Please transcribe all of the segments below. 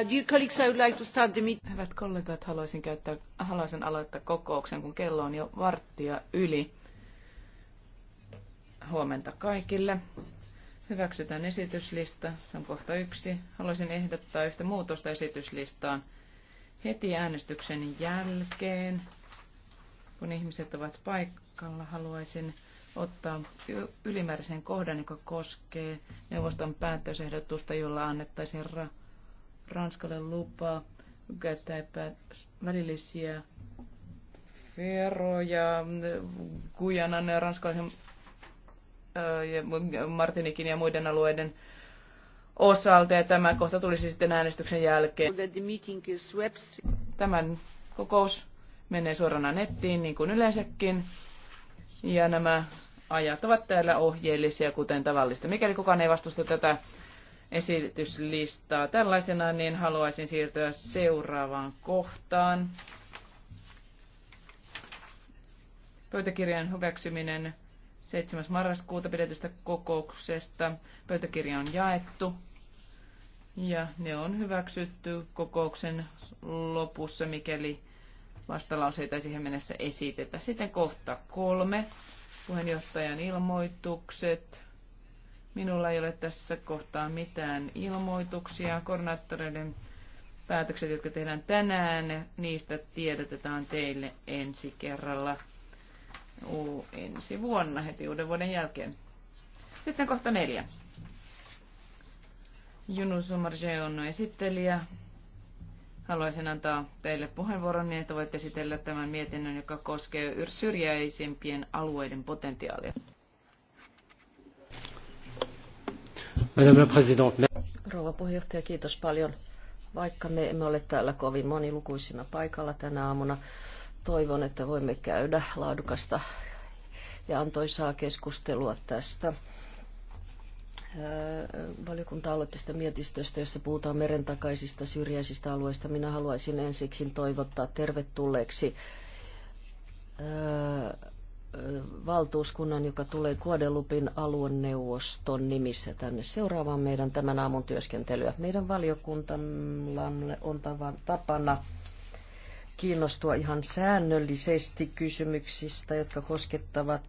Uh, Hyvät kollegat, haluaisin, käyttää, haluaisin aloittaa kokouksen, kun kello on jo varttia yli. Huomenta kaikille. Hyväksytään esityslista. Se on kohta yksi. Haluaisin ehdottaa yhtä muutosta esityslistaan heti äänestyksen jälkeen. Kun ihmiset ovat paikalla, haluaisin ottaa ylimääräisen kohdan, joka koskee neuvoston päätösehdotusta, jolla annettaisiin ra- Ranskalle lupaa käyttää välillisiä veroja Gujanan äh, ja Ranskalaisen ja Martinikin ja muiden alueiden osalta ja tämä kohta tulisi sitten äänestyksen jälkeen. Tämän kokous menee suorana nettiin niin kuin yleensäkin ja nämä ajat ovat täällä ohjeellisia kuten tavallista. Mikäli kukaan ei vastusta tätä esityslistaa tällaisena, niin haluaisin siirtyä seuraavaan kohtaan. Pöytäkirjan hyväksyminen 7. marraskuuta pidetystä kokouksesta. Pöytäkirja on jaettu ja ne on hyväksytty kokouksen lopussa, mikäli vastalauseita siihen mennessä esitetä. Sitten kohta kolme, puheenjohtajan ilmoitukset. Minulla ei ole tässä kohtaa mitään ilmoituksia. Koordinaattoreiden päätökset, jotka tehdään tänään, niistä tiedotetaan teille ensi kerralla uu, ensi vuonna, heti uuden vuoden jälkeen. Sitten kohta neljä. Junus Marge on esittelijä. Haluaisin antaa teille puheenvuoron niin, että voitte esitellä tämän mietinnön, joka koskee syrjäisimpien alueiden potentiaalia. Rouva puheenjohtaja, kiitos paljon. Vaikka me emme ole täällä kovin monilukuisina paikalla tänä aamuna, toivon, että voimme käydä laadukasta ja antoisaa keskustelua tästä äh, valiokunta aloitti sitä mietistöstä, jossa puhutaan meren takaisista syrjäisistä alueista. Minä haluaisin ensiksi toivottaa tervetulleeksi äh, valtuuskunnan, joka tulee Kuodelupin alueneuvoston nimissä tänne seuraavaan meidän tämän aamun työskentelyä. Meidän valiokuntamme on tapana kiinnostua ihan säännöllisesti kysymyksistä, jotka koskettavat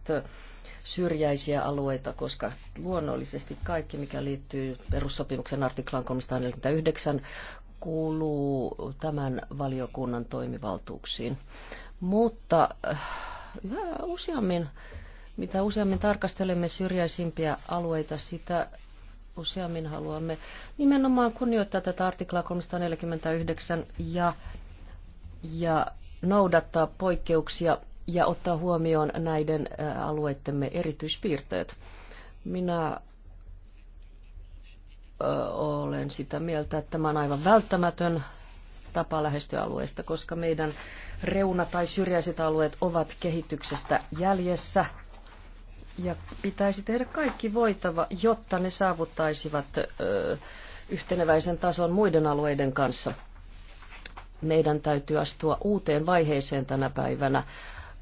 syrjäisiä alueita, koska luonnollisesti kaikki, mikä liittyy perussopimuksen artiklaan 349, kuuluu tämän valiokunnan toimivaltuuksiin. Mutta äh, yhä useammin, mitä useammin tarkastelemme syrjäisimpiä alueita, sitä useammin haluamme nimenomaan kunnioittaa tätä artiklaa 349 ja, ja noudattaa poikkeuksia ja ottaa huomioon näiden alueittemme erityispiirteet. Minä olen sitä mieltä, että tämä on aivan välttämätön tapa lähestyä alueesta, koska meidän reuna- tai syrjäiset alueet ovat kehityksestä jäljessä. Ja pitäisi tehdä kaikki voitava, jotta ne saavuttaisivat ö, yhteneväisen tason muiden alueiden kanssa. Meidän täytyy astua uuteen vaiheeseen tänä päivänä,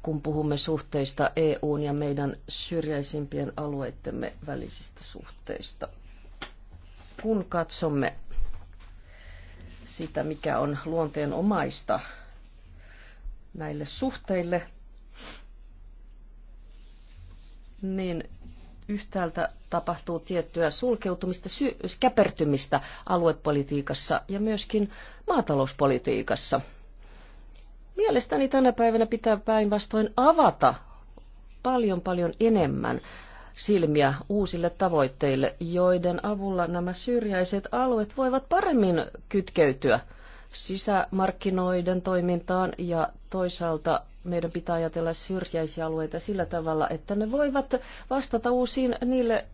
kun puhumme suhteista EUn ja meidän syrjäisimpien alueittemme välisistä suhteista kun katsomme sitä, mikä on luonteen omaista näille suhteille, niin yhtäältä tapahtuu tiettyä sulkeutumista, sy- käpertymistä aluepolitiikassa ja myöskin maatalouspolitiikassa. Mielestäni tänä päivänä pitää päinvastoin avata paljon paljon enemmän silmiä uusille tavoitteille, joiden avulla nämä syrjäiset alueet voivat paremmin kytkeytyä sisämarkkinoiden toimintaan ja toisaalta meidän pitää ajatella syrjäisiä alueita sillä tavalla, että ne voivat vastata uusiin niille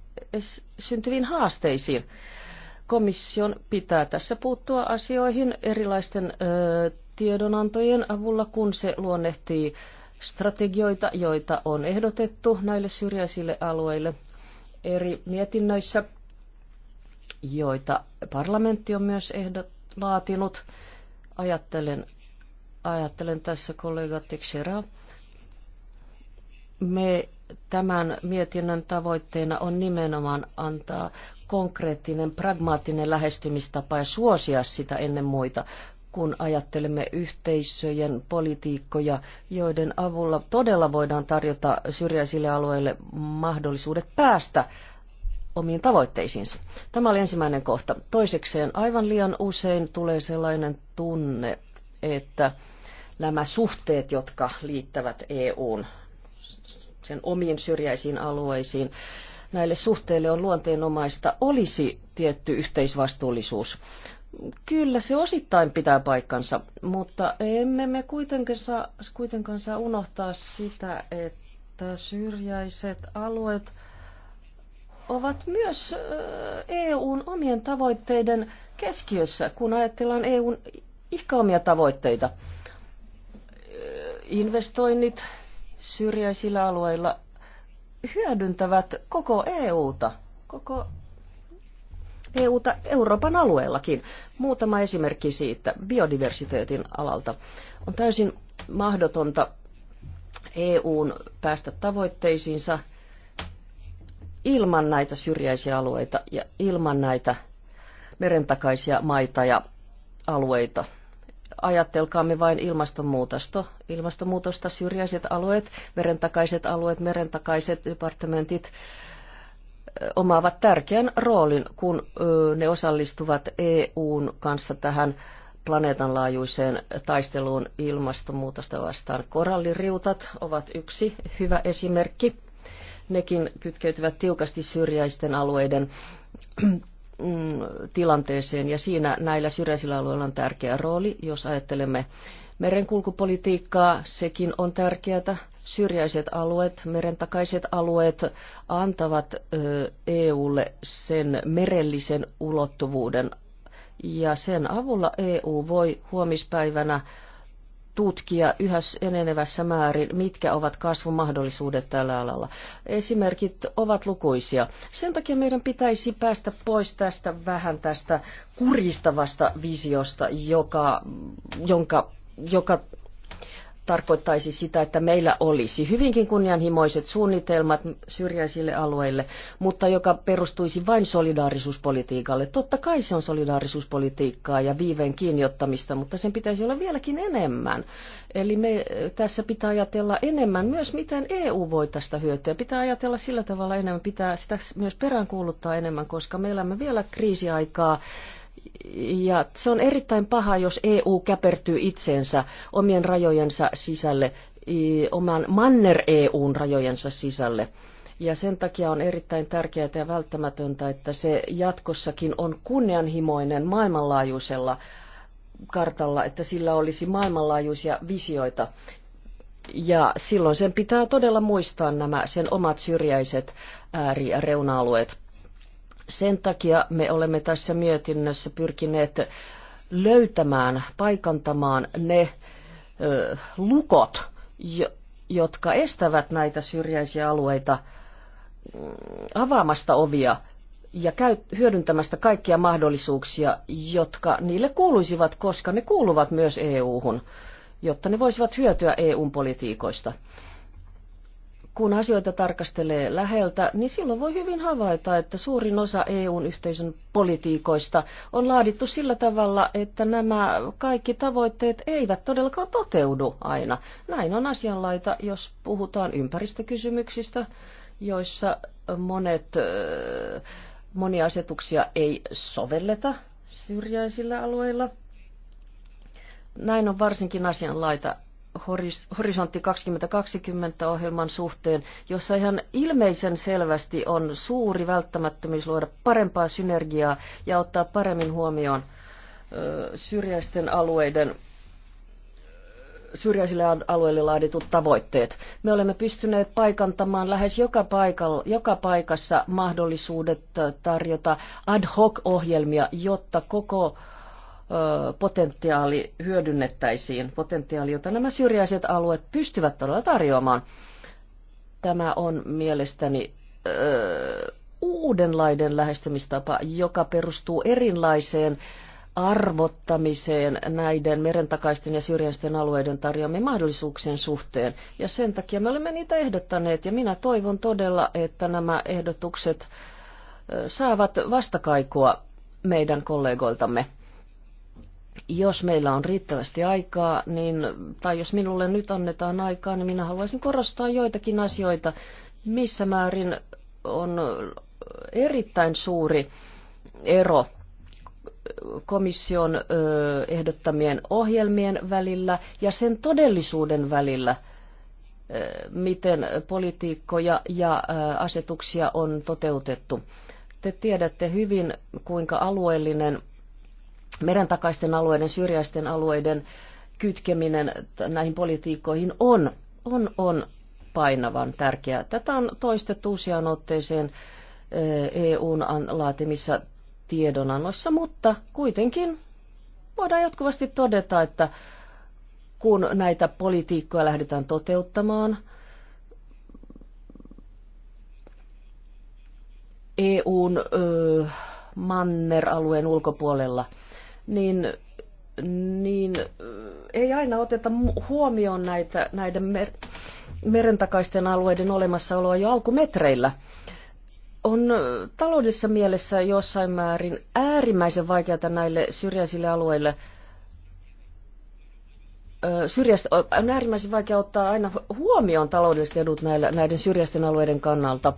syntyviin haasteisiin. Komission pitää tässä puuttua asioihin erilaisten ö, tiedonantojen avulla, kun se luonnehtii strategioita, joita on ehdotettu näille syrjäisille alueille eri mietinnöissä, joita parlamentti on myös ehdot, laatinut. Ajattelen, ajattelen tässä kollega Teixeira. Me tämän mietinnön tavoitteena on nimenomaan antaa konkreettinen, pragmaattinen lähestymistapa ja suosia sitä ennen muita, kun ajattelemme yhteisöjen politiikkoja, joiden avulla todella voidaan tarjota syrjäisille alueille mahdollisuudet päästä omiin tavoitteisiinsa. Tämä oli ensimmäinen kohta. Toisekseen aivan liian usein tulee sellainen tunne, että nämä suhteet, jotka liittävät EUn sen omiin syrjäisiin alueisiin, näille suhteille on luonteenomaista, olisi tietty yhteisvastuullisuus. Kyllä se osittain pitää paikkansa, mutta emme me kuitenkaan saa, kuitenkaan saa unohtaa sitä, että syrjäiset alueet ovat myös EUn omien tavoitteiden keskiössä, kun ajatellaan EUn ehkä omia tavoitteita. Investoinnit syrjäisillä alueilla hyödyntävät koko EUta, koko EUta Euroopan alueellakin. Muutama esimerkki siitä biodiversiteetin alalta. On täysin mahdotonta EUn päästä tavoitteisiinsa ilman näitä syrjäisiä alueita ja ilman näitä merentakaisia maita ja alueita. Ajattelkaamme vain ilmastonmuutosta. Ilmastonmuutosta syrjäiset alueet, merentakaiset alueet, merentakaiset departementit, omaavat tärkeän roolin, kun ne osallistuvat EUn kanssa tähän planeetanlaajuiseen taisteluun ilmastonmuutosta vastaan. Koralliriutat ovat yksi hyvä esimerkki. Nekin kytkeytyvät tiukasti syrjäisten alueiden mm, tilanteeseen ja siinä näillä syrjäisillä alueilla on tärkeä rooli, jos ajattelemme merenkulkupolitiikkaa, sekin on tärkeää Syrjäiset alueet, merentakaiset alueet antavat EUlle sen merellisen ulottuvuuden ja sen avulla EU voi huomispäivänä tutkia yhä enenevässä määrin, mitkä ovat kasvumahdollisuudet tällä alalla. Esimerkit ovat lukuisia. Sen takia meidän pitäisi päästä pois tästä vähän tästä kuristavasta visiosta, joka, jonka, joka tarkoittaisi sitä, että meillä olisi hyvinkin kunnianhimoiset suunnitelmat syrjäisille alueille, mutta joka perustuisi vain solidaarisuuspolitiikalle. Totta kai se on solidaarisuuspolitiikkaa ja viiveen kiinniottamista, mutta sen pitäisi olla vieläkin enemmän. Eli me, eh, tässä pitää ajatella enemmän myös, miten EU voi tästä hyötyä. Pitää ajatella sillä tavalla enemmän, pitää sitä myös peräänkuuluttaa enemmän, koska me elämme vielä kriisiaikaa ja se on erittäin paha, jos EU käpertyy itseensä omien rajojensa sisälle, oman manner-EUn rajojensa sisälle. Ja sen takia on erittäin tärkeää ja välttämätöntä, että se jatkossakin on kunnianhimoinen maailmanlaajuisella kartalla, että sillä olisi maailmanlaajuisia visioita. Ja silloin sen pitää todella muistaa nämä sen omat syrjäiset ääri- ja reuna-alueet. Sen takia me olemme tässä mietinnössä pyrkineet löytämään, paikantamaan ne ö, lukot, jo, jotka estävät näitä syrjäisiä alueita mm, avaamasta ovia ja käy, hyödyntämästä kaikkia mahdollisuuksia, jotka niille kuuluisivat, koska ne kuuluvat myös EU-hun, jotta ne voisivat hyötyä EUn politiikoista kun asioita tarkastelee läheltä, niin silloin voi hyvin havaita, että suurin osa EUn yhteisön politiikoista on laadittu sillä tavalla, että nämä kaikki tavoitteet eivät todellakaan toteudu aina. Näin on asianlaita, jos puhutaan ympäristökysymyksistä, joissa monet, monia asetuksia ei sovelleta syrjäisillä alueilla. Näin on varsinkin asianlaita Horisontti 2020 ohjelman suhteen, jossa ihan ilmeisen selvästi on suuri välttämättömyys luoda parempaa synergiaa ja ottaa paremmin huomioon syrjäisten alueiden syrjäisille alueille laaditut tavoitteet. Me olemme pystyneet paikantamaan lähes joka, paikalla, joka paikassa mahdollisuudet tarjota ad hoc-ohjelmia, jotta koko potentiaali hyödynnettäisiin, potentiaali, jota nämä syrjäiset alueet pystyvät todella tarjoamaan. Tämä on mielestäni ö, uudenlainen lähestymistapa, joka perustuu erilaiseen arvottamiseen näiden merentakaisten ja syrjäisten alueiden tarjoamien mahdollisuuksien suhteen. Ja sen takia me olemme niitä ehdottaneet, ja minä toivon todella, että nämä ehdotukset saavat vastakaikua meidän kollegoiltamme jos meillä on riittävästi aikaa, niin, tai jos minulle nyt annetaan aikaa, niin minä haluaisin korostaa joitakin asioita, missä määrin on erittäin suuri ero komission ehdottamien ohjelmien välillä ja sen todellisuuden välillä, miten politiikkoja ja asetuksia on toteutettu. Te tiedätte hyvin, kuinka alueellinen meren takaisten alueiden, syrjäisten alueiden kytkeminen näihin politiikkoihin on, on, on painavan tärkeää. Tätä on toistettu useaan otteeseen EUn eh, e laatimissa tiedonannoissa, mutta kuitenkin voidaan jatkuvasti todeta, että kun näitä politiikkoja lähdetään toteuttamaan, EUn ö, manner-alueen ulkopuolella – niin niin äh, ei aina oteta huomioon näitä, näiden mer- merentakaisten alueiden olemassaoloa jo alkumetreillä. On äh, taloudessa mielessä jossain määrin äärimmäisen vaikeata näille syrjäisille alueille äh, Syrjästä, on äärimmäisen vaikea ottaa aina huomioon taloudelliset edut näiden syrjäisten alueiden kannalta.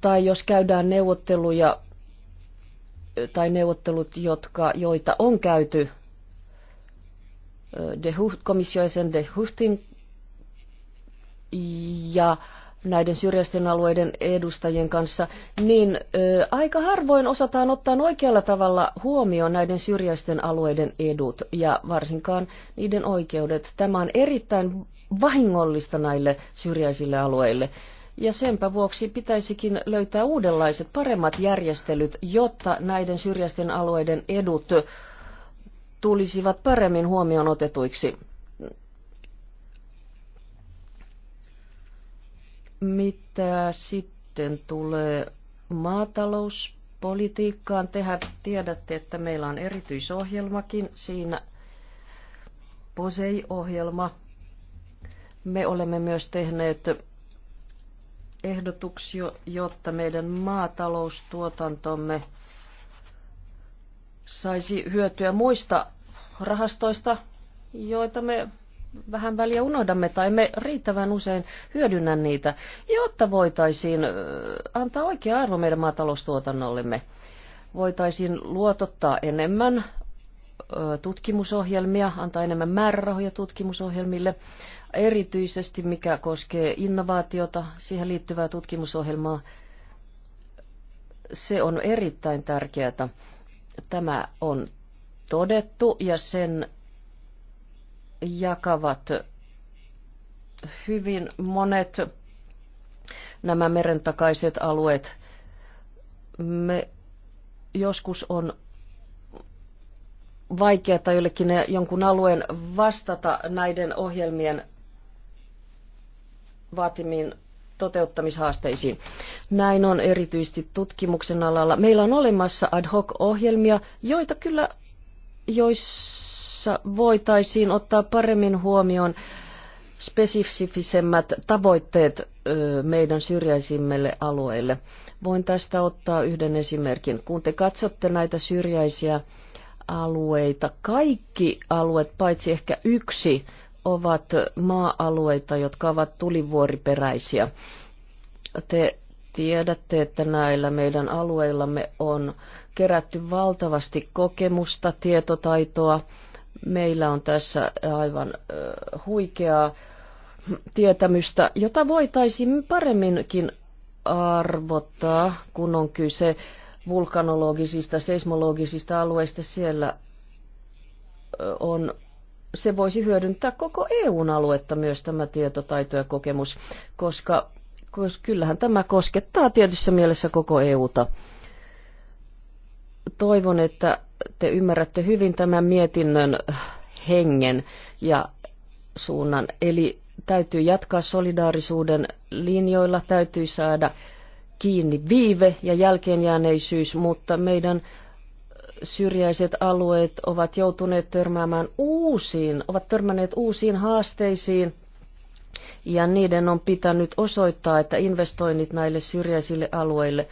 Tai jos käydään neuvotteluja tai neuvottelut, jotka, joita on käyty de Hucht, komissioisen de Huchtin ja näiden syrjäisten alueiden edustajien kanssa, niin ö, aika harvoin osataan ottaa oikealla tavalla huomioon näiden syrjäisten alueiden edut ja varsinkaan niiden oikeudet. Tämä on erittäin vahingollista näille syrjäisille alueille. Ja senpä vuoksi pitäisikin löytää uudenlaiset, paremmat järjestelyt, jotta näiden syrjäisten alueiden edut tulisivat paremmin huomioon otetuiksi. Mitä sitten tulee maatalouspolitiikkaan? Tehän tiedätte, että meillä on erityisohjelmakin siinä POSEI-ohjelma. Me olemme myös tehneet ehdotuksia, jotta meidän maataloustuotantomme saisi hyötyä muista rahastoista, joita me vähän väliä unohdamme tai me riittävän usein hyödynnä niitä, jotta voitaisiin antaa oikea arvo meidän maataloustuotannollemme. Voitaisiin luotottaa enemmän tutkimusohjelmia, antaa enemmän määrärahoja tutkimusohjelmille, erityisesti mikä koskee innovaatiota, siihen liittyvää tutkimusohjelmaa. Se on erittäin tärkeää. Tämä on todettu ja sen jakavat hyvin monet nämä merentakaiset alueet. Me joskus on vaikeaa jollekin jonkun alueen vastata näiden ohjelmien vaatimiin toteuttamishaasteisiin. Näin on erityisesti tutkimuksen alalla. Meillä on olemassa ad hoc-ohjelmia, joita kyllä joissa voitaisiin ottaa paremmin huomioon spesifisemmät tavoitteet meidän syrjäisimmille alueille. Voin tästä ottaa yhden esimerkin. Kun te katsotte näitä syrjäisiä alueita, kaikki alueet paitsi ehkä yksi ovat maa-alueita, jotka ovat tulivuoriperäisiä. Te tiedätte, että näillä meidän alueillamme on kerätty valtavasti kokemusta, tietotaitoa. Meillä on tässä aivan huikeaa tietämystä, jota voitaisiin paremminkin arvottaa, kun on kyse vulkanologisista, seismologisista alueista. Siellä on se voisi hyödyntää koko EUn aluetta myös tämä tietotaito ja kokemus, koska kyllähän tämä koskettaa tietyssä mielessä koko EUta. Toivon, että te ymmärrätte hyvin tämän mietinnön hengen ja suunnan. Eli täytyy jatkaa solidaarisuuden linjoilla, täytyy saada kiinni viive ja jälkeenjääneisyys, mutta meidän syrjäiset alueet ovat joutuneet törmäämään uusiin, ovat törmänneet uusiin haasteisiin ja niiden on pitänyt osoittaa, että investoinnit näille syrjäisille alueille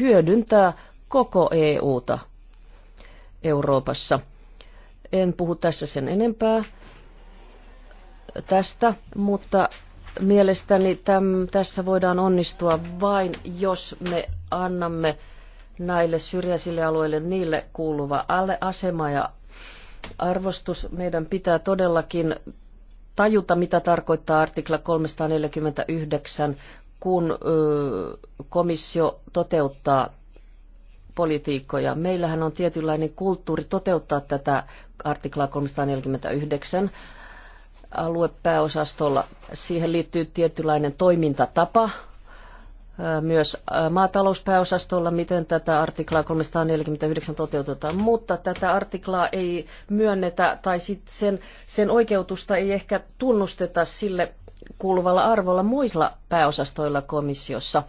hyödyntää koko EUta Euroopassa. En puhu tässä sen enempää tästä, mutta mielestäni täm, tässä voidaan onnistua vain, jos me annamme näille syrjäisille alueille niille kuuluva asema ja arvostus. Meidän pitää todellakin tajuta, mitä tarkoittaa artikla 349, kun komissio toteuttaa politiikkoja. Meillähän on tietynlainen kulttuuri toteuttaa tätä artiklaa 349 aluepääosastolla. Siihen liittyy tietynlainen toimintatapa, myös äh, maatalouspääosastolla, miten tätä artiklaa 349 toteutetaan, mutta tätä artiklaa ei myönnetä tai sit sen, sen oikeutusta ei ehkä tunnusteta sille kuuluvalla arvolla muilla pääosastoilla komissiossa.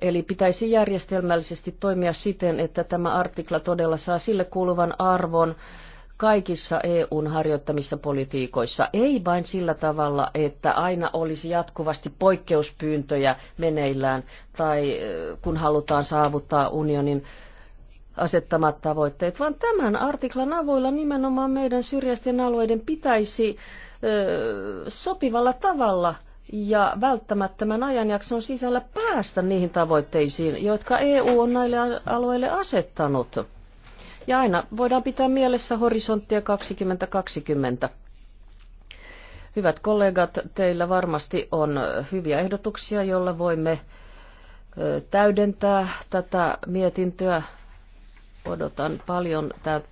Eli pitäisi järjestelmällisesti toimia siten, että tämä artikla todella saa sille kuuluvan arvon kaikissa EUn harjoittamissa politiikoissa, ei vain sillä tavalla, että aina olisi jatkuvasti poikkeuspyyntöjä meneillään tai eh, kun halutaan saavuttaa unionin asettamat tavoitteet, vaan tämän artiklan avulla nimenomaan meidän syrjäisten alueiden pitäisi ö, eh, sopivalla tavalla ja välttämättömän ajanjakson sisällä päästä niihin tavoitteisiin, jotka EU on näille alueille asettanut ja aina voidaan pitää mielessä horisonttia 2020. Hyvät kollegat, teillä varmasti on hyviä ehdotuksia, joilla voimme täydentää tätä mietintöä. Odotan paljon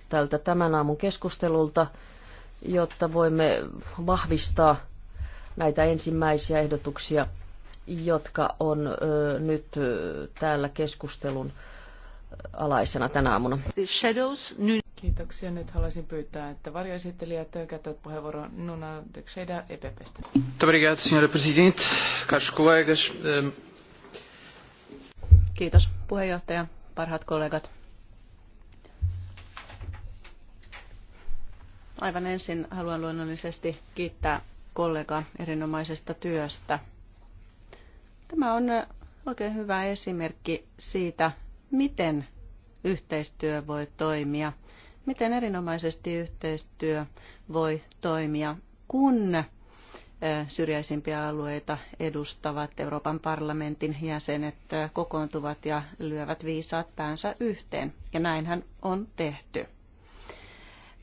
tältä tämän aamun keskustelulta, jotta voimme vahvistaa näitä ensimmäisiä ehdotuksia, jotka on nyt täällä keskustelun alaisena tänä aamuna. Kiitoksia. Nyt haluaisin pyytää, että varjoesittelijät käyttävät puheenvuoron Nuna de Xeda EPPstä. Kiitos puheenjohtaja, parhaat kollegat. Aivan ensin haluan luonnollisesti kiittää kollegaa erinomaisesta työstä. Tämä on eh, oikein hyvä esimerkki siitä, miten yhteistyö voi toimia, miten erinomaisesti yhteistyö voi toimia, kun syrjäisimpiä alueita edustavat Euroopan parlamentin jäsenet kokoontuvat ja lyövät viisaat päänsä yhteen. Ja näinhän on tehty.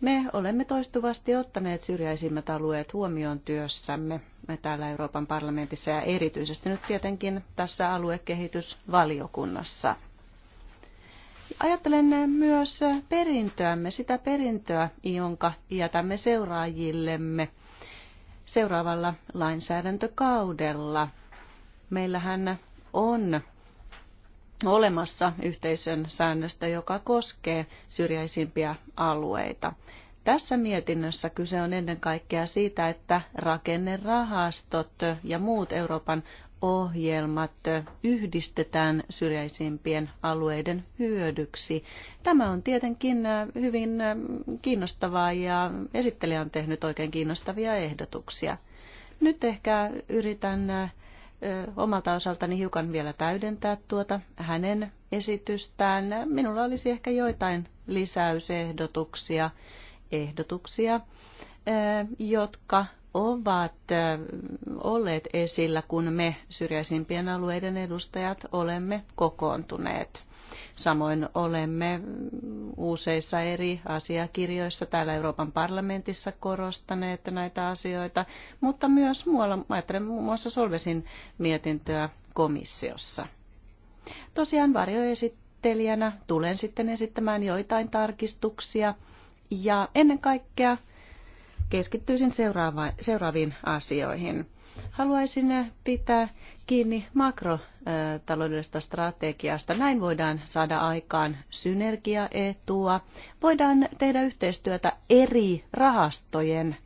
Me olemme toistuvasti ottaneet syrjäisimmät alueet huomioon työssämme täällä Euroopan parlamentissa ja erityisesti nyt tietenkin tässä aluekehitysvaliokunnassa. Ajattelen myös perintöämme, sitä perintöä, jonka jätämme seuraajillemme seuraavalla lainsäädäntökaudella. Meillähän on olemassa yhteisön säännöstä, joka koskee syrjäisimpiä alueita. Tässä mietinnössä kyse on ennen kaikkea siitä, että rakennerahastot ja muut Euroopan ohjelmat yhdistetään syrjäisimpien alueiden hyödyksi. Tämä on tietenkin äh, hyvin äh, kiinnostavaa ja esittelijä on tehnyt oikein kiinnostavia ehdotuksia. Nyt ehkä yritän äh, omalta osaltani hiukan vielä täydentää tuota hänen esitystään. Minulla olisi ehkä joitain lisäysehdotuksia, ehdotuksia, jotka ovat olleet esillä, kun me syrjäisimpien alueiden edustajat olemme kokoontuneet. Samoin olemme useissa eri asiakirjoissa täällä Euroopan parlamentissa korostaneet näitä asioita, mutta myös muualla, ajattelen muun muassa Solvesin mietintöä komissiossa. Tosiaan varjoesittelijänä tulen sitten esittämään joitain tarkistuksia ja ennen kaikkea – keskittyisin seuraava, seuraaviin asioihin. Haluaisin pitää kiinni makrotaloudellisesta strategiasta. Näin voidaan saada aikaan synergiaetua. Voidaan tehdä yhteistyötä eri rahastojen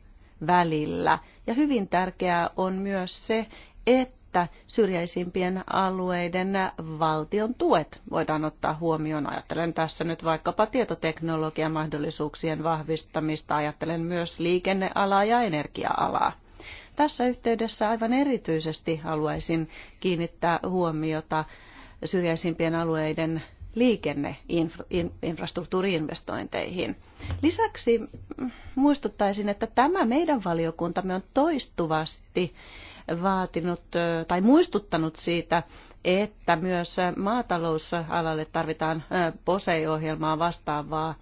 välillä. Ja hyvin tärkeää on myös se, että että syrjäisimpien alueiden valtion tuet voidaan ottaa huomioon. Ajattelen tässä nyt vaikkapa tietoteknologian mahdollisuuksien vahvistamista, ajattelen myös liikennealaa ja energia-alaa. Tässä yhteydessä aivan erityisesti haluaisin kiinnittää huomiota syrjäisimpien alueiden liikenneinfrastruktuuriinvestointeihin. Lisäksi muistuttaisin, että tämä meidän valiokuntamme on toistuvasti vaatinut tai muistuttanut siitä, että myös maatalousalalle tarvitaan POSEI-ohjelmaa vastaavaa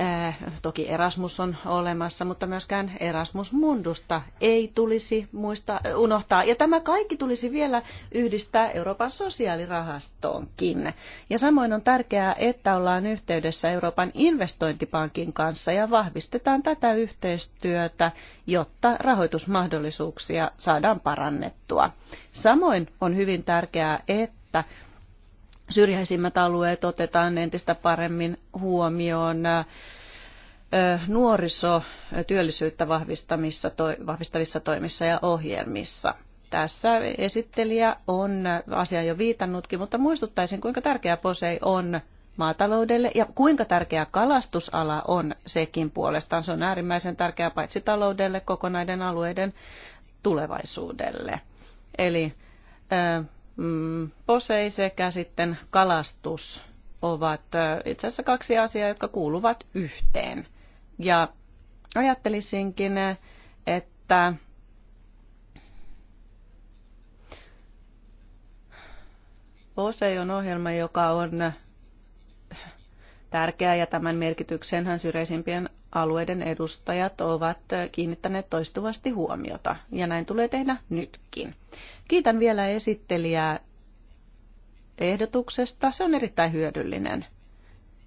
Äh, toki Erasmus on olemassa, mutta myöskään Erasmus Mundusta ei tulisi muista, äh, unohtaa. Ja tämä kaikki tulisi vielä yhdistää Euroopan sosiaalirahastoonkin. Ja samoin on tärkeää, että ollaan yhteydessä Euroopan investointipankin kanssa ja vahvistetaan tätä yhteistyötä, jotta rahoitusmahdollisuuksia saadaan parannettua. Samoin on hyvin tärkeää, että syrjäisimmät alueet otetaan entistä paremmin huomioon nuorisotyöllisyyttä vahvistamissa, vahvistavissa toimissa ja ohjelmissa. Tässä esittelijä on asia jo viitannutkin, mutta muistuttaisin, kuinka tärkeä POSEI on maataloudelle ja kuinka tärkeä kalastusala on sekin puolestaan. Se on äärimmäisen tärkeä paitsi taloudelle, kokonaiden alueiden tulevaisuudelle. Eli Mm, posei sekä sitten kalastus ovat itse asiassa kaksi asiaa, jotka kuuluvat yhteen. Ja ajattelisinkin, että posei on ohjelma, joka on tärkeä ja tämän merkityksenhän syreisimpien alueiden edustajat ovat kiinnittäneet toistuvasti huomiota, ja näin tulee tehdä nytkin. Kiitän vielä esittelijää ehdotuksesta. Se on erittäin hyödyllinen.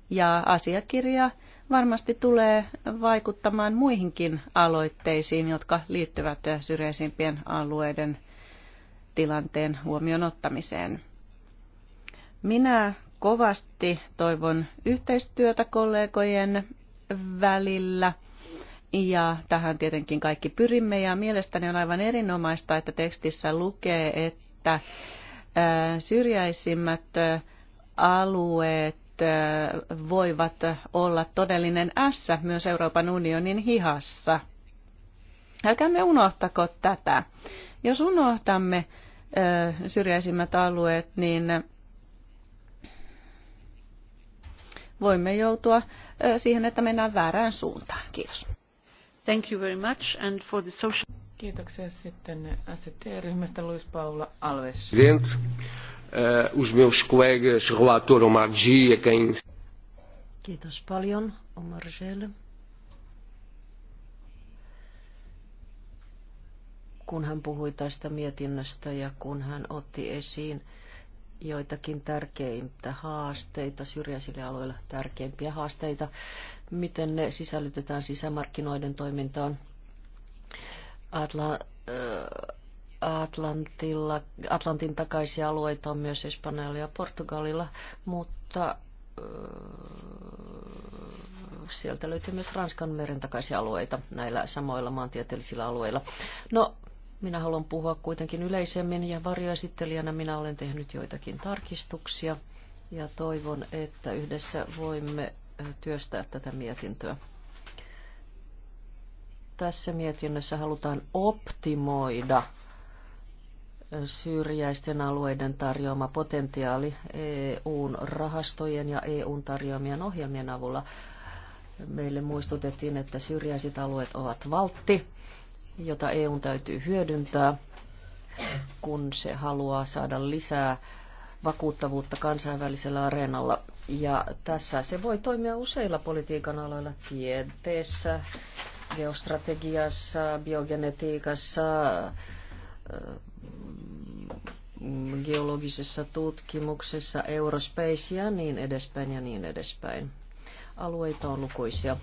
Ja asiakirja varmasti tulee vaikuttamaan muihinkin aloitteisiin, jotka liittyvät syrjäisimpien alueiden tilanteen huomioon ottamiseen. Minä kovasti toivon yhteistyötä kollegojen välillä. Ja tähän tietenkin kaikki pyrimme ja mielestäni on aivan erinomaista, että tekstissä lukee, että äh, syrjäisimmät äh, alueet äh, voivat olla todellinen S myös Euroopan unionin hihassa. Älkäämme unohtako tätä. Jos unohtamme syrjäisimmät alueet, niin voimme joutua siihen, että mennään väärään suuntaan. Kiitos. Thank you very much. And for the social... Kiitoksia sitten ST-ryhmästä Luis Paula Alves. os meus colegas relator Omar G, a quem... Kiitos paljon, Omar Gelle. Kun hän puhui tästä mietinnöstä ja kun hän otti esiin joitakin tärkeimpiä haasteita, syrjäisille aloilla tärkeimpiä haasteita, miten ne sisällytetään sisämarkkinoiden toimintaan. Atla, äh, Atlantilla, Atlantin takaisia alueita on myös Espanjalla ja Portugalilla, mutta äh, sieltä löytyy myös Ranskan meren takaisia alueita näillä samoilla maantieteellisillä alueilla. No, minä haluan puhua kuitenkin yleisemmin ja varjoesittelijänä minä olen tehnyt joitakin tarkistuksia ja toivon, että yhdessä voimme työstää tätä mietintöä. Tässä mietinnössä halutaan optimoida syrjäisten alueiden tarjoama potentiaali EUn rahastojen ja EUn tarjoamien ohjelmien avulla. Meille muistutettiin, että syrjäiset alueet ovat valtti jota EU täytyy hyödyntää, kun se haluaa saada lisää vakuuttavuutta kansainvälisellä areenalla. Ja tässä se voi toimia useilla politiikan aloilla, tieteessä, geostrategiassa, biogenetiikassa, äh, geologisessa tutkimuksessa, Eurospace ja niin edespäin ja niin edespäin. Alueita on lukuisia.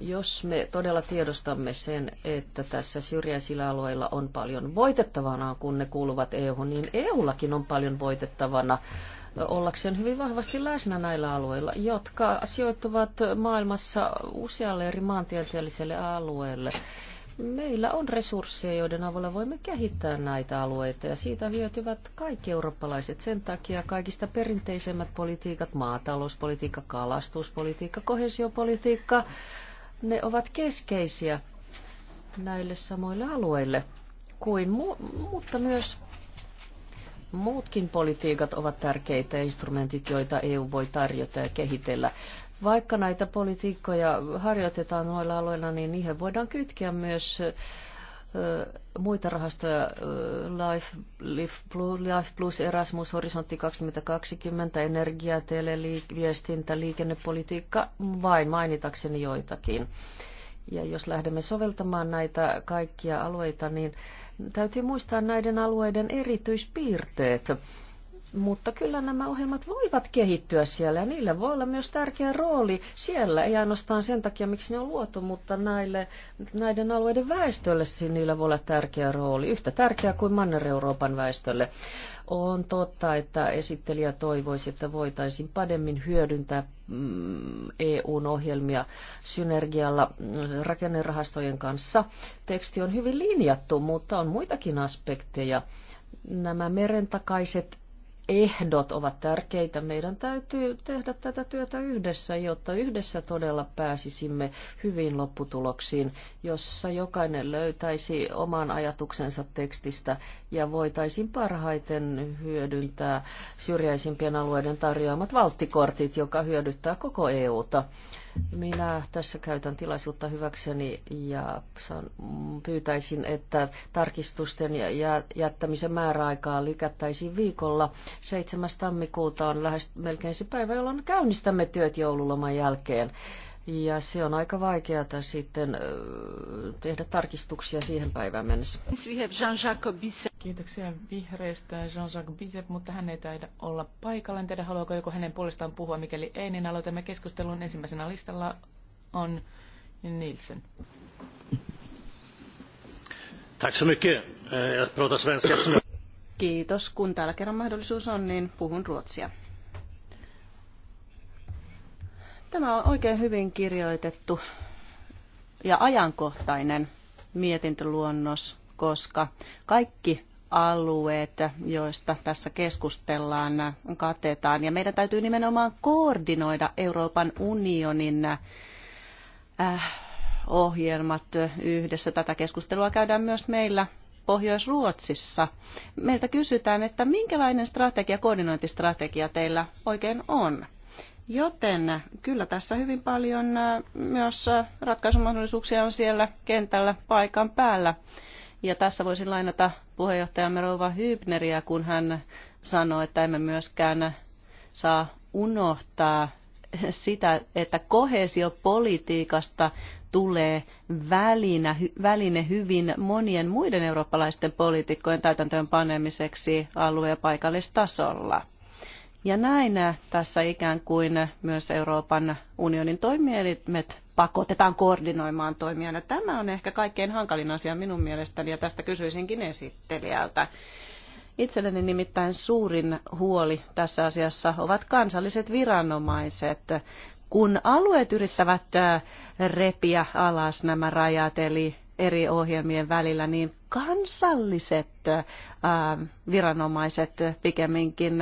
Jos me todella tiedostamme sen, että tässä syrjäisillä alueilla on paljon voitettavana, kun ne kuuluvat EU, niin EUllakin on paljon voitettavana ollakseen hyvin vahvasti läsnä näillä alueilla, jotka sijoittuvat maailmassa usealle eri maantieteelliselle alueelle. Meillä on resursseja, joiden avulla voimme kehittää näitä alueita ja siitä hyötyvät kaikki eurooppalaiset. Sen takia kaikista perinteisemmät politiikat, maatalouspolitiikka, kalastuspolitiikka, kohesiopolitiikka, ne ovat keskeisiä näille samoille alueille kuin, mu- mutta myös muutkin politiikat ovat tärkeitä instrumentit, joita EU voi tarjota ja kehitellä. Vaikka näitä politiikkoja harjoitetaan noilla alueilla, niin niihin voidaan kytkeä myös muita rahastoja, Life, Life, Plus, Life Plus, Erasmus, Horisontti 2020, energia, tele, viestintä, liikennepolitiikka, vain mainitakseni joitakin. Ja jos lähdemme soveltamaan näitä kaikkia alueita, niin täytyy muistaa näiden alueiden erityispiirteet mutta kyllä nämä ohjelmat voivat kehittyä siellä ja niillä voi olla myös tärkeä rooli siellä, ei ainoastaan sen takia, miksi ne on luotu, mutta näille, näiden alueiden väestölle niillä voi olla tärkeä rooli, yhtä tärkeä kuin Manner-Euroopan väestölle. On totta, että esittelijä toivoisi, että voitaisiin paremmin hyödyntää mm, EUn ohjelmia synergialla mm, rakennerahastojen kanssa. Teksti on hyvin linjattu, mutta on muitakin aspekteja nämä merentakaiset ehdot ovat tärkeitä. Meidän täytyy tehdä tätä työtä yhdessä, jotta yhdessä todella pääsisimme hyvin lopputuloksiin, jossa jokainen löytäisi oman ajatuksensa tekstistä ja voitaisiin parhaiten hyödyntää syrjäisimpien alueiden tarjoamat valttikortit, joka hyödyttää koko EUta. Minä tässä käytän tilaisuutta hyväkseni ja pyytäisin, että tarkistusten ja jättämisen määräaikaa lykättäisiin viikolla. 7. tammikuuta on lähes melkein se päivä, jolloin käynnistämme työt joululoman jälkeen. Ja se on aika vaikeaa sitten tehdä tarkistuksia siihen päivään mennessä. Kiitoksia vihreistä Jean-Jacques Bisep, mutta hän ei taida olla paikalla. En tiedä, haluaako joku hänen puolestaan puhua. Mikäli ei, niin aloitamme keskustelun. Ensimmäisenä listalla on Nielsen. Eh, Kiitos. Kun täällä kerran mahdollisuus on, niin puhun ruotsia. Tämä on oikein hyvin kirjoitettu ja ajankohtainen mietintöluonnos, koska kaikki alueet, joista tässä keskustellaan, katetaan. Ja meidän täytyy nimenomaan koordinoida Euroopan unionin äh, ohjelmat yhdessä. Tätä keskustelua käydään myös meillä Pohjois-Ruotsissa. Meiltä kysytään, että minkälainen strategia, koordinointistrategia teillä oikein on. Joten kyllä tässä hyvin paljon äh, myös äh, ratkaisumahdollisuuksia on siellä kentällä paikan päällä. Ja tässä voisin lainata puheenjohtajamme Rouva Hybneriä, kun hän sanoi, että emme myöskään saa unohtaa sitä, että kohesiopolitiikasta tulee väline, väline hyvin monien muiden eurooppalaisten poliitikkojen täytäntöön panemiseksi alue- ja paikallistasolla. Ja näin tässä ikään kuin myös Euroopan unionin toimielimet pakotetaan koordinoimaan Ja Tämä on ehkä kaikkein hankalin asia minun mielestäni ja tästä kysyisinkin esittelijältä. Itselleni nimittäin suurin huoli tässä asiassa ovat kansalliset viranomaiset. Kun alueet yrittävät repiä alas nämä rajat, eli eri ohjelmien välillä, niin kansalliset viranomaiset pikemminkin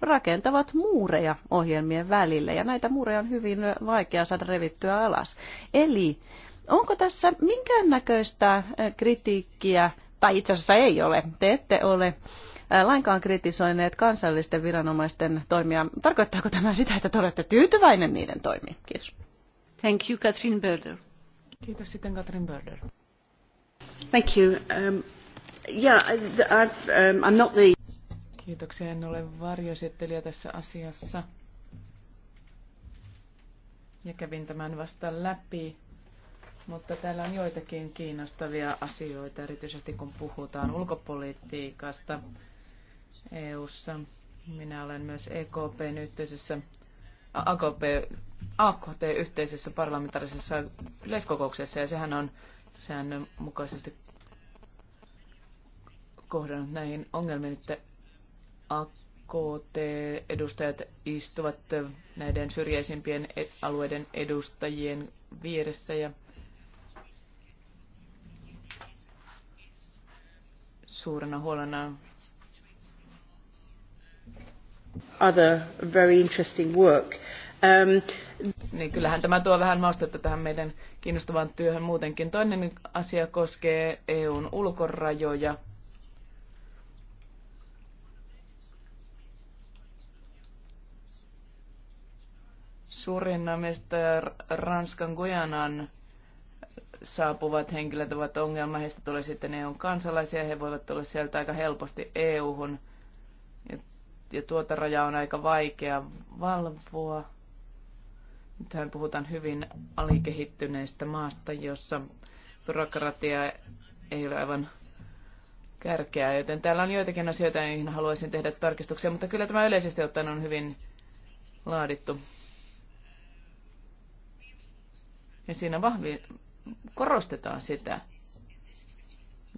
rakentavat muureja ohjelmien välille, ja näitä muureja on hyvin vaikea saada revittyä alas. Eli onko tässä minkäännäköistä kritiikkiä, tai itse asiassa ei ole, te ette ole lainkaan kritisoineet kansallisten viranomaisten toimia. Tarkoittaako tämä sitä, että te olette tyytyväinen niiden toimiin? Kiitos. Thank you, Katrin Börder. Kiitos sitten Katrin Börder. Thank you. Um... Yeah, I've, um, I'm not the... Kiitoksia, en ole varjoesittelijä tässä asiassa. Ja kävin tämän vasta läpi. Mutta täällä on joitakin kiinnostavia asioita, erityisesti kun puhutaan ulkopolitiikasta EU:ssa. Minä olen myös EKPn yhteisessä, AKP, AKT-yhteisessä parlamentaarisessa yleiskokouksessa ja sehän on säännönmukaisesti kohdannut näihin ongelmiin, että AKT-edustajat istuvat näiden syrjäisimpien e- alueiden edustajien vieressä ja suurena huolena other very interesting work. Um, niin kyllähän tämä tuo vähän maustetta tähän meidän kiinnostavaan työhön muutenkin. Toinen asia koskee EUn ulkorajoja. Surinamesta ja Ranskan Gujanan saapuvat henkilöt ovat ongelma. Heistä tulee sitten EUn kansalaisia. He voivat tulla sieltä aika helposti EUhun. Ja, ja tuota rajaa on aika vaikea valvoa. Nythän puhutaan hyvin alikehittyneistä maasta, jossa byrokratia ei ole aivan kärkeä, joten täällä on joitakin asioita, joihin haluaisin tehdä tarkistuksia, mutta kyllä tämä yleisesti ottaen on hyvin laadittu Ja siinä vahvi, korostetaan sitä,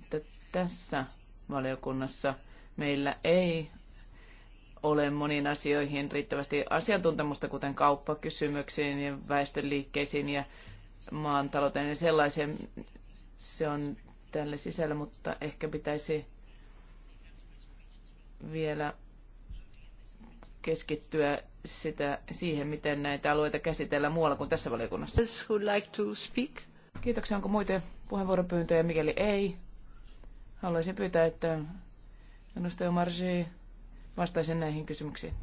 että tässä valiokunnassa meillä ei ole moniin asioihin riittävästi asiantuntemusta, kuten kauppakysymyksiin ja väestöliikkeisiin ja maantalouteen ja sellaiseen. Se on tälle sisällä, mutta ehkä pitäisi vielä keskittyä sitä, siihen, miten näitä alueita käsitellään muualla kuin tässä valiokunnassa. Like to speak? Kiitoksia. Onko muita puheenvuoropyyntöjä? Mikäli ei, haluaisin pyytää, että edustaja Marsi vastaisi näihin kysymyksiin.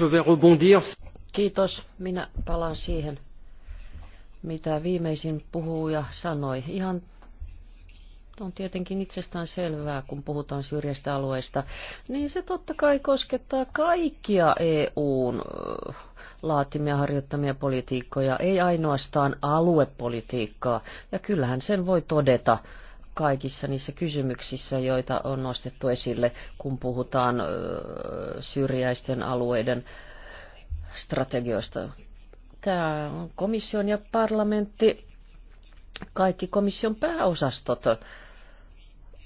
Je vais rebondir. Kiitos. Minä palaan siihen, mitä viimeisin puhuja sanoi. Ihan on tietenkin itsestään selvää, kun puhutaan syrjästä alueista, niin se totta kai koskettaa kaikkia EUn laatimia harjoittamia politiikkoja, ei ainoastaan aluepolitiikkaa. Ja kyllähän sen voi todeta kaikissa niissä kysymyksissä, joita on nostettu esille, kun puhutaan syrjäisten alueiden strategioista. Tämä on komission ja parlamentti kaikki komission pääosastot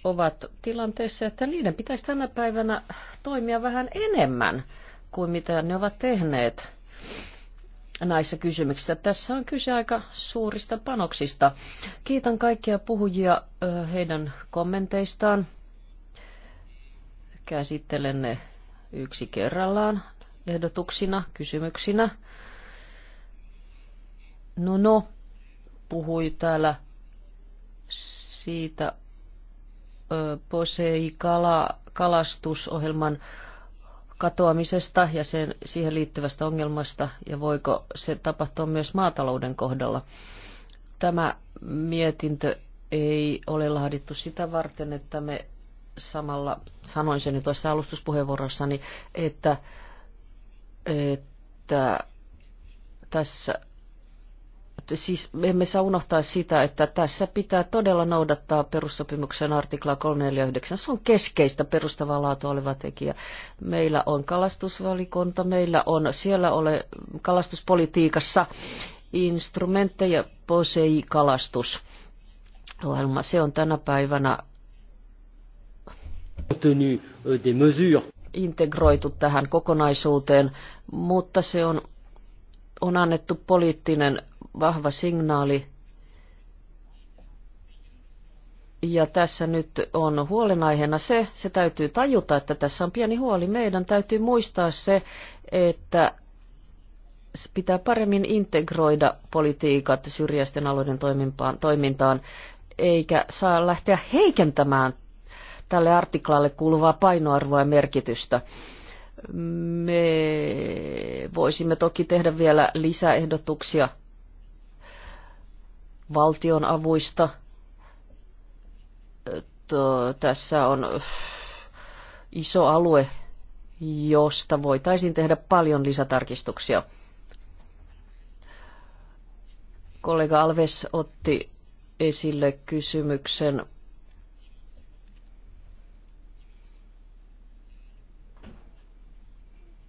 ovat tilanteessa, että niiden pitäisi tänä päivänä toimia vähän enemmän kuin mitä ne ovat tehneet näissä kysymyksissä. Tässä on kyse aika suurista panoksista. Kiitän kaikkia puhujia heidän kommenteistaan. Käsittelen ne yksi kerrallaan ehdotuksina, kysymyksinä. No no, puhui täällä siitä Posei-kalastusohjelman katoamisesta ja sen, siihen liittyvästä ongelmasta ja voiko se tapahtua myös maatalouden kohdalla. Tämä mietintö ei ole laadittu sitä varten, että me samalla, sanoin sen tuossa alustuspuheenvuorossani, että, että tässä siis emme saa unohtaa sitä, että tässä pitää todella noudattaa perussopimuksen artiklaa 349. Se on keskeistä perustavaa laatua oleva tekijä. Meillä on kalastusvalikonta, meillä on siellä ole kalastuspolitiikassa instrumentteja posei-kalastus. Ohjelma. Se on tänä päivänä euh, integroitu tähän kokonaisuuteen, mutta se on on annettu poliittinen vahva signaali. Ja tässä nyt on huolenaiheena se, se täytyy tajuta, että tässä on pieni huoli. Meidän täytyy muistaa se, että pitää paremmin integroida politiikat syrjäisten alueiden toimintaan, eikä saa lähteä heikentämään tälle artiklalle kuuluvaa painoarvoa ja merkitystä. Me voisimme toki tehdä vielä lisäehdotuksia valtion avuista. Tässä on iso alue, josta voitaisiin tehdä paljon lisätarkistuksia. Kollega Alves otti esille kysymyksen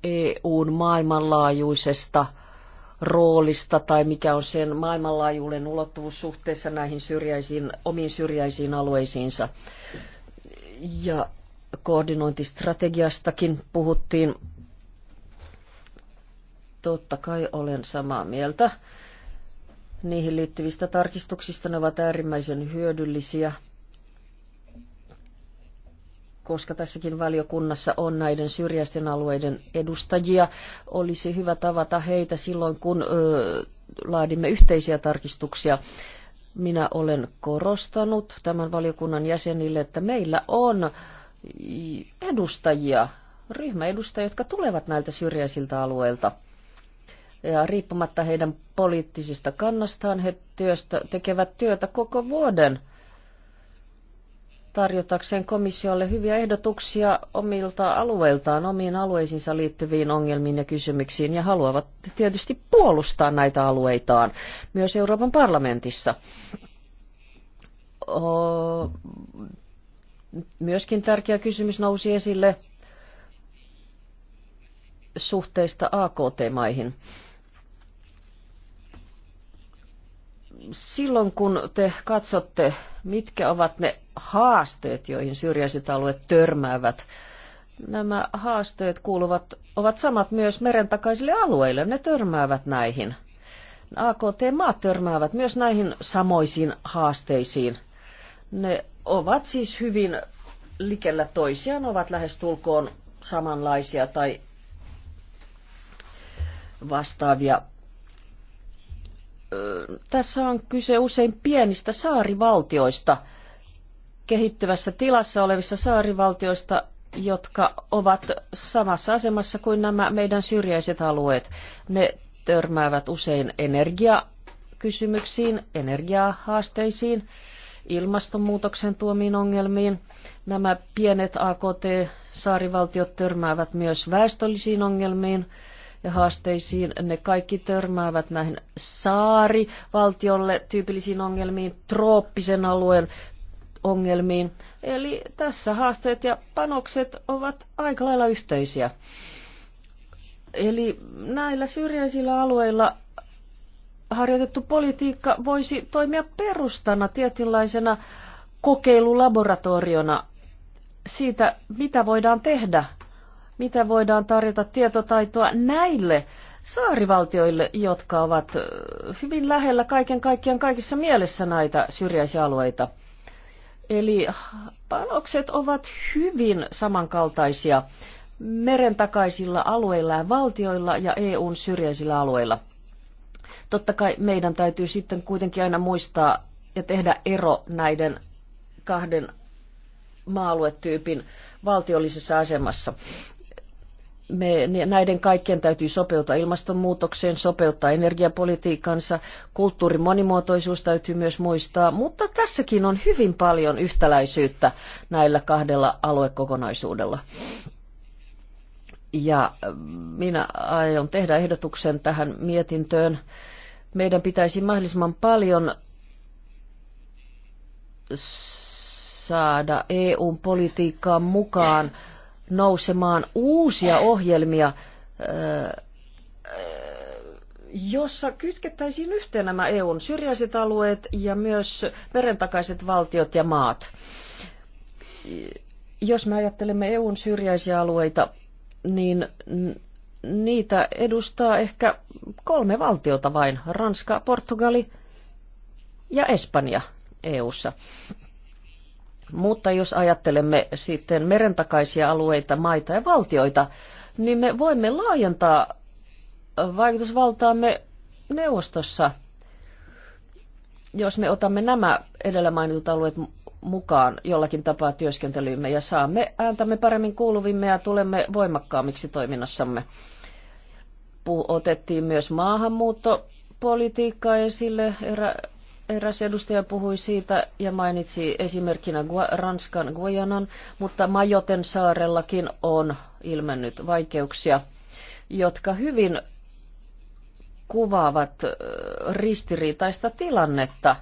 EUn maailmanlaajuisesta roolista tai mikä on sen maailmanlaajuinen ulottuvuus suhteessa näihin syrjäisiin, omiin syrjäisiin alueisiinsa. Ja koordinointistrategiastakin puhuttiin. Totta kai olen samaa mieltä. Niihin liittyvistä tarkistuksista ne ovat äärimmäisen hyödyllisiä – koska tässäkin valiokunnassa on näiden syrjäisten alueiden edustajia, olisi hyvä tavata heitä silloin, kun ö, laadimme yhteisiä tarkistuksia. Minä olen korostanut tämän valiokunnan jäsenille, että meillä on edustajia, ryhmäedustajia, jotka tulevat näiltä syrjäisiltä alueilta. Ja riippumatta heidän poliittisista kannastaan, he työstä, tekevät työtä koko vuoden – tarjotakseen komissiolle hyviä ehdotuksia omilta alueiltaan, omiin alueisiinsa liittyviin ongelmiin ja kysymyksiin, ja haluavat tietysti puolustaa näitä alueitaan myös Euroopan parlamentissa. O, myöskin tärkeä kysymys nousi esille suhteista AKT-maihin. Silloin kun te katsotte, mitkä ovat ne haasteet, joihin syrjäiset alueet törmäävät. Nämä haasteet kuuluvat, ovat samat myös merentakaisille alueille. Ne törmäävät näihin. AKT-maat törmäävät myös näihin samoisiin haasteisiin. Ne ovat siis hyvin likellä toisiaan, ovat tulkoon samanlaisia tai vastaavia. Tässä on kyse usein pienistä saarivaltioista – kehittyvässä tilassa olevissa saarivaltioista, jotka ovat samassa asemassa kuin nämä meidän syrjäiset alueet. Ne törmäävät usein energiakysymyksiin, energiahaasteisiin, ilmastonmuutoksen tuomiin ongelmiin. Nämä pienet AKT-saarivaltiot törmäävät myös väestöllisiin ongelmiin ja haasteisiin. Ne kaikki törmäävät näihin saarivaltiolle tyypillisiin ongelmiin, trooppisen alueen ongelmiin. Eli tässä haasteet ja panokset ovat aika lailla yhteisiä. Eli näillä syrjäisillä alueilla harjoitettu politiikka voisi toimia perustana tietynlaisena kokeilulaboratoriona siitä, mitä voidaan tehdä, mitä voidaan tarjota tietotaitoa näille saarivaltioille, jotka ovat hyvin lähellä kaiken kaikkiaan kaikissa mielessä näitä syrjäisiä alueita. Eli panokset ovat hyvin samankaltaisia Meren takaisilla alueilla ja valtioilla ja EUn syrjäisillä alueilla. Totta kai meidän täytyy sitten kuitenkin aina muistaa ja tehdä ero näiden kahden maa-aluetyypin valtiollisessa asemassa me, näiden kaikkien täytyy sopeutua ilmastonmuutokseen, sopeuttaa energiapolitiikansa, kulttuurin monimuotoisuus täytyy myös muistaa, mutta tässäkin on hyvin paljon yhtäläisyyttä näillä kahdella aluekokonaisuudella. Ja ähm, minä aion tehdä ehdotuksen tähän mietintöön. Meidän pitäisi mahdollisimman paljon saada EU-politiikkaan mukaan nousemaan uusia ohjelmia, jossa kytkettäisiin yhteen nämä EUn syrjäiset alueet ja myös merentakaiset valtiot ja maat. Jos me ajattelemme EUn syrjäisiä alueita, niin niitä edustaa ehkä kolme valtiota vain, Ranska, Portugali ja Espanja EUssa. Mutta jos ajattelemme sitten merentakaisia alueita, maita ja valtioita, niin me voimme laajentaa vaikutusvaltaamme neuvostossa, jos me otamme nämä edellä mainitut alueet mukaan jollakin tapaa työskentelyymme ja saamme ääntämme paremmin kuuluvimme ja tulemme voimakkaammiksi toiminnassamme. Otettiin myös maahanmuuttopolitiikkaa esille Eräs edustaja puhui siitä ja mainitsi esimerkkinä Ranskan Guajanan, mutta Majoten saarellakin on ilmennyt vaikeuksia, jotka hyvin kuvaavat ristiriitaista tilannetta,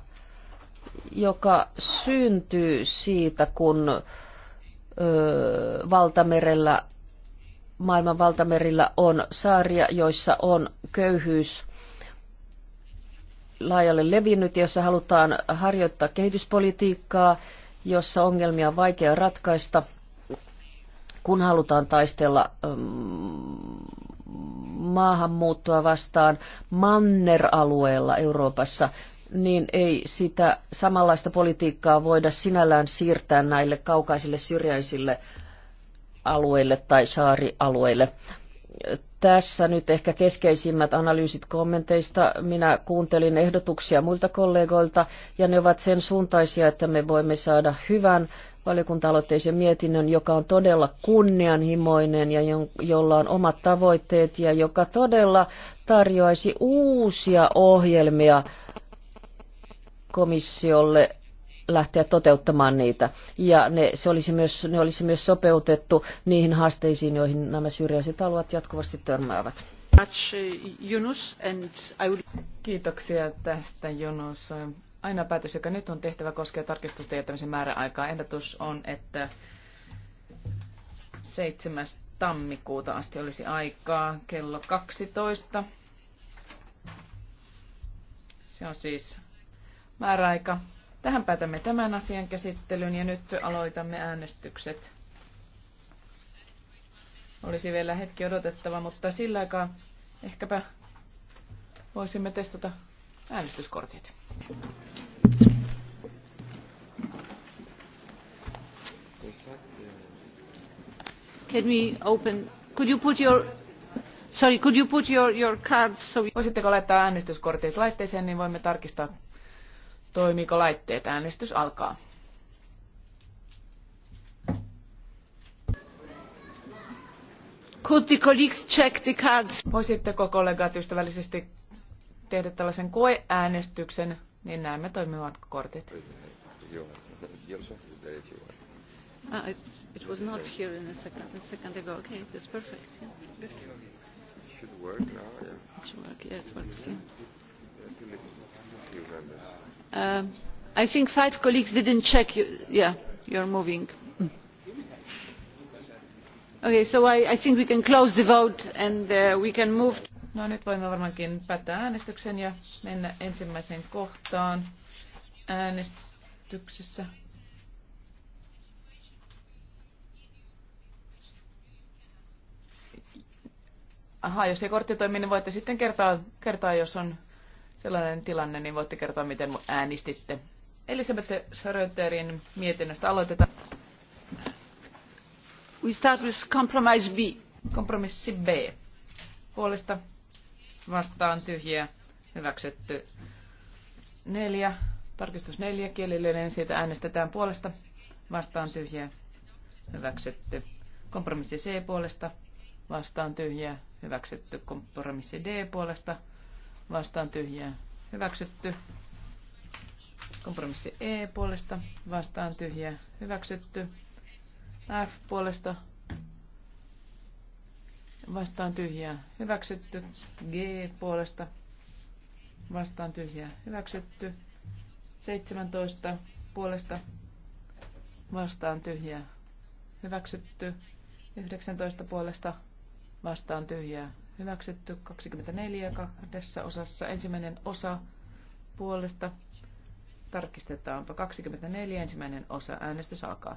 joka syntyy siitä, kun valtamerellä, maailman valtamerillä on saaria, joissa on köyhyys – laajalle levinnyt, jossa halutaan harjoittaa kehityspolitiikkaa, jossa ongelmia on vaikea ratkaista, kun halutaan taistella mm, maahanmuuttoa vastaan manneralueella Euroopassa, niin ei sitä samanlaista politiikkaa voida sinällään siirtää näille kaukaisille syrjäisille alueille tai saarialueille tässä nyt ehkä keskeisimmät analyysit kommenteista. Minä kuuntelin ehdotuksia muilta kollegoilta ja ne ovat sen suuntaisia, että me voimme saada hyvän valiokunta-aloitteisen mietinnön, joka on todella kunnianhimoinen ja jolla on omat tavoitteet ja joka todella tarjoaisi uusia ohjelmia komissiolle lähteä toteuttamaan niitä. Ja ne, se olisi myös, ne olisi myös sopeutettu niihin haasteisiin, joihin nämä syrjäiset alueet jatkuvasti törmäävät. Kiitoksia tästä, Junus. Aina päätös, joka nyt on tehtävä, koskee ja tämmöisen määräaikaa. Ehdotus on, että 7. tammikuuta asti olisi aikaa kello 12. Se on siis määräaika Tähän päätämme tämän asian käsittelyn ja nyt aloitamme äänestykset. Olisi vielä hetki odotettava, mutta sillä aikaa ehkäpä voisimme testata äänestyskortit. Can we open? Could you put your Sorry, could you put your, your cards so... Voisitteko laittaa äänestyskortit laitteeseen, niin voimme tarkistaa Toimiko laitteet? Äänestys alkaa. Could the colleagues check the cards? Voisitteko kollegat ystävällisesti tehdä tällaisen koeäänestyksen, niin näemme toimivat kortit. Ah, it, it was not here in a second, a second ago. Okay, that's perfect. Yeah. It should work now, yeah. It should work, yeah, it works. Yeah. Uh, I think five colleagues didn't check. You. Yeah, you're moving. Okay, so I, think we can close the vote and uh, we can move. To... No nyt voimme varmaankin päättää äänestyksen ja mennä ensimmäiseen kohtaan äänestyksessä. Aha, jos ei kortti toimi, niin voitte sitten kertoa, kertoa jos on sellainen tilanne, niin voitte kertoa, miten äänestitte. Elisabeth Schröterin mietinnöstä aloitetaan. We start with compromise B. Kompromissi B. Puolesta vastaan tyhjiä hyväksytty neljä. Tarkistus neljä kielillinen. Siitä äänestetään puolesta vastaan tyhjiä hyväksytty. Kompromissi C puolesta vastaan tyhjiä hyväksytty. Kompromissi D puolesta vastaan tyhjää. Hyväksytty. Kompromissi E puolesta vastaan tyhjää. Hyväksytty. F puolesta vastaan tyhjää. Hyväksytty. G puolesta vastaan tyhjää. Hyväksytty. 17 puolesta vastaan tyhjää. Hyväksytty. 19 puolesta vastaan tyhjää. Hyväksytty 24 kahdessa osassa. Ensimmäinen osa puolesta. Tarkistetaanpa 24 ensimmäinen osa. Äänestys alkaa.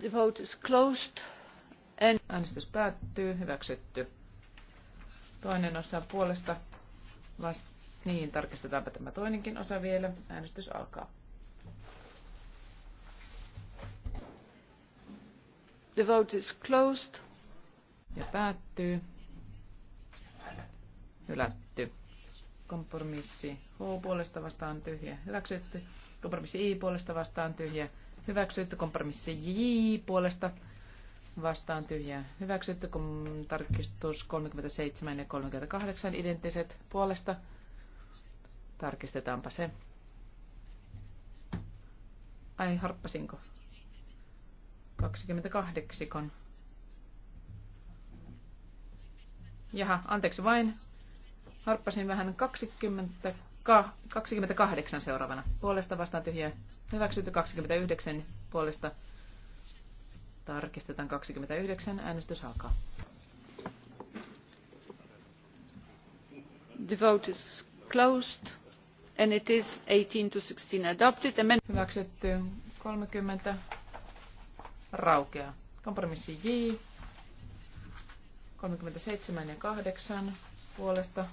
The vote is closed. And... Äänestys päättyy. Hyväksytty. Toinen osa puolesta. Vast... Niin, tarkistetaanpa tämä toinenkin osa vielä. Äänestys alkaa. The vote is closed. Ja päättyy. Hylätty. Kompromissi H puolesta vastaan tyhjä. Hyväksytty. Kompromissi I puolesta vastaan tyhjä. Hyväksytty. Kompromissi J puolesta vastaan tyhjä. Hyväksytty. Kom- tarkistus 37 ja 38 identtiset puolesta. Tarkistetaanpa se. Ai, harppasinko? 28. Jaha, anteeksi vain. Harppasin vähän 20, 28 seuraavana. Puolesta vastaan tyhjä. Hyväksytty 29 puolesta. Tarkistetaan 29. Äänestys alkaa. The vote is closed and it is 18 to 16 adopted. Hyväksytty 30 raukeaa. Kompromissi J, 37 ja 8 puolesta.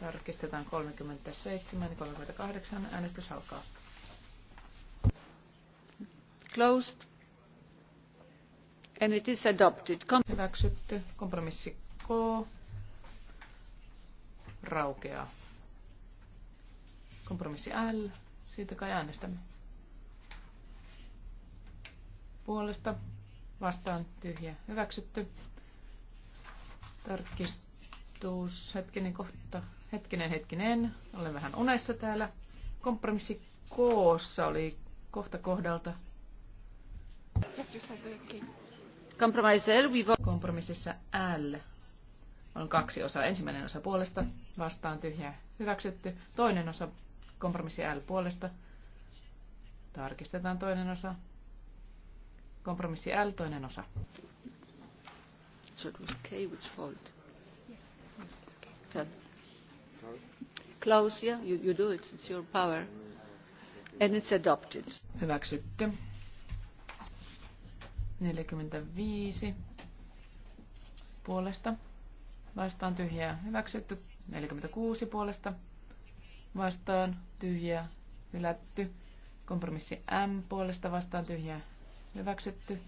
Tarkistetaan 37 ja 38. Äänestys alkaa. Closed. And it is adopted. Kom- Hyväksytty. Kompromissi K raukeaa. Kompromissi L. Siitä kai äänestämme puolesta vastaan tyhjä hyväksytty. Tarkistus, hetkinen kohta, hetkinen hetkinen, olen vähän unessa täällä. Kompromissi koossa oli kohta kohdalta. Kompromississa L on kaksi osaa. Ensimmäinen osa puolesta, vastaan tyhjä hyväksytty. Toinen osa kompromissi L puolesta. Tarkistetaan toinen osa. Kompromissi L, toinen osa. So it was K which fault. Yes. yeah, you, you do it, it's your power. And it's adopted. Hyväksytty. 45 puolesta. Vastaan tyhjää hyväksytty. 46 puolesta. Vastaan tyhjää hylätty. Kompromissi M puolesta vastaan tyhjää hyväksytty.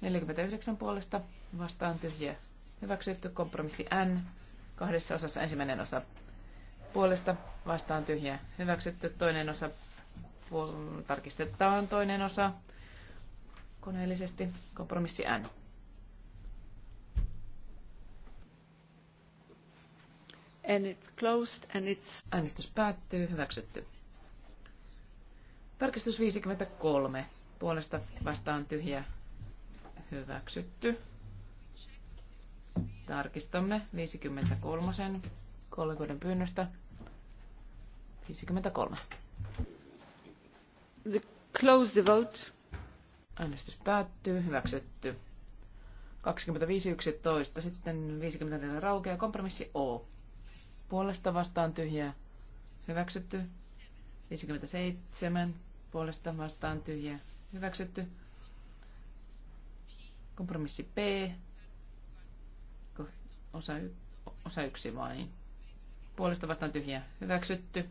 49 puolesta vastaan tyhjä hyväksytty. Kompromissi N, kahdessa osassa ensimmäinen osa puolesta vastaan tyhjä hyväksytty. Toinen osa tarkistetaan, toinen osa koneellisesti. Kompromissi N. And it closed and it's... Äänestys päättyy, hyväksytty. Tarkistus 53 puolesta vastaan tyhjä hyväksytty. Tarkistamme 53. kollegoiden pyynnöstä. 53. The close the vote. Äänestys päättyy. Hyväksytty. 25.11. Sitten 54 raukea. Kompromissi O. Puolesta vastaan tyhjä. Hyväksytty. 57. Puolesta vastaan tyhjä. Hyväksytty. Kompromissi P. Osa, y- osa yksi vain. Puolesta vastaan tyhjä. Hyväksytty.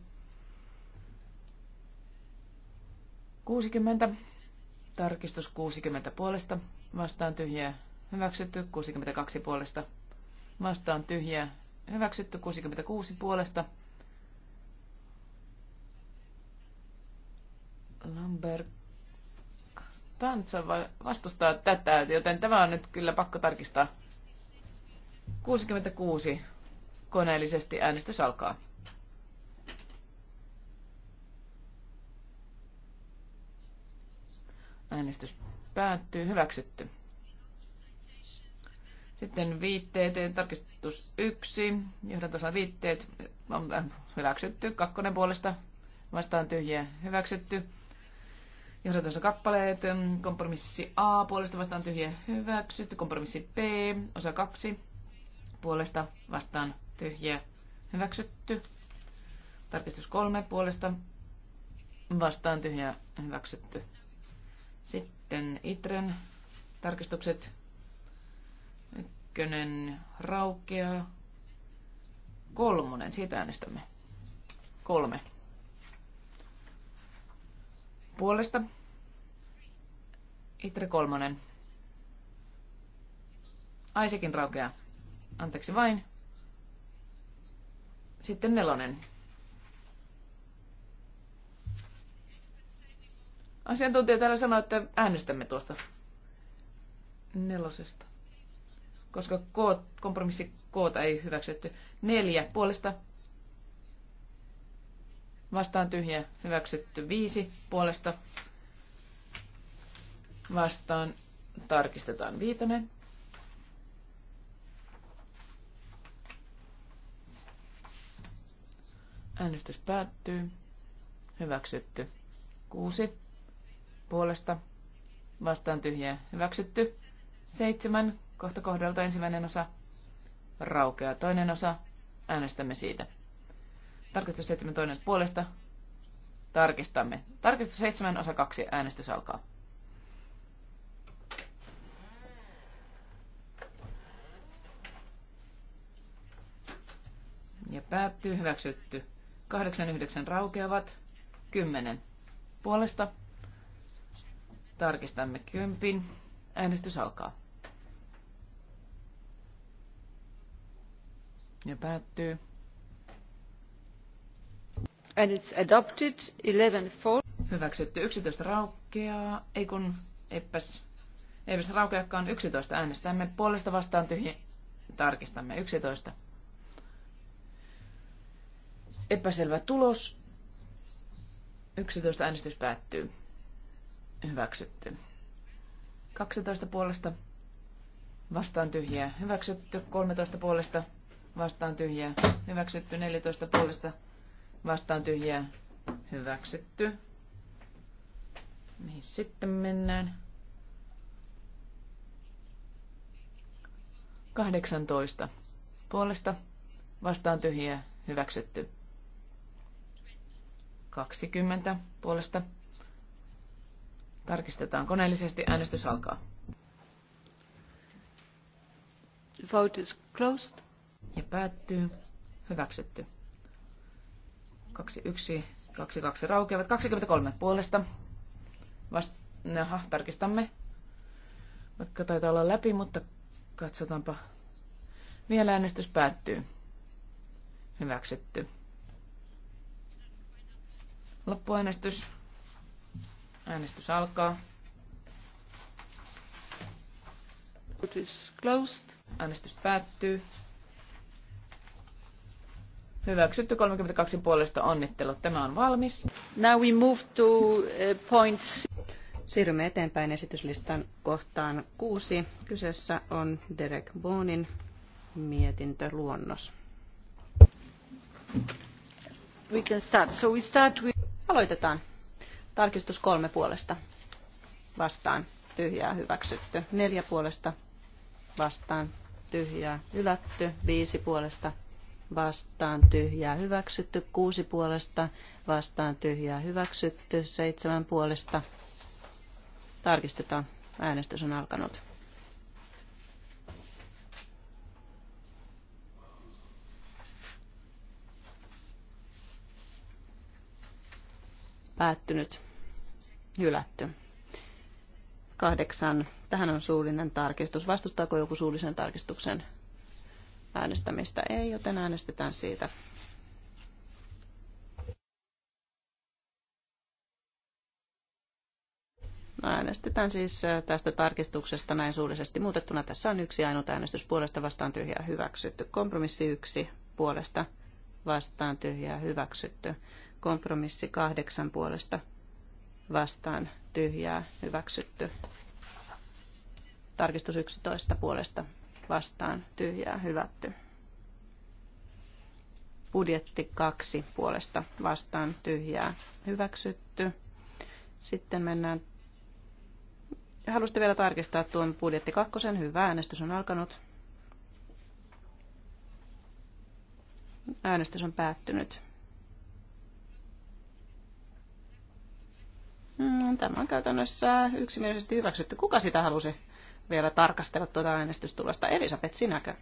60. Tarkistus 60 puolesta. Vastaan tyhjä Hyväksytty 62 puolesta. Vastaan tyhjä Hyväksytty 66 puolesta. Lambert Tansa vastustaa tätä, joten tämä on nyt kyllä pakko tarkistaa. 66 koneellisesti äänestys alkaa. Äänestys päättyy. Hyväksytty. Sitten viitteet, tarkistus 1, johdantosa viitteet, äh, hyväksytty, kakkonen puolesta, vastaan tyhjiä, hyväksytty, Johdatonsa kappaleet, kompromissi A, puolesta vastaan tyhjä hyväksytty, kompromissi B, osa 2, puolesta vastaan tyhjä hyväksytty, tarkistus 3, puolesta vastaan tyhjä hyväksytty. Sitten ITREN tarkistukset, ykkönen raukea, kolmonen, siitä äänestämme. Kolme puolesta. Itre kolmonen. Aisekin raukeaa. Anteeksi vain. Sitten nelonen. Asiantuntija täällä sanoi, että äänestämme tuosta nelosesta. Koska K, kompromissi koota ei hyväksytty. Neljä puolesta vastaan tyhjä, hyväksytty viisi puolesta, vastaan tarkistetaan viitonen. Äänestys päättyy. Hyväksytty. Kuusi. Puolesta. Vastaan tyhjä, Hyväksytty. Seitsemän. Kohta kohdalta ensimmäinen osa. Raukea toinen osa. Äänestämme siitä. Tarkistus 7 toinen puolesta. Tarkistamme. Tarkistus 7 osa 2. Äänestys alkaa. Ja päättyy hyväksytty. 89 raukeavat. 10 puolesta. Tarkistamme kympin. Äänestys alkaa. Ja päättyy and it's adopted 11 4. Hyväksytty 11 raukeaa, ei kun eipäs, eipäs raukeakaan 11 äänestämme puolesta vastaan tyhjä, tarkistamme 11. Epäselvä tulos. 11 äänestys päättyy. Hyväksytty. 12 puolesta vastaan tyhjää. Hyväksytty. 13 puolesta vastaan tyhjää. Hyväksytty. 14 puolesta vastaan tyhjää hyväksytty. Mihin sitten mennään? 18. Puolesta vastaan tyhjää hyväksytty. 20 puolesta. Tarkistetaan koneellisesti. Äänestys alkaa. Vote is closed. Ja päättyy. Hyväksytty. 21, 22 raukeavat. 23 puolesta. Vast... Naha, tarkistamme. Vaikka taitaa olla läpi, mutta katsotaanpa. Vielä äänestys päättyy. Hyväksytty. Loppuäänestys. Äänestys alkaa. Äänestys päättyy. Hyväksytty 32 puolesta onnittelut. Tämä on valmis. Now we move to eh, points. Siirrymme eteenpäin esityslistan kohtaan kuusi. Kyseessä on Derek Bonin mietintöluonnos. We can start. So we start with... Aloitetaan. Tarkistus kolme puolesta. Vastaan. Tyhjää hyväksytty. Neljä puolesta. Vastaan. Tyhjää hylätty. Viisi puolesta vastaan tyhjää hyväksytty, kuusi puolesta vastaan tyhjää hyväksytty, seitsemän puolesta. Tarkistetaan. Äänestys on alkanut. Päättynyt. Hylätty. Kahdeksan. Tähän on suullinen tarkistus. Vastustaako joku suullisen tarkistuksen Äänestämistä ei, joten äänestetään siitä. No, äänestetään siis äh, tästä tarkistuksesta näin suullisesti muutettuna. Tässä on yksi ainut äänestys puolesta vastaan tyhjää hyväksytty. Kompromissi yksi puolesta vastaan tyhjää hyväksytty. Kompromissi kahdeksan puolesta vastaan tyhjää hyväksytty. Tarkistus 11 puolesta vastaan tyhjää hylätty. Budjetti 2 puolesta vastaan tyhjää hyväksytty. Sitten mennään. Haluaisitte vielä tarkistaa tuon budjetti kakkosen. Hyvä, äänestys on alkanut. Äänestys on päättynyt. Hmm, tämä on käytännössä yksimielisesti hyväksytty. Kuka sitä halusi? vielä tarkastella tuota äänestystulosta. Elisabeth, sinäkö?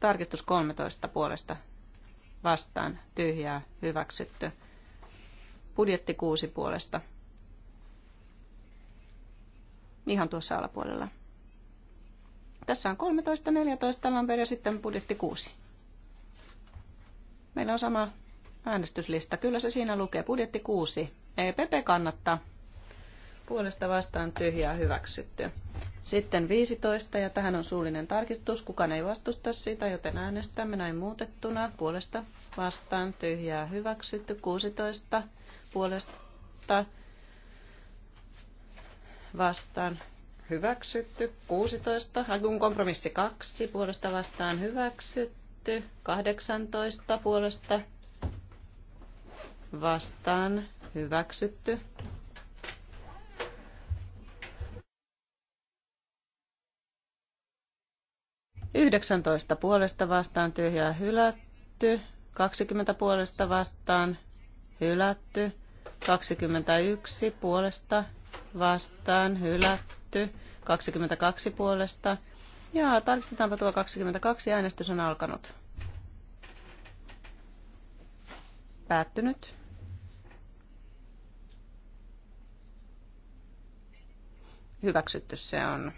Tarkistus 13 puolesta vastaan, tyhjää, hyväksytty. Budjetti 6 puolesta. Ihan tuossa alapuolella. Tässä on 13, 14 Lampere ja sitten budjetti 6. Meillä on sama äänestyslista. Kyllä se siinä lukee. Budjetti 6. EPP kannattaa puolesta vastaan tyhjää hyväksytty. Sitten 15 ja tähän on suullinen tarkistus. Kukaan ei vastusta sitä, joten äänestämme näin muutettuna. Puolesta vastaan tyhjää hyväksytty. 16 puolesta vastaan hyväksytty. 16. hakun kompromissi 2 puolesta vastaan hyväksytty. 18 puolesta vastaan hyväksytty. 19 puolesta vastaan tyhjää hylätty. 20 puolesta vastaan hylätty. 21 puolesta vastaan hylätty. 22 puolesta. Ja tarkistetaanpa tuo 22. Äänestys on alkanut. Päättynyt. Hyväksytty se on.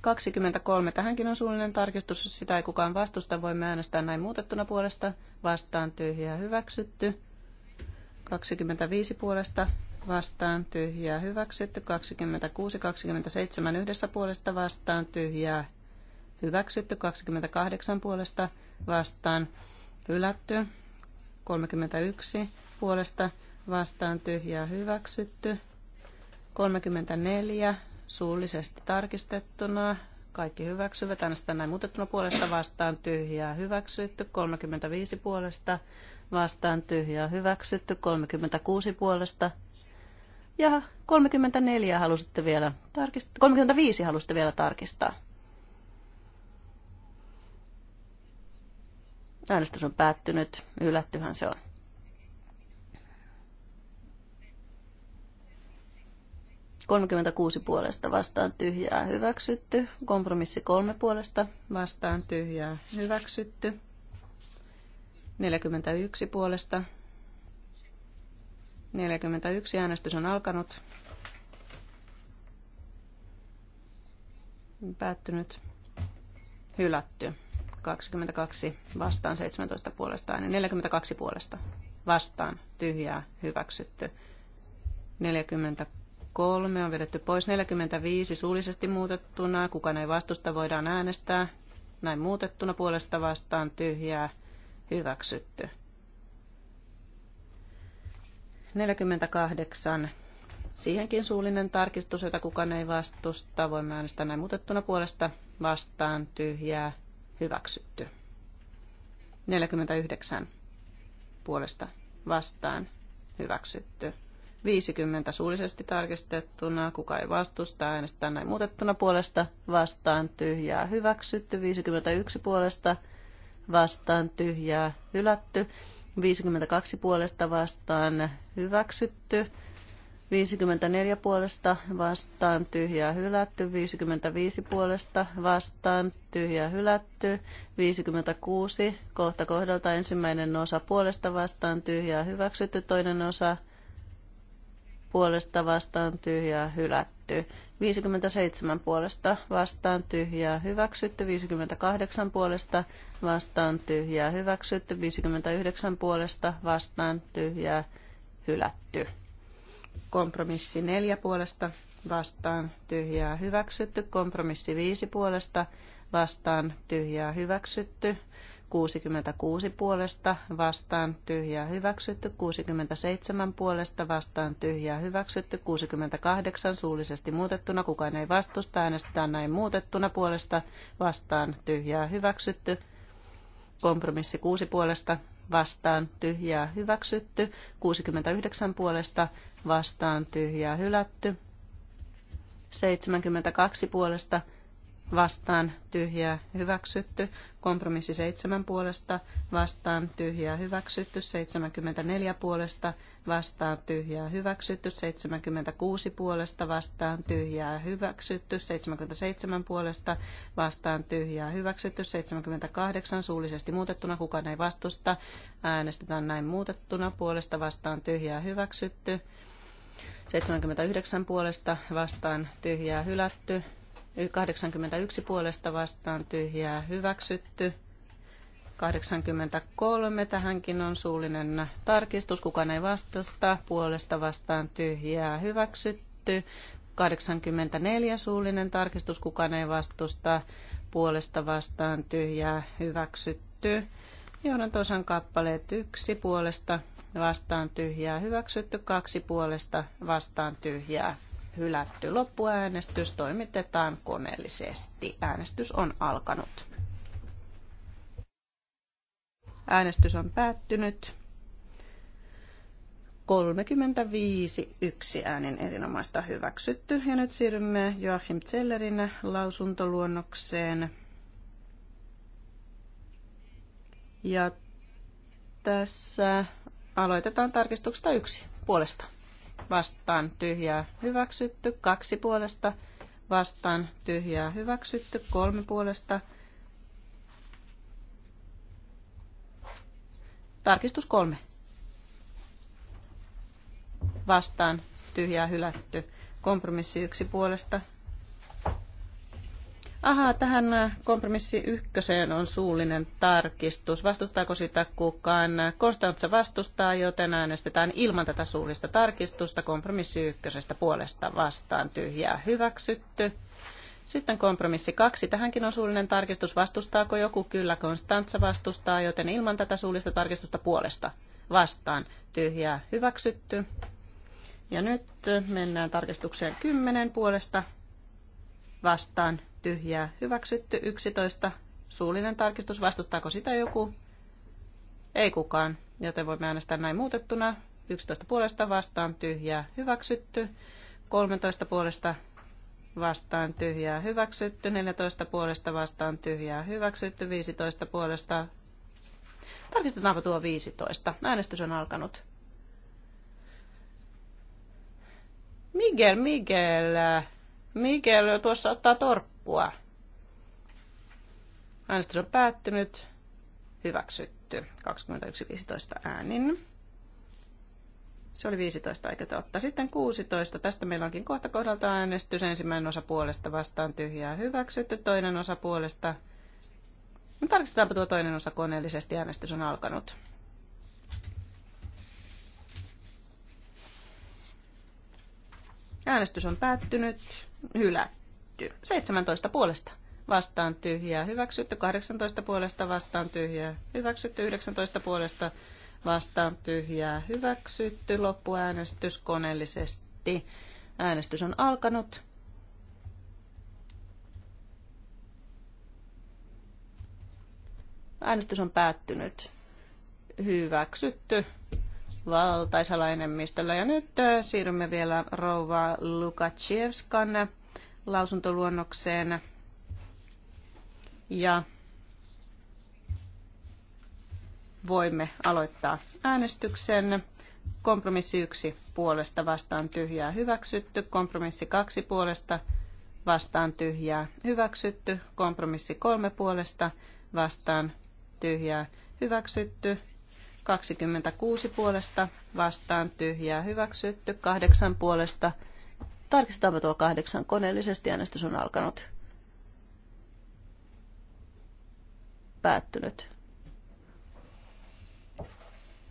23. Tähänkin on suullinen tarkistus, jos sitä ei kukaan vastusta. Voimme äänestää näin muutettuna puolesta. Vastaan tyhjää hyväksytty. 25 puolesta vastaan tyhjää hyväksytty. 26, 27 yhdessä puolesta vastaan tyhjää hyväksytty. 28 puolesta vastaan hylätty. 31 puolesta vastaan tyhjää hyväksytty. 34 suullisesti tarkistettuna. Kaikki hyväksyvät. Äänestetään näin muutettuna puolesta vastaan tyhjää hyväksytty. 35 puolesta vastaan tyhjää hyväksytty. 36 puolesta ja 34 halusitte vielä tarkistaa. 35 halusitte vielä tarkistaa. Äänestys on päättynyt. Yllättyhän se on. 36 puolesta vastaan tyhjää hyväksytty. Kompromissi 3 puolesta vastaan tyhjää hyväksytty. 41 puolesta. 41 äänestys on alkanut. Päättynyt. Hylätty. 22 vastaan 17 puolesta 42 puolesta vastaan tyhjää hyväksytty. 43 43 on vedetty pois, 45 suullisesti muutettuna, kukaan ei vastusta, voidaan äänestää. Näin muutettuna puolesta vastaan tyhjää, hyväksytty. 48. Siihenkin suullinen tarkistus, jota kukaan ei vastusta. Voimme äänestää näin muutettuna puolesta vastaan tyhjää, hyväksytty. 49. Puolesta vastaan hyväksytty. 50 suullisesti tarkistettuna, kuka ei vastusta, äänestää näin muutettuna puolesta, vastaan tyhjää hyväksytty, 51 puolesta, vastaan tyhjää hylätty, 52 puolesta vastaan hyväksytty, 54 puolesta vastaan tyhjää hylätty, 55 puolesta vastaan tyhjää hylätty, 56 kohta kohdalta ensimmäinen osa puolesta vastaan tyhjää hyväksytty, toinen osa puolesta vastaan tyhjää hylätty. 57 puolesta vastaan tyhjää hyväksytty. 58 puolesta vastaan tyhjää hyväksytty. 59 puolesta vastaan tyhjää hylätty. Kompromissi 4 puolesta vastaan tyhjää hyväksytty. Kompromissi 5 puolesta vastaan tyhjää hyväksytty. 66 puolesta vastaan tyhjää hyväksytty, 67 puolesta vastaan tyhjää hyväksytty, 68 suullisesti muutettuna, kukaan ei vastusta, äänestetään näin muutettuna puolesta vastaan tyhjää hyväksytty, kompromissi 6 puolesta vastaan tyhjää hyväksytty, 69 puolesta vastaan tyhjää hylätty, 72 puolesta vastaan, vastaan tyhjää hyväksytty, kompromissi 7 puolesta vastaan tyhjää hyväksytty, 74 puolesta vastaan tyhjää hyväksytty, 76 puolesta vastaan tyhjää hyväksytty, 77 puolesta vastaan tyhjää hyväksytty, 78 suullisesti muutettuna, kukaan ei vastusta, äänestetään näin muutettuna, puolesta vastaan tyhjää hyväksytty, 79 puolesta vastaan tyhjää hylätty, 81 puolesta vastaan tyhjää hyväksytty. 83. Tähänkin on suullinen tarkistus. Kukaan ei vastusta. Puolesta vastaan tyhjää hyväksytty. 84. Suullinen tarkistus. Kukaan ei vastusta. Puolesta vastaan tyhjää hyväksytty. tosan kappaleet yksi Puolesta vastaan tyhjää hyväksytty. kaksi Puolesta vastaan tyhjää hylätty. Loppuäänestys toimitetaan koneellisesti. Äänestys on alkanut. Äänestys on päättynyt. 35 yksi äänin erinomaista hyväksytty. Ja nyt siirrymme Joachim Zellerin lausuntoluonnokseen. Ja tässä aloitetaan tarkistuksesta yksi puolesta vastaan tyhjää hyväksytty, kaksi puolesta vastaan tyhjää hyväksytty, kolme puolesta tarkistus kolme vastaan tyhjää hylätty, kompromissi yksi puolesta Aha, tähän äh, kompromissi ykköseen on suullinen tarkistus. Vastustaako sitä kukaan? Konstantsa vastustaa, joten äänestetään ilman tätä suullista tarkistusta kompromissi ykkösestä puolesta vastaan tyhjää hyväksytty. Sitten kompromissi kaksi. Tähänkin on suullinen tarkistus. Vastustaako joku? Kyllä, Konstantsa vastustaa, joten ilman tätä suullista tarkistusta puolesta vastaan tyhjää hyväksytty. Ja nyt äh, mennään tarkistukseen 10 puolesta vastaan tyhjää hyväksytty. 11 suullinen tarkistus. Vastuttaako sitä joku? Ei kukaan, joten voimme äänestää näin muutettuna. 11 puolesta vastaan tyhjää hyväksytty. 13 puolesta vastaan tyhjää hyväksytty. 14 puolesta vastaan tyhjää hyväksytty. 15 puolesta. Tarkistetaanpa tuo 15. Äänestys on alkanut. Miguel, Miguel, Miguel tuossa ottaa torppaa loppua. Äänestys on päättynyt. Hyväksytty. 21.15 äänin. Se oli 15, eikö totta? Sitten 16. Tästä meillä onkin kohta kohdalta äänestys. Ensimmäinen osa puolesta vastaan tyhjää hyväksytty. Toinen osa puolesta. No, tarkistetaanpa tuo toinen osa koneellisesti. Äänestys on alkanut. Äänestys on päättynyt. Hylätty hylätty. 17 puolesta vastaan tyhjää hyväksytty, 18 puolesta vastaan tyhjää hyväksytty, 19 puolesta vastaan tyhjää hyväksytty, loppuäänestys koneellisesti. Äänestys on alkanut. Äänestys on päättynyt. Hyväksytty valtaisella enemmistöllä. Ja nyt äh, siirrymme vielä rouva Lukachevskan lausuntoluonnokseen. Ja voimme aloittaa äänestyksen. Kompromissi 1 puolesta vastaan tyhjää hyväksytty. Kompromissi 2 puolesta vastaan tyhjää hyväksytty. Kompromissi 3 puolesta vastaan tyhjää hyväksytty. 26 puolesta vastaan tyhjää hyväksytty. 8 puolesta vastaan, Tarkistetaanpa tuo kahdeksan. Koneellisesti äänestys on alkanut. Päättynyt.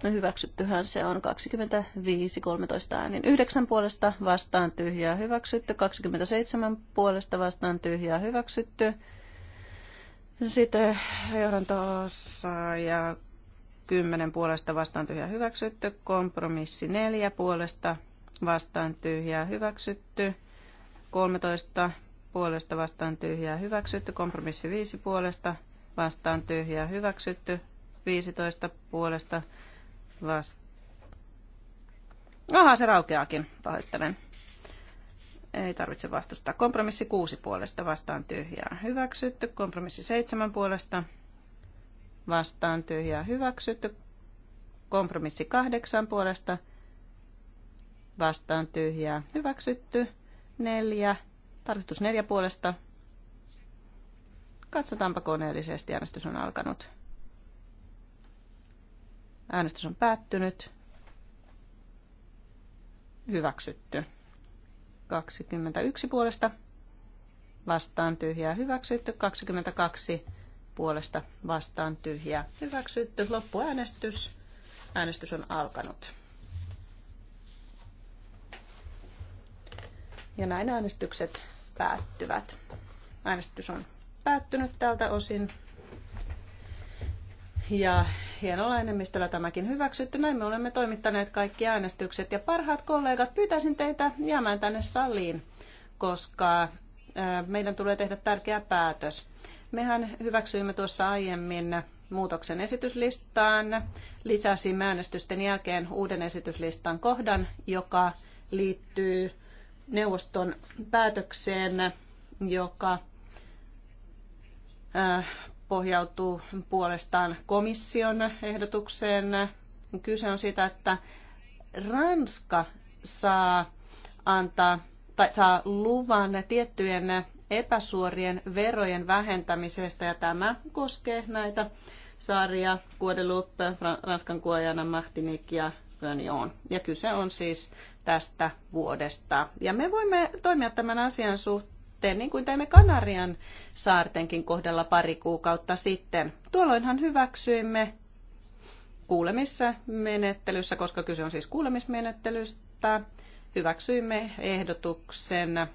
No hyväksyttyhän se on 25, 13 äänin. 9 puolesta vastaan tyhjää hyväksytty, 27 puolesta vastaan tyhjää hyväksytty. Sitten johdanto tuossa ja 10 puolesta vastaan tyhjää hyväksytty, kompromissi 4 puolesta vastaan tyhjää hyväksytty. 13 puolesta vastaan tyhjää hyväksytty. Kompromissi 5 puolesta vastaan tyhjää hyväksytty. 15 puolesta vastaan. Aha, se raukeakin. Pahoittelen. Ei tarvitse vastustaa. Kompromissi 6 puolesta vastaan tyhjää hyväksytty. Kompromissi 7 puolesta vastaan tyhjää hyväksytty. Kompromissi 8 puolesta vastaan vastaan tyhjää hyväksytty. Neljä. Tarkistus neljä puolesta. Katsotaanpa koneellisesti. Äänestys on alkanut. Äänestys on päättynyt. Hyväksytty. 21 puolesta vastaan tyhjää hyväksytty. 22 puolesta vastaan tyhjää hyväksytty. Loppuäänestys. Äänestys on alkanut. Ja näin äänestykset päättyvät. Äänestys on päättynyt tältä osin. Ja hienolla enemmistöllä tämäkin hyväksytty. Näin me olemme toimittaneet kaikki äänestykset. Ja parhaat kollegat, pyytäisin teitä jäämään tänne saliin, koska meidän tulee tehdä tärkeä päätös. Mehän hyväksyimme tuossa aiemmin muutoksen esityslistaan. Lisäsimme äänestysten jälkeen uuden esityslistan kohdan, joka liittyy neuvoston päätökseen, joka äh, pohjautuu puolestaan komission ehdotukseen. Kyse on siitä, että Ranska saa antaa tai saa luvan tiettyjen epäsuorien verojen vähentämisestä ja tämä koskee näitä saaria Guadeloupe, Ranskan Guajana, Martinique ja on Ja kyse on siis tästä vuodesta. Ja me voimme toimia tämän asian suhteen niin kuin teimme Kanarian saartenkin kohdalla pari kuukautta sitten. Tuolloinhan hyväksyimme kuulemissa menettelyssä, koska kyse on siis kuulemismenettelystä, hyväksyimme ehdotuksen,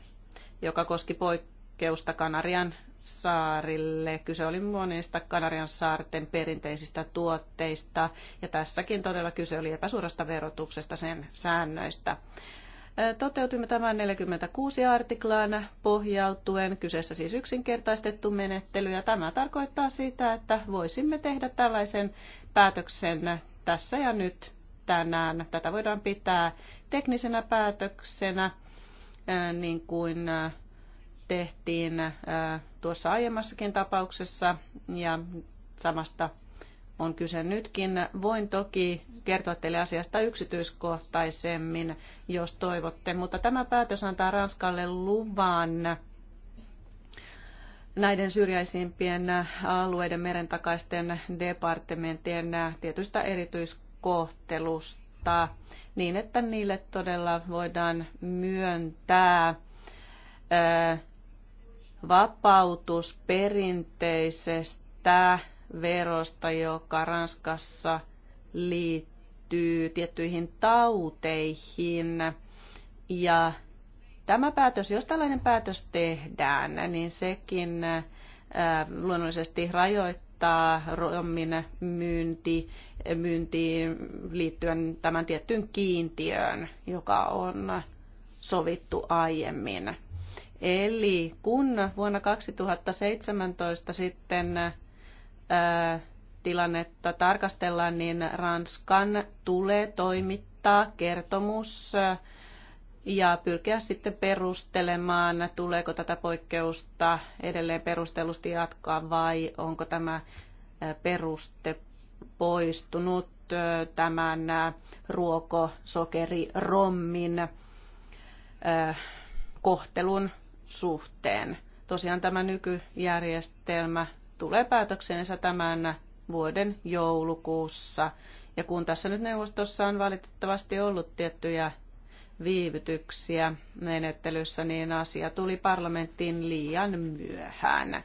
joka koski poikkeusta Kanarian saarille. Kyse oli monista Kanarian saarten perinteisistä tuotteista ja tässäkin todella kyse oli epäsuorasta verotuksesta sen säännöistä. Toteutimme tämän 46 artiklaan pohjautuen, kyseessä siis yksinkertaistettu menettely, ja tämä tarkoittaa sitä, että voisimme tehdä tällaisen päätöksen tässä ja nyt tänään. Tätä voidaan pitää teknisenä päätöksenä, niin kuin tehtiin äh, tuossa aiemmassakin tapauksessa ja samasta on kyse nytkin. Voin toki kertoa teille asiasta yksityiskohtaisemmin, jos toivotte, mutta tämä päätös antaa Ranskalle luvan näiden syrjäisimpien alueiden merentakaisten departementien tietystä erityiskohtelusta niin, että niille todella voidaan myöntää vapautus perinteisestä verosta, joka Ranskassa liittyy tiettyihin tauteihin. Ja tämä päätös, jos tällainen päätös tehdään, niin sekin äh, luonnollisesti rajoittaa rommin myynti, myyntiin liittyen tämän tiettyyn kiintiöön, joka on sovittu aiemmin. Eli kun vuonna 2017 sitten ää, tilannetta tarkastellaan, niin Ranskan tulee toimittaa kertomus ja pyrkiä sitten perustelemaan, tuleeko tätä poikkeusta edelleen perustellusti jatkaa vai onko tämä peruste poistunut tämän ruokosokerirommin kohtelun suhteen. Tosiaan tämä nykyjärjestelmä tulee päätöksensä tämän vuoden joulukuussa. Ja kun tässä nyt neuvostossa on valitettavasti ollut tiettyjä viivytyksiä menettelyssä, niin asia tuli parlamenttiin liian myöhään.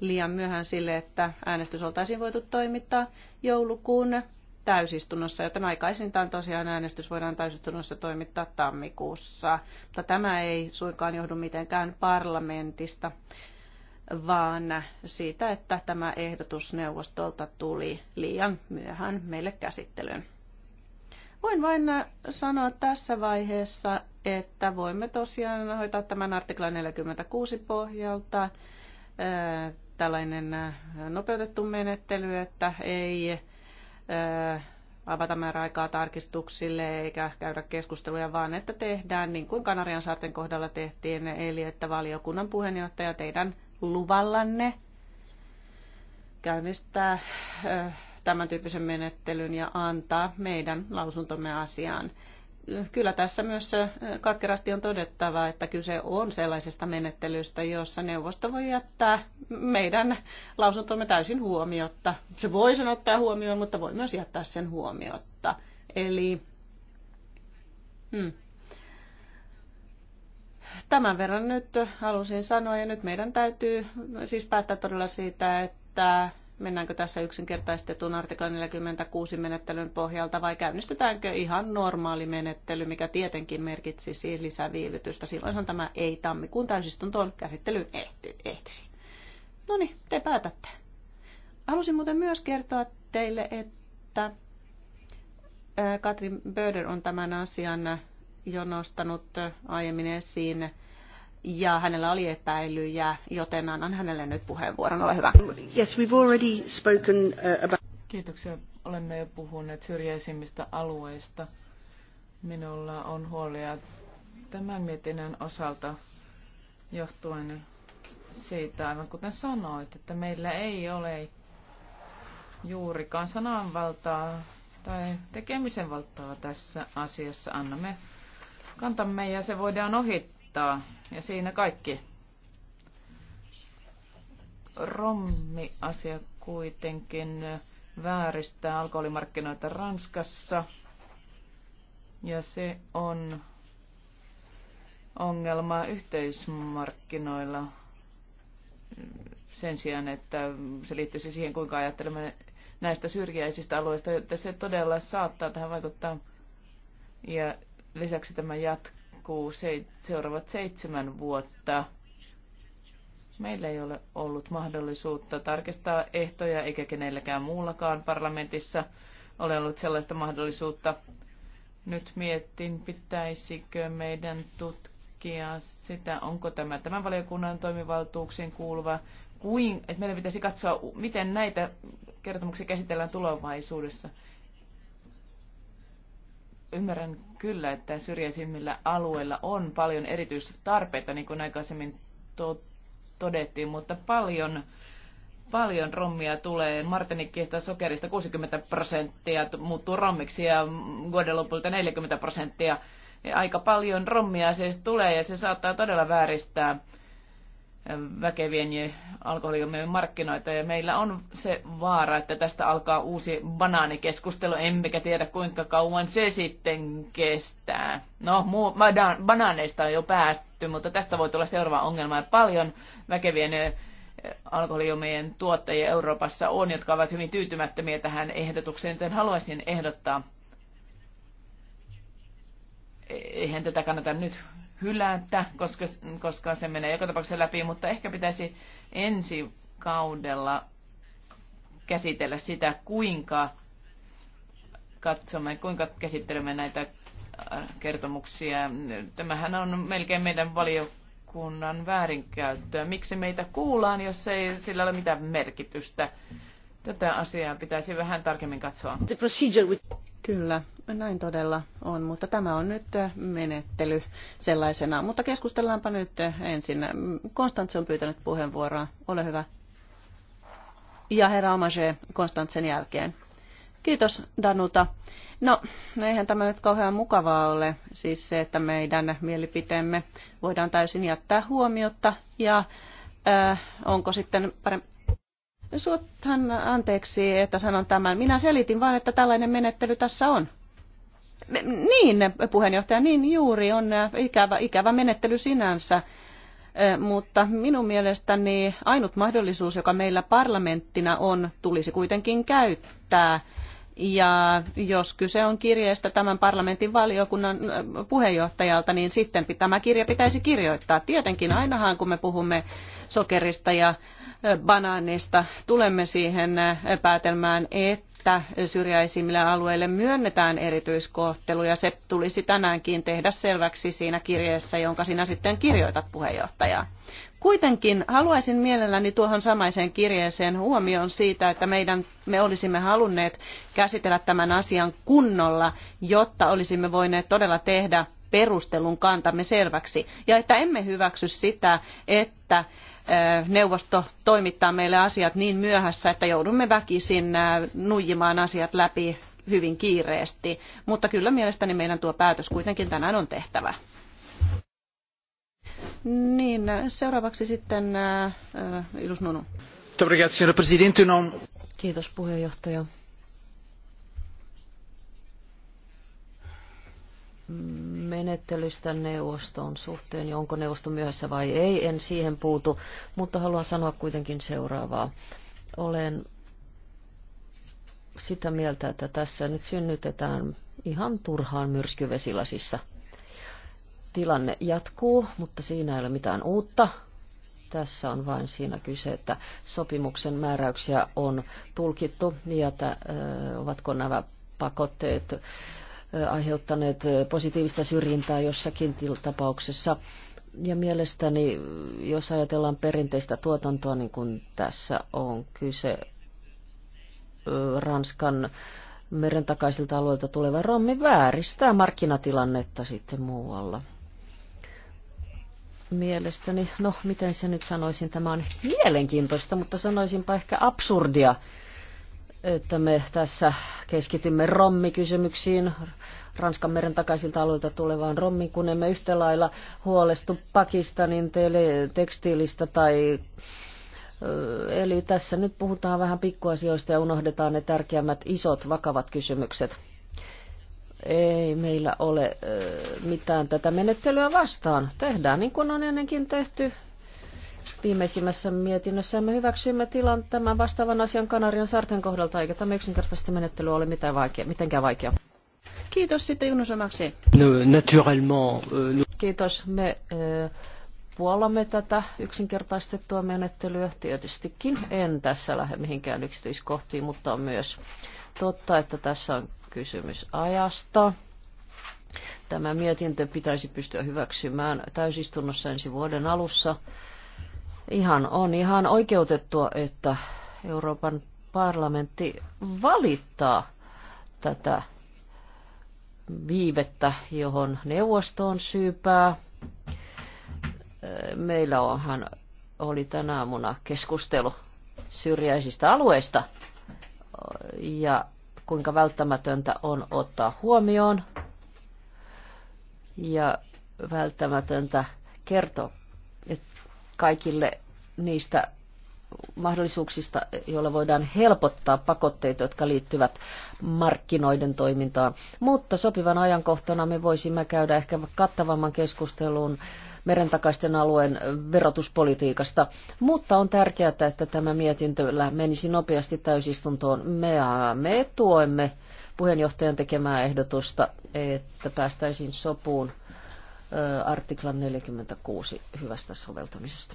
Liian myöhään sille, että äänestys oltaisiin voitu toimittaa joulukuun täysistunnossa, joten aikaisintaan tosiaan äänestys voidaan täysistunnossa toimittaa tammikuussa. Mutta tämä ei suinkaan johdu mitenkään parlamentista, vaan siitä, että tämä ehdotus neuvostolta tuli liian myöhään meille käsittelyyn. Voin vain sanoa tässä vaiheessa, että voimme tosiaan hoitaa tämän artiklan 46 pohjalta tällainen nopeutettu menettely, että ei avata määräaikaa tarkistuksille eikä käydä keskusteluja, vaan että tehdään niin kuin Kanarian saarten kohdalla tehtiin, eli että valiokunnan puheenjohtaja teidän luvallanne käynnistää tämän tyyppisen menettelyn ja antaa meidän lausuntomme asiaan kyllä tässä myös katkerasti on todettava, että kyse on sellaisesta menettelystä, jossa neuvosto voi jättää meidän lausuntomme täysin huomiotta. Se voi sen ottaa huomioon, mutta voi myös jättää sen huomiotta. Eli hmm. tämän verran nyt halusin sanoa, ja nyt meidän täytyy siis päättää todella siitä, että Mennäänkö tässä yksinkertaistetun artiklan 46 menettelyn pohjalta vai käynnistetäänkö ihan normaali menettely, mikä tietenkin merkitsisi lisäviivytystä? Silloinhan tämä ei tammikuun täysistuntoon käsittelyyn ehtisi. No niin, te päätätte. Halusin muuten myös kertoa teille, että Katrin Böder on tämän asian jo nostanut aiemmin esiin ja hänellä oli epäilyjä, joten annan hänelle nyt puheenvuoron. Ole hyvä. Yes, we've already spoken uh, about... Kiitoksia. Olemme jo puhuneet syrjäisimmistä alueista. Minulla on huolia tämän mietinnön osalta johtuen siitä, aivan kuten sanoit, että meillä ei ole juurikaan sananvaltaa tai tekemisen valtaa tässä asiassa. Annamme kantamme ja se voidaan ohittaa haittaa. Ja siinä kaikki. Rommi-asia kuitenkin vääristää alkoholimarkkinoita Ranskassa. Ja se on ongelma yhteismarkkinoilla sen sijaan, että se liittyisi siihen, kuinka ajattelemme näistä syrjäisistä alueista, että se todella saattaa tähän vaikuttaa. Ja lisäksi tämä jatkuu jatkuu se, seuraavat seitsemän vuotta. Meillä ei ole ollut mahdollisuutta tarkistaa ehtoja eikä kenelläkään muullakaan parlamentissa ole ollut sellaista mahdollisuutta. Nyt mietin, pitäisikö meidän tutkia sitä, onko tämä tämän valiokunnan toimivaltuuksiin kuuluva, kuin, että meidän pitäisi katsoa, miten näitä kertomuksia käsitellään tulevaisuudessa. Ymmärrän kyllä, että syrjäisimmillä alueilla on paljon erityistarpeita, niin kuin aikaisemmin to- todettiin, mutta paljon, paljon rommia tulee. Martinikkiista sokerista 60 prosenttia muuttuu rommiksi ja Guadeloupelta 40 prosenttia. Aika paljon rommia siis tulee ja se saattaa todella vääristää väkevien alkoholijuomien markkinoita ja meillä on se vaara, että tästä alkaa uusi banaanikeskustelu, emmekä tiedä kuinka kauan se sitten kestää. No, muu, badan, banaaneista on jo päästy, mutta tästä voi tulla seuraava ongelma. Ja paljon väkevien alkoholijuomien tuottajia Euroopassa on, jotka ovat hyvin tyytymättömiä tähän ehdotukseen, sen haluaisin ehdottaa eihän tätä kannata nyt hylätä, koska, koska se menee joka tapauksessa läpi, mutta ehkä pitäisi ensi kaudella käsitellä sitä, kuinka katsomme, kuinka käsittelemme näitä äh, kertomuksia. Tämähän on melkein meidän valiokunnan väärinkäyttöä. Miksi meitä kuullaan, jos ei sillä ole mitään merkitystä? Tätä asiaa pitäisi vähän tarkemmin katsoa. Kyllä, näin todella on, mutta tämä on nyt menettely sellaisena. Mutta keskustellaanpa nyt ensin. Konstantse on pyytänyt puheenvuoroa. Ole hyvä. Ja herra Omage Konstantsen jälkeen. Kiitos Danuta. No, eihän tämä nyt kauhean mukavaa ole, siis se, että meidän mielipiteemme voidaan täysin jättää huomiota ja äh, onko sitten parempi. Suothan anteeksi, että sanon tämän. Minä selitin vain, että tällainen menettely tässä on. Niin, puheenjohtaja, niin juuri on äh, ikävä, ikävä menettely sinänsä. Äh, mutta minun mielestäni ainut mahdollisuus, joka meillä parlamenttina on, tulisi kuitenkin käyttää ja jos kyse on kirjeestä tämän parlamentin valiokunnan äh, puheenjohtajalta, niin sitten tämä kirja pitäisi kirjoittaa. Tietenkin ainahan, kun me puhumme sokerista ja äh, banaanista, tulemme siihen äh, päätelmään, että syrjäisimmille alueille myönnetään erityiskohtelu ja se tulisi tänäänkin tehdä selväksi siinä kirjeessä, jonka sinä sitten kirjoitat puheenjohtajaa. Kuitenkin haluaisin mielelläni tuohon samaiseen kirjeeseen huomioon siitä, että meidän, me olisimme halunneet käsitellä tämän asian kunnolla, jotta olisimme voineet todella tehdä perustelun kantamme selväksi. Ja että emme hyväksy sitä, että neuvosto toimittaa meille asiat niin myöhässä, että joudumme väkisin nuijimaan asiat läpi hyvin kiireesti. Mutta kyllä mielestäni meidän tuo päätös kuitenkin tänään on tehtävä. Niin, seuraavaksi sitten äh, äh Ilus Nunu. Kiitos puheenjohtaja. menettelystä neuvoston suhteen ja niin onko neuvosto myöhässä vai ei, en siihen puutu, mutta haluan sanoa kuitenkin seuraavaa. Olen sitä mieltä, että tässä nyt synnytetään ihan turhaan myrskyvesilasissa tilanne jatkuu, mutta siinä ei ole mitään uutta. Tässä on vain siinä kyse, että sopimuksen määräyksiä on tulkittu ja että, ovatko nämä pakotteet aiheuttaneet positiivista syrjintää jossakin tapauksessa. Ja mielestäni, jos ajatellaan perinteistä tuotantoa, niin kuin tässä on kyse Ranskan meren takaisilta alueilta tuleva rommi vääristää markkinatilannetta sitten muualla mielestäni, no miten se nyt sanoisin, tämä on mielenkiintoista, mutta sanoisinpa ehkä absurdia, että me tässä keskitymme rommikysymyksiin, Ranskan meren takaisilta alueilta tulevaan rommiin, kun emme yhtä lailla huolestu Pakistanin tele- tekstiilistä tai Eli tässä nyt puhutaan vähän pikkuasioista ja unohdetaan ne tärkeimmät isot vakavat kysymykset. Ei meillä ole mitään tätä menettelyä vastaan. Tehdään niin kuin on ennenkin tehty. Viimeisimmässä mietinnössä me hyväksyimme tilan tämän vastaavan asian Kanarian saarten kohdalta, eikä tämä yksinkertaisesti menettely ole mitään vaikea, mitenkään vaikea. Kiitos sitten Junus Omaksi. No, naturellement, no. Kiitos. Me ö, puolamme tätä yksinkertaistettua menettelyä tietystikin. En tässä lähde mihinkään yksityiskohtiin, mutta on myös totta, että tässä on kysymys ajasta. Tämä mietintö pitäisi pystyä hyväksymään täysistunnossa ensi vuoden alussa. Ihan on ihan oikeutettua, että Euroopan parlamentti valittaa tätä viivettä, johon neuvosto on syypää. Meillä onhan oli tänä aamuna keskustelu syrjäisistä alueista ja kuinka välttämätöntä on ottaa huomioon ja välttämätöntä kertoa kaikille niistä mahdollisuuksista, joilla voidaan helpottaa pakotteita, jotka liittyvät markkinoiden toimintaan. Mutta sopivan ajankohtana me voisimme käydä ehkä kattavamman keskustelun äh, merentakaisten alueen verotuspolitiikasta. Mutta on tärkeää, että tämä mietintö menisi nopeasti täysistuntoon. Me, me tuemme puheenjohtajan tekemää ehdotusta, että päästäisiin sopuun artiklan 46 hyvästä soveltamisesta.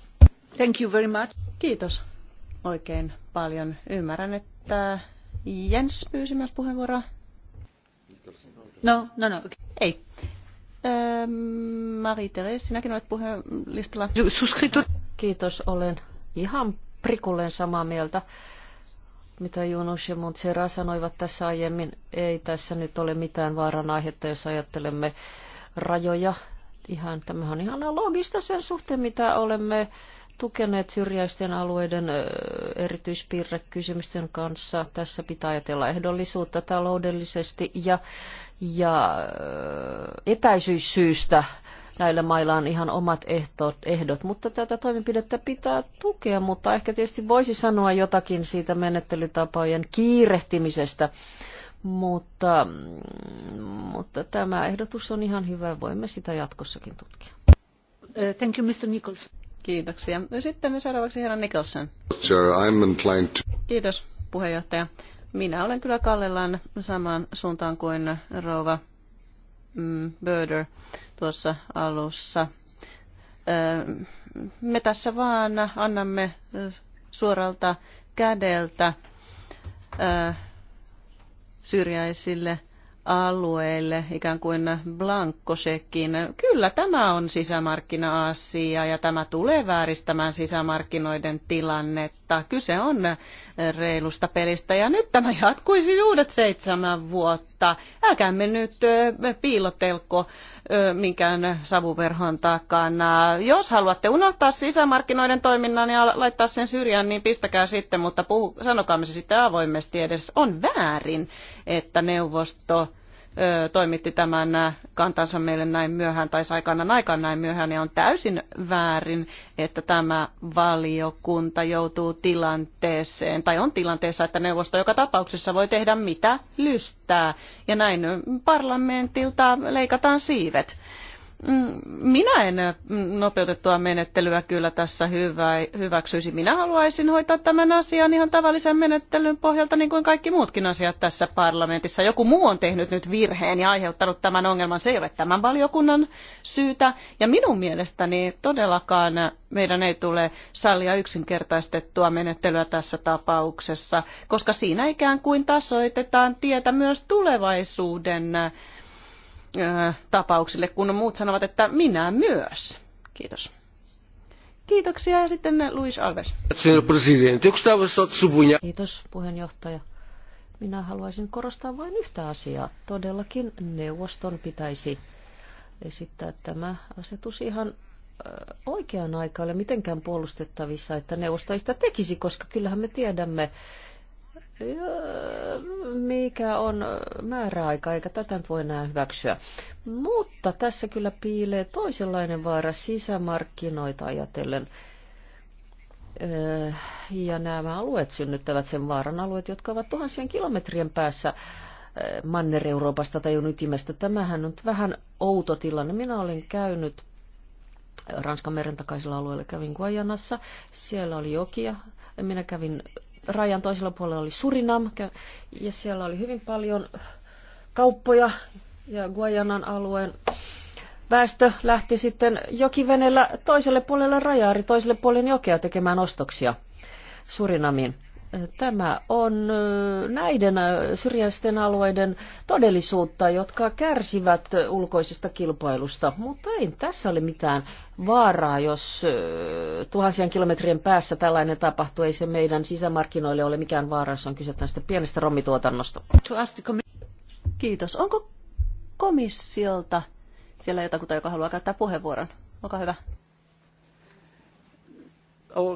Thank you very much. Kiitos oikein paljon. Ymmärrän, että Jens pyysi myös puheenvuoroa. No, no, no. Okay. Ei. Ähm, Marie-Therese, sinäkin olet puheen listalla. Kiitos, olen ihan prikulleen samaa mieltä mitä Junus ja Montsera sanoivat tässä aiemmin, ei tässä nyt ole mitään vaaran aihetta, jos ajattelemme rajoja. Ihan, tämähän on ihan analogista sen suhteen, mitä olemme tukeneet syrjäisten alueiden erityispiirrekysymysten kanssa. Tässä pitää ajatella ehdollisuutta taloudellisesti ja ja etäisyyssyistä näillä mailla on ihan omat ehtot, ehdot, mutta tätä toimenpidettä pitää tukea, mutta ehkä tietysti voisi sanoa jotakin siitä menettelytapojen kiirehtimisestä, mutta, mm, mutta tämä ehdotus on ihan hyvä, voimme sitä jatkossakin tutkia. Eh, thank you, Mr. Nichols. Kiitoksia. Sitten seuraavaksi herra Nicholson. Sir, I'm inclined to... Kiitos, puheenjohtaja. Minä olen kyllä Kallellaan samaan suuntaan kuin rouva mm, Böder tuossa alussa. Me tässä vaan annamme suoralta kädeltä syrjäisille alueille ikään kuin blankkosekin. Kyllä tämä on sisämarkkina-asia ja tämä tulee vääristämään sisämarkkinoiden tilannetta. Kyse on reilusta pelistä ja nyt tämä jatkuisi uudet seitsemän vuotta mutta älkäämme nyt piilotelko minkään savuverhon takana. Jos haluatte unohtaa sisämarkkinoiden toiminnan ja laittaa sen syrjään, niin pistäkää sitten, mutta puhu, sanokaamme se sitten avoimesti edes. On väärin, että neuvosto toimitti tämän kantansa meille näin myöhään tai sai kannan aikaan näin myöhään, ja on täysin väärin, että tämä valiokunta joutuu tilanteeseen, tai on tilanteessa, että neuvosto joka tapauksessa voi tehdä mitä lystää, ja näin parlamentilta leikataan siivet. Mm, minä en äh, nopeutettua menettelyä kyllä tässä hyvä, hyväksyisi. Minä haluaisin hoitaa tämän asian ihan tavallisen menettelyn pohjalta, niin kuin kaikki muutkin asiat tässä parlamentissa. Joku muu on tehnyt nyt virheen ja aiheuttanut tämän ongelman. Se ei ole tämän valiokunnan syytä. Ja minun mielestäni todellakaan meidän ei tule sallia yksinkertaistettua menettelyä tässä tapauksessa, koska siinä ikään kuin tasoitetaan tietä myös tulevaisuuden tapauksille, kun muut sanovat, että minä myös. Kiitos. Kiitoksia ja sitten Luis Alves. Kiitos puheenjohtaja. Minä haluaisin korostaa vain yhtä asiaa. Todellakin neuvoston pitäisi esittää tämä asetus ihan oikeaan aikaan ole mitenkään puolustettavissa, että neuvosto ei sitä tekisi, koska kyllähän me tiedämme, mikä on määräaika, eikä tätä voi enää hyväksyä. Mutta tässä kyllä piilee toisenlainen vaara sisämarkkinoita ajatellen. Öö, ja nämä alueet synnyttävät sen vaaran alueet, jotka ovat tuhansien kilometrien päässä öö, Manner-Euroopasta tai jon ytimestä. Tämähän on vähän outo tilanne. Minä olen käynyt Ranskan meren takaisella alueella kävin Guajanassa. Siellä oli jokia. Minä kävin rajan toisella puolella oli Surinam, ja siellä oli hyvin paljon kauppoja, ja Guajanan alueen väestö lähti sitten jokivenellä toiselle puolelle rajaa, toiselle puolelle jokea tekemään ostoksia Surinamiin. Tämä on näiden syrjäisten alueiden todellisuutta, jotka kärsivät ulkoisesta kilpailusta, mutta ei tässä ole mitään vaaraa, jos tuhansien kilometrien päässä tällainen tapahtuu. Ei se meidän sisämarkkinoille ole mikään vaara, jos on kyse tästä pienestä rommituotannosta. Kiitos. Onko komissiolta siellä jotakuta, joka haluaa käyttää puheenvuoron? Olkaa hyvä. Uh,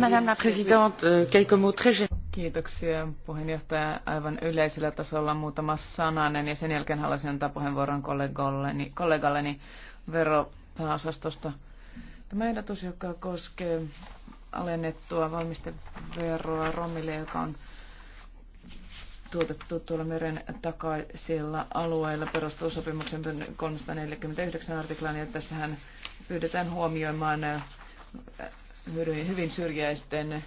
madame la présidente euh, quelques mots très Kiitoksia puheenjohtaja. Aivan yleisellä tasolla muutama sananen ja sen jälkeen haluaisin antaa puheenvuoron kollegalleni, kollegalleni veropääosastosta. Tämä ehdotus, joka koskee alennettua valmisteveroa romille, joka on tuotettu tuolla meren takaisilla alueilla, perustuu sopimuksen 349 artiklaan ja tässähän pyydetään huomioimaan äh, hyvin syrjäisten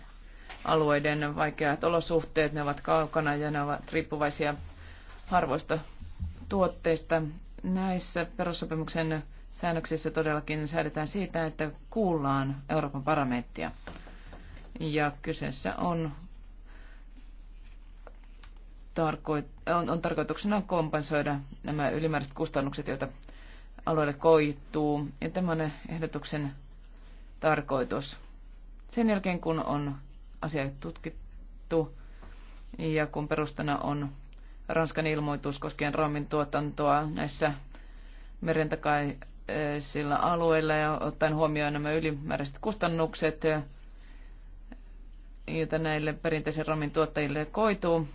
alueiden vaikeat olosuhteet, ne ovat kaukana ja ne ovat riippuvaisia harvoista tuotteista. Näissä perussopimuksen säännöksissä todellakin säädetään siitä, että kuullaan Euroopan parlamenttia. Ja kyseessä on, tarkoit- on, on tarkoituksena kompensoida nämä ylimääräiset kustannukset, joita alueelle koittuu. Ja tämmöinen ehdotuksen tarkoitus. Sen jälkeen, kun on asia tutkittu ja kun perustana on Ranskan ilmoitus koskien raamin tuotantoa näissä merentakaisilla alueilla ja ottaen huomioon nämä ylimääräiset kustannukset, joita näille perinteisen raamin tuottajille koituu.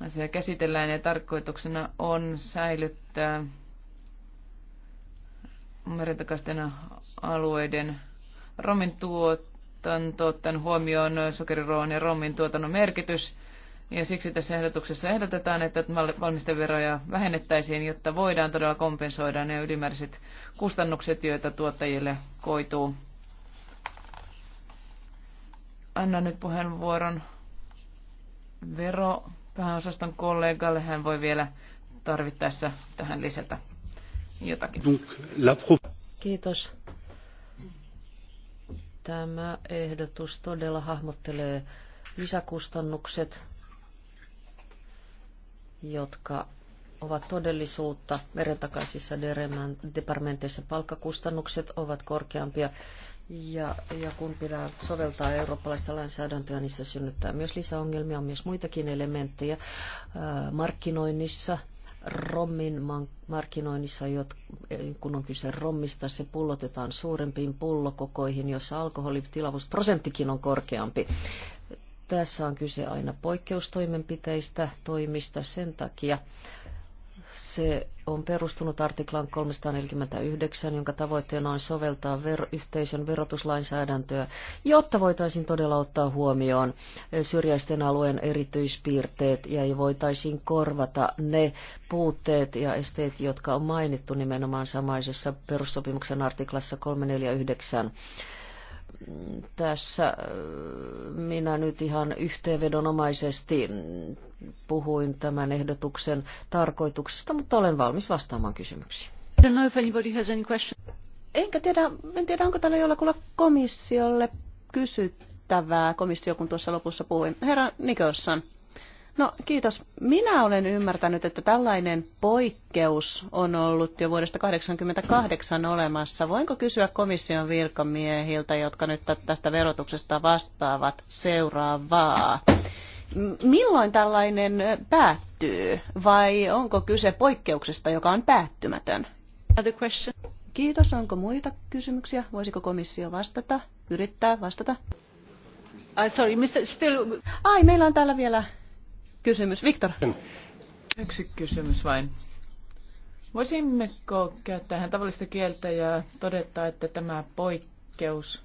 Asia käsitellään ja tarkoituksena on säilyttää merentakaisten alueiden romin tuotanto, ottaen huomioon sokeriruoan ja romin tuotannon merkitys. Ja siksi tässä ehdotuksessa ehdotetaan, että valmisteveroja vähennettäisiin, jotta voidaan todella kompensoida ne ylimääräiset kustannukset, joita tuottajille koituu. Annan nyt puheenvuoron veropääosaston kollegalle. Hän voi vielä tarvittaessa tähän lisätä jotakin. Kiitos. Tämä ehdotus todella hahmottelee lisäkustannukset, jotka ovat todellisuutta merentakaisissa departmenteissa. Palkkakustannukset ovat korkeampia ja, ja kun pitää soveltaa eurooppalaista lainsäädäntöä, niin se synnyttää myös lisäongelmia. On myös muitakin elementtejä markkinoinnissa, rommin markkinoinnissa, eh, kun on kyse rommista, se pullotetaan suurempiin pullokokoihin, jossa alkoholitilavuusprosenttikin on korkeampi. Tässä on kyse aina poikkeustoimenpiteistä, toimista sen takia se on perustunut artiklan 349, jonka tavoitteena on soveltaa ver- yhteisön verotuslainsäädäntöä, jotta voitaisiin todella ottaa huomioon eh, syrjäisten alueen erityispiirteet ja voitaisiin korvata ne puutteet ja esteet, jotka on mainittu nimenomaan samaisessa perussopimuksen artiklassa 349 tässä eh, minä nyt ihan yhteenvedonomaisesti puhuin tämän ehdotuksen tarkoituksesta, mutta olen valmis vastaamaan kysymyksiin. Enkä tiedä, en tiedä, onko tällä jollakulla komissiolle kysyttävää, komissio kun tuossa lopussa puhuin. Herra Nikolson, no kiitos. Minä olen ymmärtänyt, että tällainen poikkeus on ollut jo vuodesta 1988 olemassa. Voinko kysyä komission virkamiehiltä, jotka nyt tästä verotuksesta vastaavat seuraavaa? Milloin tällainen päättyy vai onko kyse poikkeuksesta, joka on päättymätön? Kiitos. Onko muita kysymyksiä? Voisiko komissio vastata? Yrittää vastata? Ai, uh, sorry, Mr. Still... Ai, meillä on täällä vielä kysymys. Viktor. Yksi kysymys vain. Voisimmeko käyttää ihan tavallista kieltä ja todeta, että tämä poikkeus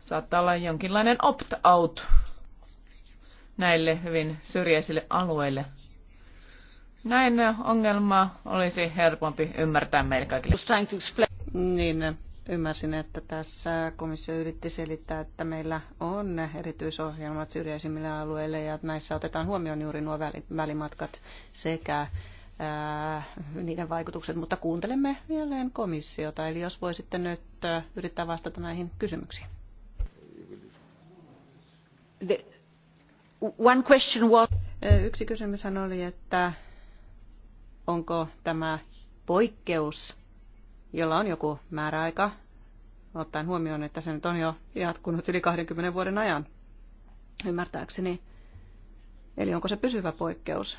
saattaa olla jonkinlainen opt-out näille hyvin syrjäisille alueille. Näin ongelma olisi helpompi ymmärtää meille kaikille. Niin, ymmärsin, että tässä komissio yritti selittää, että meillä on erityisohjelmat syrjäisimmille alueille ja näissä otetaan huomioon juuri nuo välimatkat sekä ää, niiden vaikutukset, mutta kuuntelemme jälleen komissiota. Eli jos voisitte nyt yrittää vastata näihin kysymyksiin. The Yksi kysymyshän oli, että onko tämä poikkeus, jolla on joku määräaika, ottaen huomioon, että se nyt on jo jatkunut yli kaksikymmentä vuoden ajan, ymmärtääkseni. Eli onko se pysyvä poikkeus?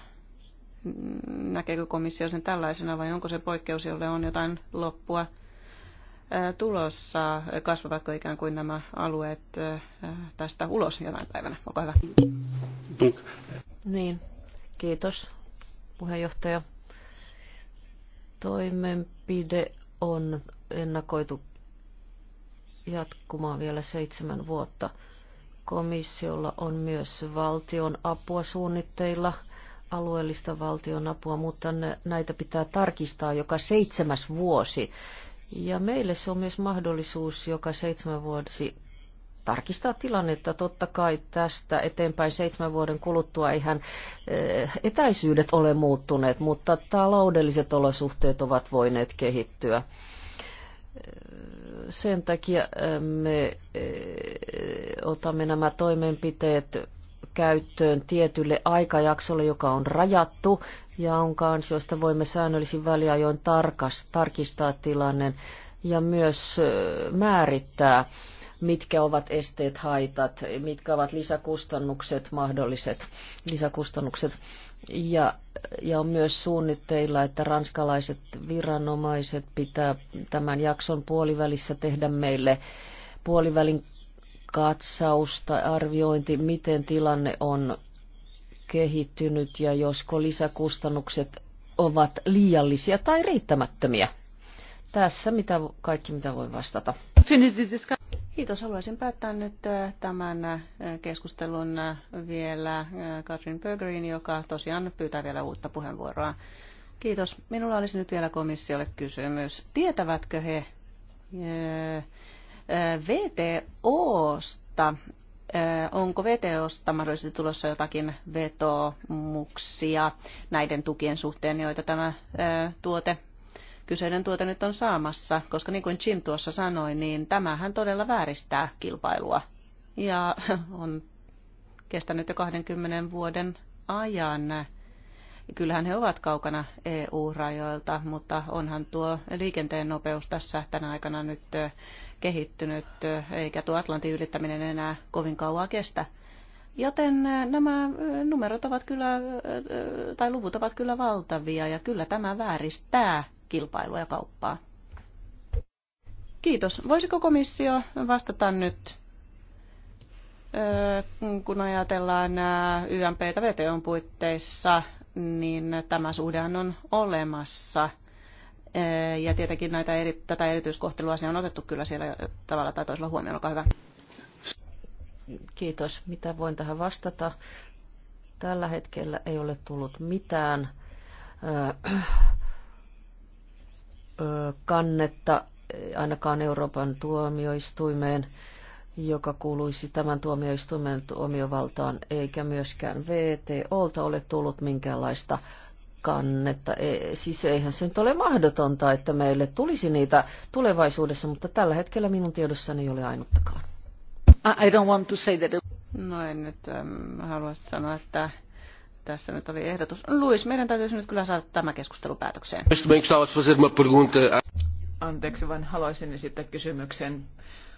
Näkeekö komissio sen tällaisena vai onko se poikkeus, jolle on jotain loppua tulossa? Kasvavatko ikään kuin nämä alueet tästä ulos jonain päivänä? Olkaa hyvä. Niin, kiitos puheenjohtaja. Toimenpide on ennakoitu jatkumaan vielä seitsemän vuotta. Komissiolla on myös valtion apua suunnitteilla, alueellista valtion apua, mutta näitä pitää tarkistaa joka seitsemäs vuosi ja meille se on myös mahdollisuus joka seitsemän vuosi tarkistaa tilannetta. Totta kai tästä eteenpäin seitsemän vuoden kuluttua eihän eh, etäisyydet ole muuttuneet, mutta taloudelliset olosuhteet ovat voineet kehittyä. Eh, sen takia eh, me otamme nämä toimenpiteet käyttöön tietylle aikajaksolle, joka on rajattu ja jonka ansiosta voimme säännöllisin väliajoin tarkas, tarkistaa tilanne ja myös määrittää, mitkä ovat esteet, haitat, mitkä ovat lisäkustannukset, mahdolliset lisäkustannukset. Ja, ja on myös suunnitteilla, että ranskalaiset viranomaiset pitää tämän jakson puolivälissä tehdä meille puolivälin katsaus tai arviointi, miten tilanne on kehittynyt ja josko lisäkustannukset ovat liiallisia tai riittämättömiä. Tässä mitä, kaikki, mitä voi vastata. Kiitos. Haluaisin päättää nyt äh, tämän äh, keskustelun äh, vielä Katrin Bögerin, joka tosiaan pyytää vielä uutta puheenvuoroa. Kiitos. Minulla olisi nyt vielä komissiolle kysymys. Tietävätkö he VTOsta. Onko VTOsta mahdollisesti tulossa jotakin vetomuksia näiden tukien suhteen, joita tämä tuote kyseinen tuote nyt on saamassa, koska niin kuin Jim tuossa sanoi, niin tämähän todella vääristää kilpailua. Ja on kestänyt jo 20 vuoden ajan. Kyllähän he ovat kaukana EU-rajoilta, mutta onhan tuo liikenteen nopeus tässä tänä aikana nyt kehittynyt, eikä tuo Atlantin ylittäminen enää kovin kauan kestä. Joten nämä numerot ovat kyllä, tai luvut ovat kyllä valtavia, ja kyllä tämä vääristää kilpailua ja kauppaa. Kiitos. Voisiko komissio vastata nyt, kun ajatellaan YMPtä VTOn puitteissa, niin tämä suhde on olemassa – ja tietenkin näitä eri, tätä erityiskohtelua se on otettu kyllä siellä tavalla tai toisella huomioon. Olkaa hyvä. Kiitos. Mitä voin tähän vastata? Tällä hetkellä ei ole tullut mitään kannetta ainakaan Euroopan tuomioistuimeen, joka kuuluisi tämän tuomioistuimen tuomiovaltaan, eikä myöskään VTOlta ole tullut minkäänlaista kannetta. E, siis eihän se nyt ole mahdotonta, että meille tulisi niitä tulevaisuudessa, mutta tällä hetkellä minun tiedossani ei ole ainuttakaan. I don't want to say that. No en nyt ähm, halua sanoa, että tässä nyt oli ehdotus. Luis, meidän täytyisi nyt kyllä saada tämä keskustelu päätökseen. Anteeksi, vaan haluaisin esittää kysymyksen,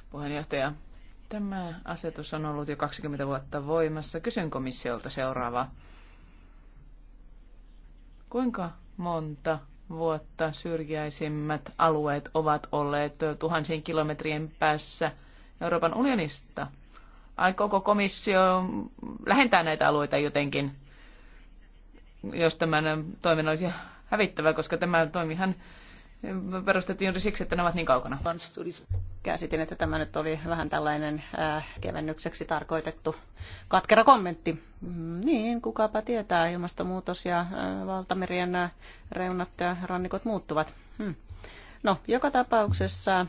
puheenjohtaja. Tämä asetus on ollut jo 20 vuotta voimassa. Kysyn komissiolta seuraavaa. Kuinka monta vuotta syrjäisimmät alueet ovat olleet tuhansien kilometrien päässä Euroopan unionista? Aikooko komissio lähentää näitä alueita jotenkin, jos tämän toimen olisi hävittävä, koska tämä toimihan perustettiin juuri siksi, että ne ovat niin kaukana. Käsitin, että tämä nyt oli vähän tällainen äh, kevennykseksi tarkoitettu katkera kommentti. Mm, niin, kukapa tietää, ilmastonmuutos ja äh, valtamerien äh, reunat ja rannikot muuttuvat. Hmm. No, joka tapauksessa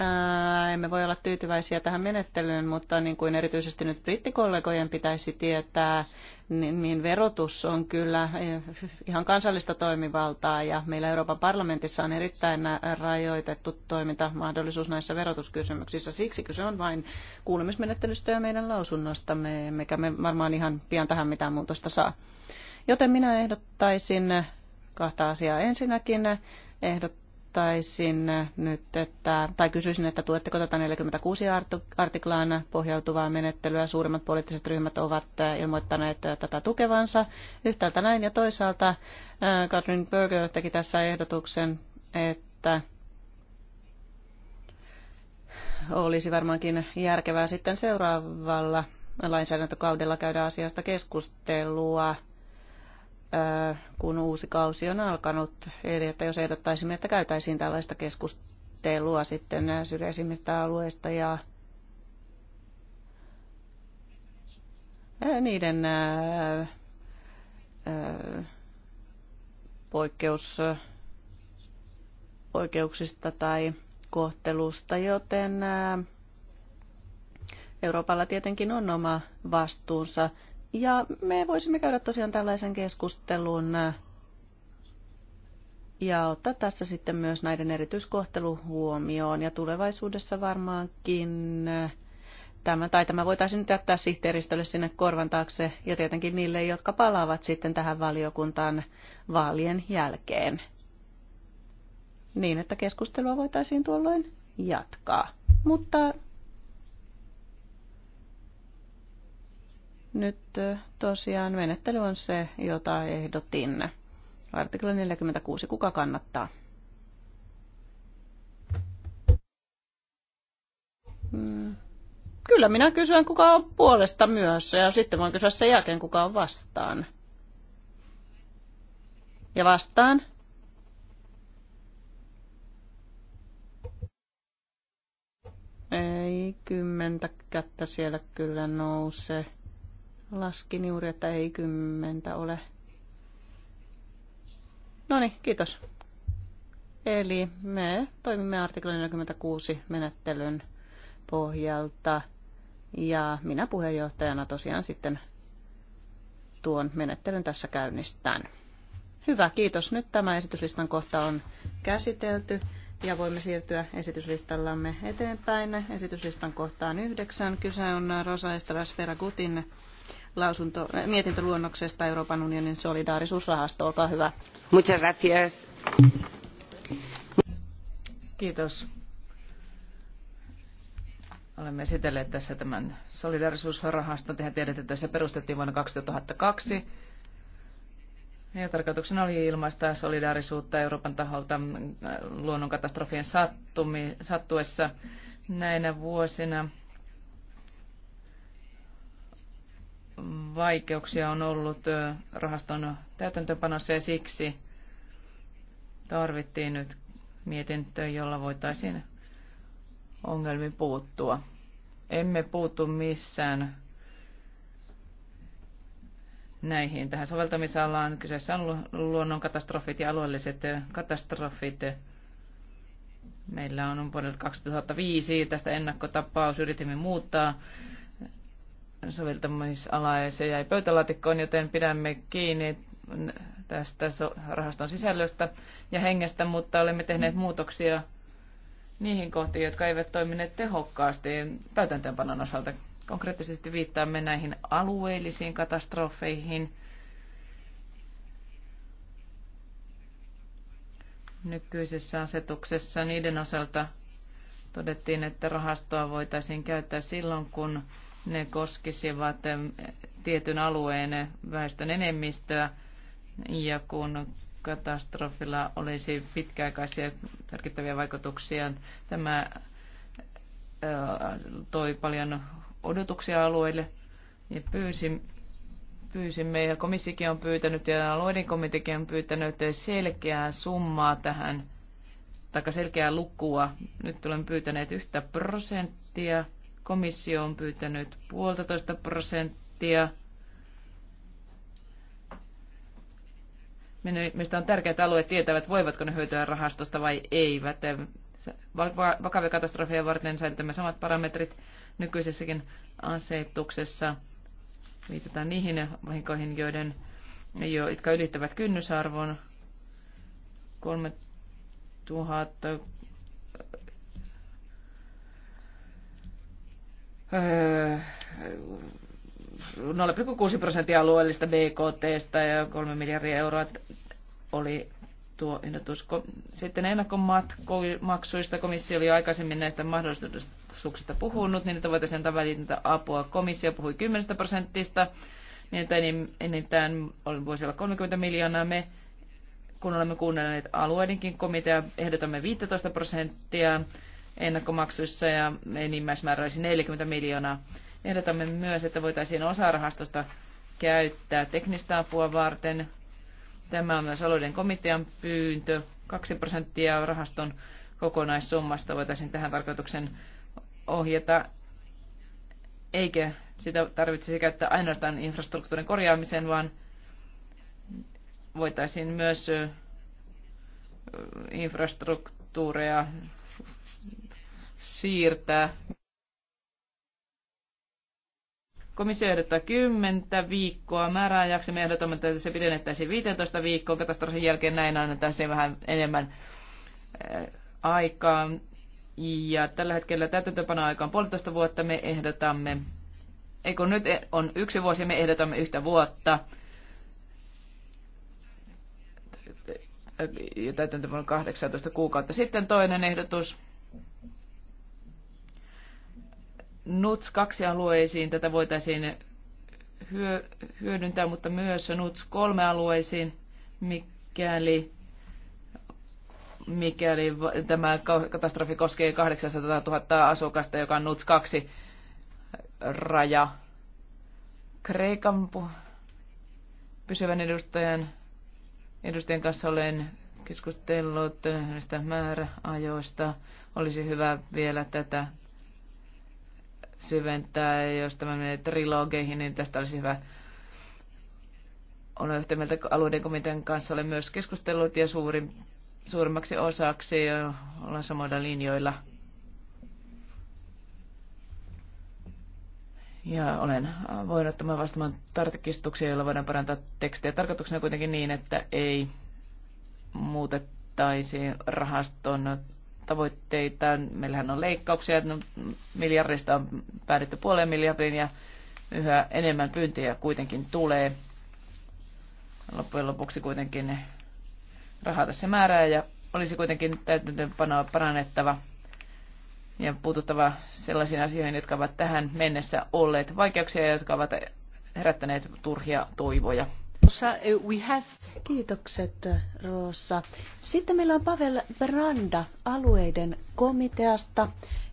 ää, emme voi olla tyytyväisiä tähän menettelyyn, mutta niin kuin erityisesti nyt brittikollegojen pitäisi tietää, niin, niin verotus on kyllä eh, ihan kansallista toimivaltaa ja meillä Euroopan parlamentissa on erittäin rajoitettu toimintamahdollisuus näissä verotuskysymyksissä. Siksi kyse on vain kuulemismenettelystä ja meidän lausunnostamme, mikä me varmaan ihan pian tähän mitään muutosta saa. Joten minä ehdottaisin kahta asiaa. Ensinnäkin ehdot ehdottaisin nyt, että, tai kysyisin, että tuetteko tätä 46 artiklaan pohjautuvaa menettelyä. Suurimmat poliittiset ryhmät ovat äh, ilmoittaneet äh, tätä tukevansa yhtäältä näin, ja toisaalta Katrin äh, Berger teki tässä ehdotuksen, että olisi varmaankin järkevää sitten seuraavalla lainsäädäntökaudella käydä asiasta keskustelua kun uusi kausi on alkanut. Eli että jos ehdottaisimme, että käytäisiin tällaista keskustelua sitten syrjäisimmistä alueista ja niiden poikkeus, oikeuksista tai kohtelusta, joten Euroopalla tietenkin on oma vastuunsa ja me voisimme käydä tosiaan tällaisen keskustelun äh, ja ottaa tässä sitten myös näiden erityiskohtelu huomioon. Ja tulevaisuudessa varmaankin äh, tämä, tai tämä voitaisiin nyt jättää sihteeristölle sinne korvan taakse ja tietenkin niille, jotka palaavat sitten tähän valiokuntaan vaalien jälkeen. Niin, että keskustelua voitaisiin tuolloin jatkaa. Mutta Nyt tosiaan menettely on se, jota ehdotin. Artikla 46. Kuka kannattaa? Mm. Kyllä minä kysyn, kuka on puolesta myös, ja sitten voin kysyä sen jälkeen, kuka on vastaan. Ja vastaan? Ei kymmentä kättä siellä kyllä nouse. Laskin juuri, että ei kymmentä ole. No niin, kiitos. Eli me toimimme artikla 46 menettelyn pohjalta ja minä puheenjohtajana tosiaan sitten tuon menettelyn tässä käynnistään. Hyvä, kiitos. Nyt tämä esityslistan kohta on käsitelty ja voimme siirtyä esityslistallamme eteenpäin. Esityslistan kohtaan yhdeksän. Kyse on Rosa Estelas Ferragutin lausunto, äh, mietintöluonnoksesta Euroopan unionin solidaarisuusrahasto. Olkaa hyvä. Muchas gracias. Kiitos. Olemme esitelleet tässä tämän solidarisuusrahaston. Tehän tiedätte, että se perustettiin vuonna 2002. Ja tarkoituksena oli ilmaista solidaarisuutta Euroopan taholta äh, luonnonkatastrofien sattumi, sattuessa näinä vuosina. vaikeuksia on ollut rahaston täytäntöpanossa ja siksi tarvittiin nyt mietintö, jolla voitaisiin ongelmiin puuttua. Emme puutu missään näihin. Tähän soveltamisalaan kyseessä on luonnonkatastrofit ja alueelliset katastrofit. Meillä on vuodelta 2005 tästä ennakkotapaus. Yritimme muuttaa soveltamisala ja se jäi pöytälaatikkoon, joten pidämme kiinni tästä rahaston sisällöstä ja hengestä, mutta olemme tehneet muutoksia niihin kohtiin, jotka eivät toimineet tehokkaasti täytäntöönpanon osalta. Konkreettisesti viittaamme näihin alueellisiin katastrofeihin. Nykyisessä asetuksessa niiden osalta todettiin, että rahastoa voitaisiin käyttää silloin, kun ne koskisivat eh, tietyn alueen väestön enemmistöä ja kun katastrofilla olisi pitkäaikaisia merkittäviä vaikutuksia, tämä eh, toi paljon odotuksia alueille ja pyysin, pyysimme, ja komissikin on pyytänyt ja alueiden komitekin on pyytänyt selkeää summaa tähän, tai selkeää lukua. Nyt olen pyytäneet yhtä prosenttia Komissio on pyytänyt puolitoista prosenttia. Mistä on tärkeää, että alueet tietävät, voivatko ne hyötyä rahastosta vai eivät. Vakavia katastrofeja varten säilytämme samat parametrit nykyisessäkin asetuksessa. Viitataan niihin vahinkoihin, joiden, jo jotka ylittävät kynnysarvon 3000 0,6 öö, prosenttia alueellista BKT ja 3 miljardia euroa oli tuo ennätys. Sitten ennakkomaksuista komissio oli aikaisemmin näistä mahdollisuuksista puhunut, niin että voitaisiin antaa välitöntä apua. Komissio puhui 10 prosentista, niin että enintään voisi olla 30 miljoonaa. Me, kun olemme kuunnelleet alueidenkin komitea, ehdotamme 15 prosenttia ennakkomaksuissa ja enimmäismäärä olisi 40 miljoonaa. Ehdotamme myös, että voitaisiin osa rahastosta käyttää teknistä apua varten. Tämä on myös alueiden komitean pyyntö. 2 prosenttia rahaston kokonaissummasta voitaisiin tähän tarkoituksen ohjata, eikä sitä tarvitsisi käyttää ainoastaan infrastruktuurin korjaamiseen, vaan voitaisiin myös infrastruktuureja siirtää. Komissio ehdottaa 10 viikkoa määräajaksi. Me ehdotamme, että se pidennettäisiin 15 viikkoa. Katastrofin jälkeen näin annetaan se vähän enemmän aikaa. Ja tällä hetkellä täytäntöpanoaika on puolitoista vuotta. Me ehdotamme, ei kun nyt on yksi vuosi, me ehdotamme yhtä vuotta. Ja täytäntöpano 18 kuukautta. Sitten toinen ehdotus NUTS 2 alueisiin tätä voitaisiin hyödyntää, mutta myös NUTS 3 alueisiin, mikäli, mikäli tämä katastrofi koskee 800 000 asukasta, joka on NUTS 2 raja. Kreikan pysyvän edustajan, edustajan kanssa olen keskustellut näistä määräajoista. Olisi hyvä vielä tätä syventää. Ja jos tämä menee trilogeihin, niin tästä olisi hyvä olen yhtä mieltä alueiden komitean kanssa olen myös keskustellut ja suurin, suurimmaksi osaksi ollaan samoilla linjoilla. Ja olen voinut ottamaan vastaamaan tarkistuksia, joilla voidaan parantaa tekstiä. Tarkoituksena kuitenkin niin, että ei muutettaisi rahaston tavoitteita. Meillähän on leikkauksia, miljardista on päädytty puoleen miljardiin ja yhä enemmän pyyntöjä kuitenkin tulee. Loppujen lopuksi kuitenkin rahaa tässä määrää ja olisi kuitenkin täytäntöönpanoa parannettava ja puututtava sellaisiin asioihin, jotka ovat tähän mennessä olleet vaikeuksia ja jotka ovat herättäneet turhia toivoja. Eh, Kiitokset, Roossa. Sitten meillä on Pavel Branda alueiden komiteasta,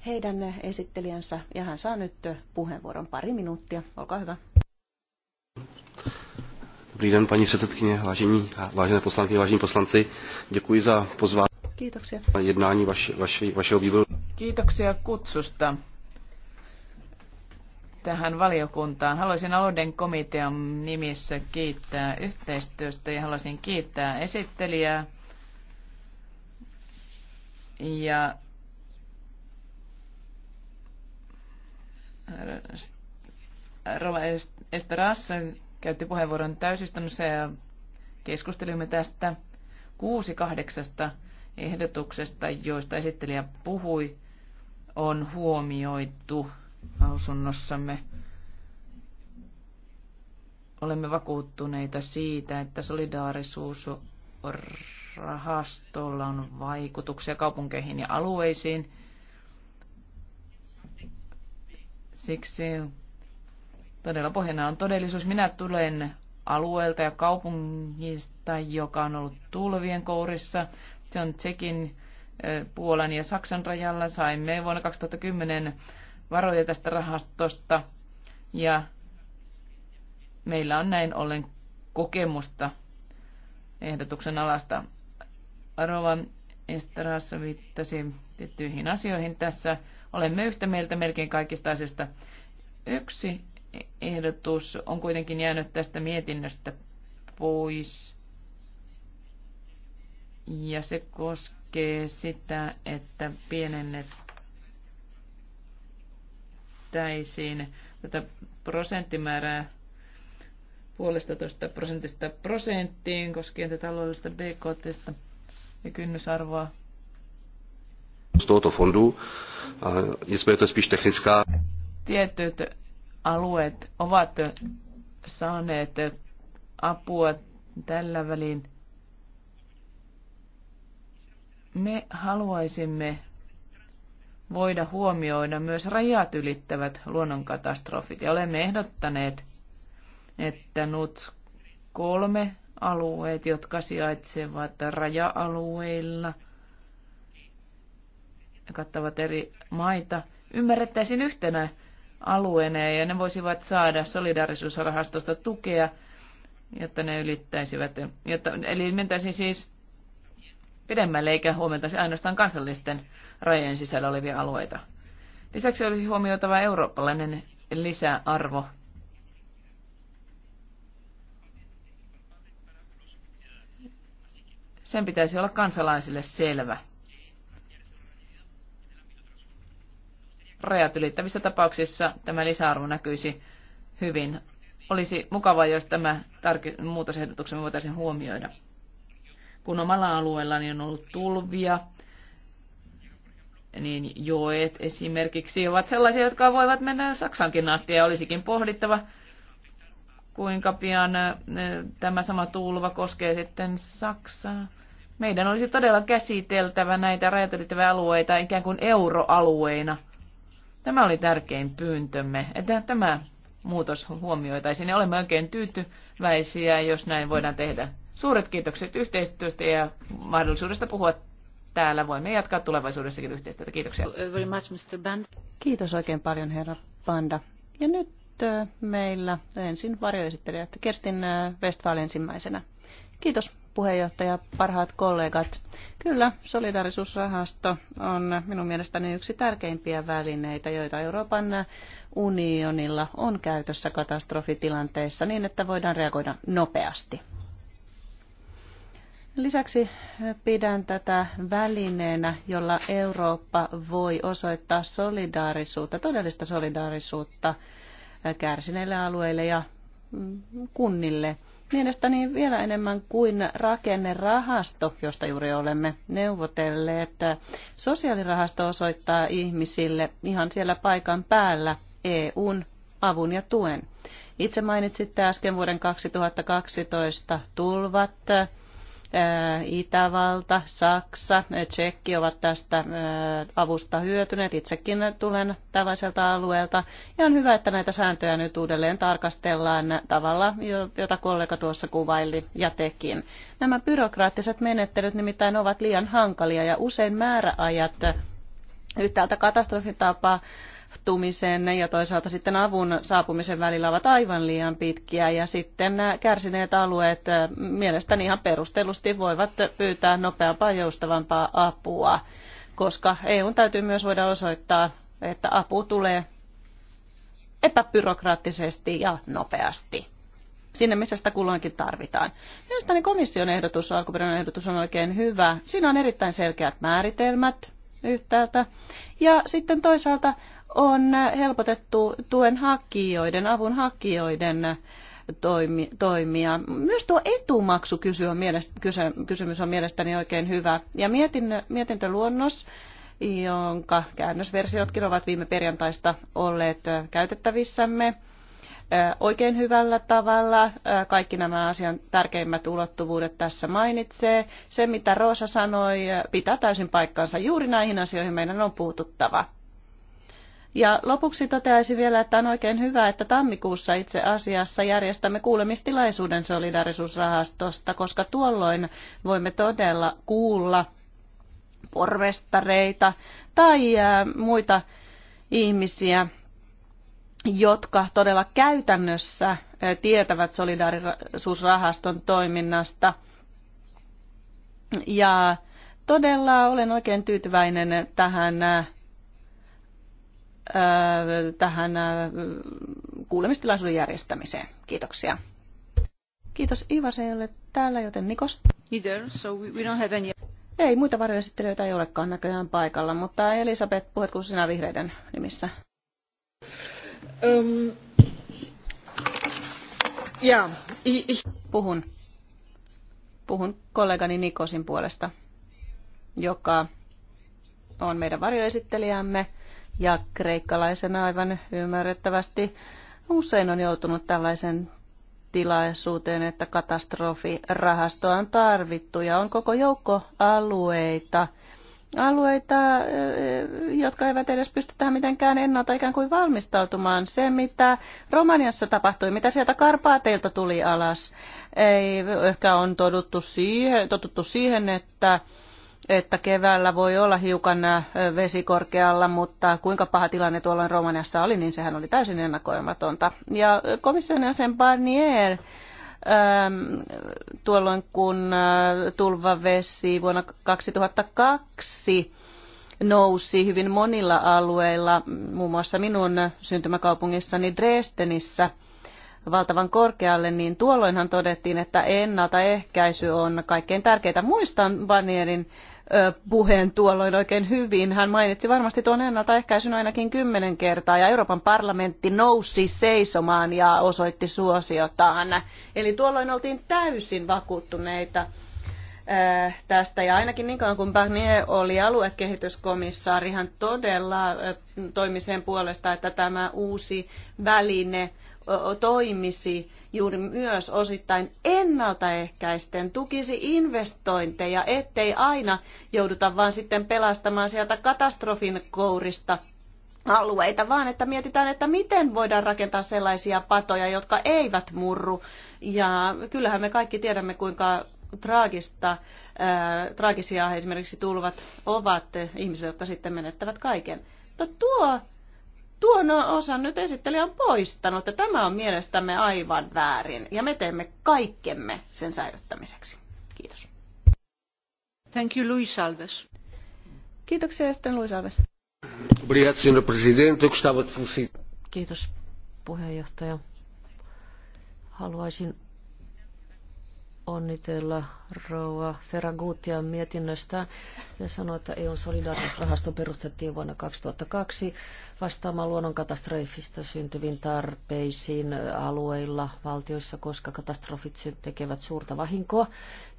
heidän esittelijänsä, ja hän saa nyt puheenvuoron pari minuuttia. Olkaa hyvä. Dobrý den, paní předsedkyně, vážení, vážené poslankyně, vážení poslanci. Děkuji za pozvání. Kiitoksia. Jednání vaši, vaši, vašeho výboru. Kiitoksia kutsusta tähän valiokuntaan. Haluaisin Auden komitean nimissä kiittää yhteistyöstä ja haluaisin kiittää esittelijää ja Rova Esteras käytti puheenvuoron täysistunnossa ja keskustelimme tästä kuusi kahdeksasta ehdotuksesta, joista esittelijä puhui, on huomioitu lausunnossamme. Olemme vakuuttuneita siitä, että solidaarisuusrahastolla on vaikutuksia kaupunkeihin ja alueisiin. Siksi todella pohjana on todellisuus. Minä tulen alueelta ja kaupungista, joka on ollut tulvien kourissa. Se on Tsekin, Puolan ja Saksan rajalla. Saimme vuonna 2010 varoja tästä rahastosta ja meillä on näin ollen kokemusta ehdotuksen alasta. Arova Estaras viittasi tiettyihin asioihin tässä. Olemme yhtä mieltä melkein kaikista asioista. Yksi ehdotus on kuitenkin jäänyt tästä mietinnöstä pois. Ja se koskee sitä, että pienennet käytettäisiin tätä prosenttimäärää puolestatoista prosentista prosenttiin koskien tätä alueellista BKT ja kynnysarvoa. Tietyt alueet ovat saaneet apua tällä välin. Me haluaisimme voida huomioida myös rajat ylittävät luonnonkatastrofit. Ja olemme ehdottaneet, että NUTS kolme alueet, jotka sijaitsevat raja-alueilla, kattavat eri maita, ymmärrettäisiin yhtenä alueena ja ne voisivat saada solidarisuusrahastosta tukea, jotta ne ylittäisivät. Jotta, eli mentäisiin siis pidemmälle eikä huomioitaisi ainoastaan kansallisten rajojen sisällä olevia alueita. Lisäksi olisi huomioitava eurooppalainen lisäarvo. Sen pitäisi olla kansalaisille selvä. Rajat ylittävissä tapauksissa tämä lisäarvo näkyisi hyvin. Olisi mukavaa, jos tämä tarki- voitaisiin huomioida kun omalla alueellani on ollut tulvia, niin joet esimerkiksi ovat sellaisia, jotka voivat mennä Saksankin asti ja olisikin pohdittava, kuinka pian tämä sama tulva koskee sitten Saksaa. Meidän olisi todella käsiteltävä näitä rajat alueita ikään kuin euroalueina. Tämä oli tärkein pyyntömme, että tämä muutos huomioitaisiin. Olemme oikein tyytyväisiä, jos näin voidaan tehdä. Suuret kiitokset yhteistyöstä ja mahdollisuudesta puhua täällä. Voimme jatkaa tulevaisuudessakin yhteistyötä. Kiitoksia. Very much, Mr. Band. Kiitos oikein paljon, herra Panda. Ja nyt äh, meillä ensin varjoesittelijät Kerstin äh, Westfalen ensimmäisenä. Kiitos puheenjohtaja, parhaat kollegat. Kyllä, solidarisuusrahasto on minun mielestäni yksi tärkeimpiä välineitä, joita Euroopan unionilla on käytössä katastrofitilanteissa niin, että voidaan reagoida nopeasti. Lisäksi pidän tätä välineenä, jolla Eurooppa voi osoittaa solidaarisuutta, todellista solidaarisuutta kärsineille alueille ja kunnille. Mielestäni vielä enemmän kuin rakennerahasto, josta juuri olemme neuvotelleet. Sosiaalirahasto osoittaa ihmisille ihan siellä paikan päällä EUn avun ja tuen. Itse mainitsitte äsken vuoden 2012 tulvat Äh, Itävalta, Saksa, Tsekki ovat tästä äh, avusta hyötyneet. Itsekin tulen tällaiselta alueelta. Ja on hyvä, että näitä sääntöjä nyt uudelleen tarkastellaan tavalla, jota kollega tuossa kuvaili ja tekin. Nämä byrokraattiset menettelyt nimittäin ovat liian hankalia ja usein määräajat yhtäältä katastrofin tapaa tapahtumisen ja toisaalta sitten avun saapumisen välillä ovat aivan liian pitkiä ja sitten nämä kärsineet alueet mielestäni ihan perustellusti voivat pyytää nopeampaa ja joustavampaa apua, koska EU täytyy myös voida osoittaa, että apu tulee epäbyrokraattisesti ja nopeasti sinne, missä sitä kulloinkin tarvitaan. Mielestäni komission ehdotus, alkuperäinen ehdotus on oikein hyvä. Siinä on erittäin selkeät määritelmät yhtäältä. Ja sitten toisaalta on helpotettu tuen hakijoiden, avun hakijoiden toimi, toimia. Myös tuo etumaksukysymys on, mielestä, kysymys on mielestäni oikein hyvä. Ja mietin, mietintöluonnos, jonka käännösversiotkin ovat viime perjantaista olleet käytettävissämme oikein hyvällä tavalla. Kaikki nämä asian tärkeimmät ulottuvuudet tässä mainitsee. Se, mitä Roosa sanoi, pitää täysin paikkansa. Juuri näihin asioihin meidän on puututtava. Ja lopuksi toteaisin vielä, että on oikein hyvä, että tammikuussa itse asiassa järjestämme kuulemistilaisuuden solidarisuusrahastosta, koska tuolloin voimme todella kuulla porvestareita tai äh, muita ihmisiä, jotka todella käytännössä äh, tietävät solidarisuusrahaston toiminnasta. Ja todella olen oikein tyytyväinen tähän äh, tähän äh, kuulemistilaisuuden järjestämiseen. Kiitoksia. Kiitos Iva, se ei ole täällä, joten Nikos. Neither, so we don't have any... Ei, muita varjoesittelijöitä ei olekaan näköjään paikalla, mutta Elisabeth, puhutko sinä vihreiden nimissä? Um, yeah. I, I... Puhun. Puhun kollegani Nikosin puolesta, joka on meidän varjoesittelijämme ja kreikkalaisena aivan ymmärrettävästi usein on joutunut tällaisen tilaisuuteen, että katastrofirahasto on tarvittu ja on koko joukko alueita, alueita, jotka eivät edes pysty tähän mitenkään ennalta ikään kuin valmistautumaan. Se, mitä Romaniassa tapahtui, mitä sieltä Karpaateilta tuli alas, ei ehkä on totuttu siihen, totuttu siihen että että keväällä voi olla hiukan vesi korkealla, mutta kuinka paha tilanne tuolloin Romaniassa oli, niin sehän oli täysin ennakoimatonta. Ja komission jäsen Barnier tuolloin, kun tulvavesi vuonna 2002 nousi hyvin monilla alueilla, muun muassa minun syntymäkaupungissani Dresdenissä, valtavan korkealle, niin tuolloinhan todettiin, että ennaltaehkäisy on kaikkein tärkeintä. Muistan Banierin puheen tuolloin oikein hyvin. Hän mainitsi varmasti tuon ennaltaehkäisyn ainakin kymmenen kertaa ja Euroopan parlamentti nousi seisomaan ja osoitti suosiotaan. Eli tuolloin oltiin täysin vakuuttuneita tästä. Ja ainakin niin kauan kuin Barnier oli aluekehityskomissaari, hän todella toimi sen puolesta, että tämä uusi väline toimisi juuri myös osittain ennaltaehkäisten tukisi investointeja, ettei aina jouduta vaan sitten pelastamaan sieltä katastrofin kourista alueita, vaan että mietitään, että miten voidaan rakentaa sellaisia patoja, jotka eivät murru. Ja kyllähän me kaikki tiedämme, kuinka traagista, äh, traagisia esimerkiksi tulvat ovat ihmisille, jotka sitten menettävät kaiken. Mutta tuo tuon osan nyt esittelijä on poistanut ja tämä on mielestämme aivan väärin ja me teemme kaikkemme sen säilyttämiseksi. Kiitos. Thank you, Luis Alves. Kiitoksia sitten Luis Alves. presidente. de Kiitos, puheenjohtaja. Haluaisin onnitella rouva Ferragutia mietinnöstä ja sanoa, että EUn solidaarisuusrahasto perustettiin vuonna 2002 vastaamaan luonnonkatastrofista syntyviin tarpeisiin alueilla, valtioissa, koska katastrofit tekevät suurta vahinkoa.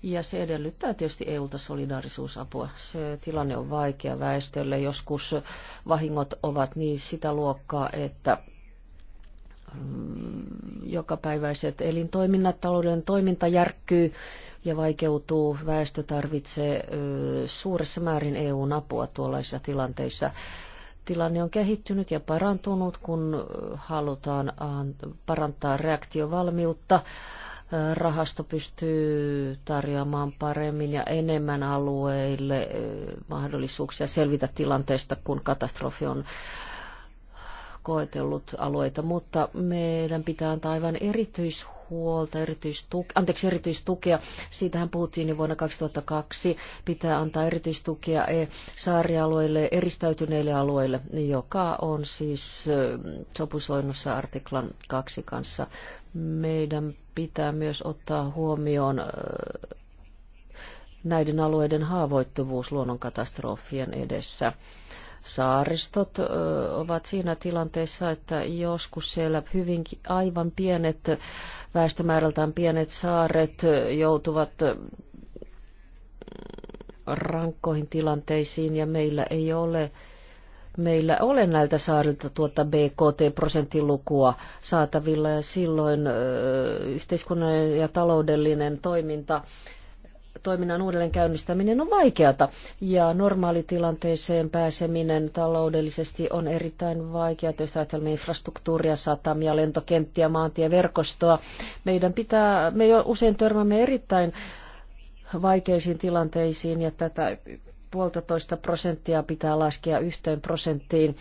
Ja se edellyttää tietysti EUlta solidaarisuusapua. Se tilanne on vaikea väestölle. Joskus vahingot ovat niin sitä luokkaa, että Mm, jokapäiväiset elintoiminnat, talouden toiminta järkkyy ja vaikeutuu. Väestö tarvitsee suuressa määrin EUn apua tuollaisissa tilanteissa. Tilanne on kehittynyt ja parantunut, kun halutaan parantaa reaktiovalmiutta rahasto pystyy tarjoamaan paremmin ja enemmän alueille mahdollisuuksia selvitä tilanteesta, kun katastrofi on koetellut alueita, mutta meidän pitää antaa aivan erityishuolta, erityistuke, anteeksi, erityistukea. Siitähän puhuttiin jo vuonna 2002. Pitää antaa erityistukea e- saarialueille, eristäytyneille alueille, joka on siis sopusoinnussa artiklan 2 kanssa. Meidän pitää myös ottaa huomioon näiden alueiden haavoittuvuus luonnonkatastrofien edessä saaristot ovat siinä tilanteessa, että joskus siellä hyvinkin aivan pienet, väestömäärältään pienet saaret joutuvat rankkoihin tilanteisiin ja meillä ei ole meillä ole näiltä saarilta tuota BKT-prosenttilukua saatavilla ja silloin yhteiskunnallinen ja taloudellinen toiminta toiminnan uudelleenkäynnistäminen on vaikeata ja normaalitilanteeseen pääseminen taloudellisesti on erittäin vaikeaa, jos ajatellaan infrastruktuuria, satamia, lentokenttiä, maantieverkostoa. Meidän pitää, me jo usein törmäämme erittäin vaikeisiin tilanteisiin ja tätä puolitoista prosenttia pitää laskea yhteen prosenttiin,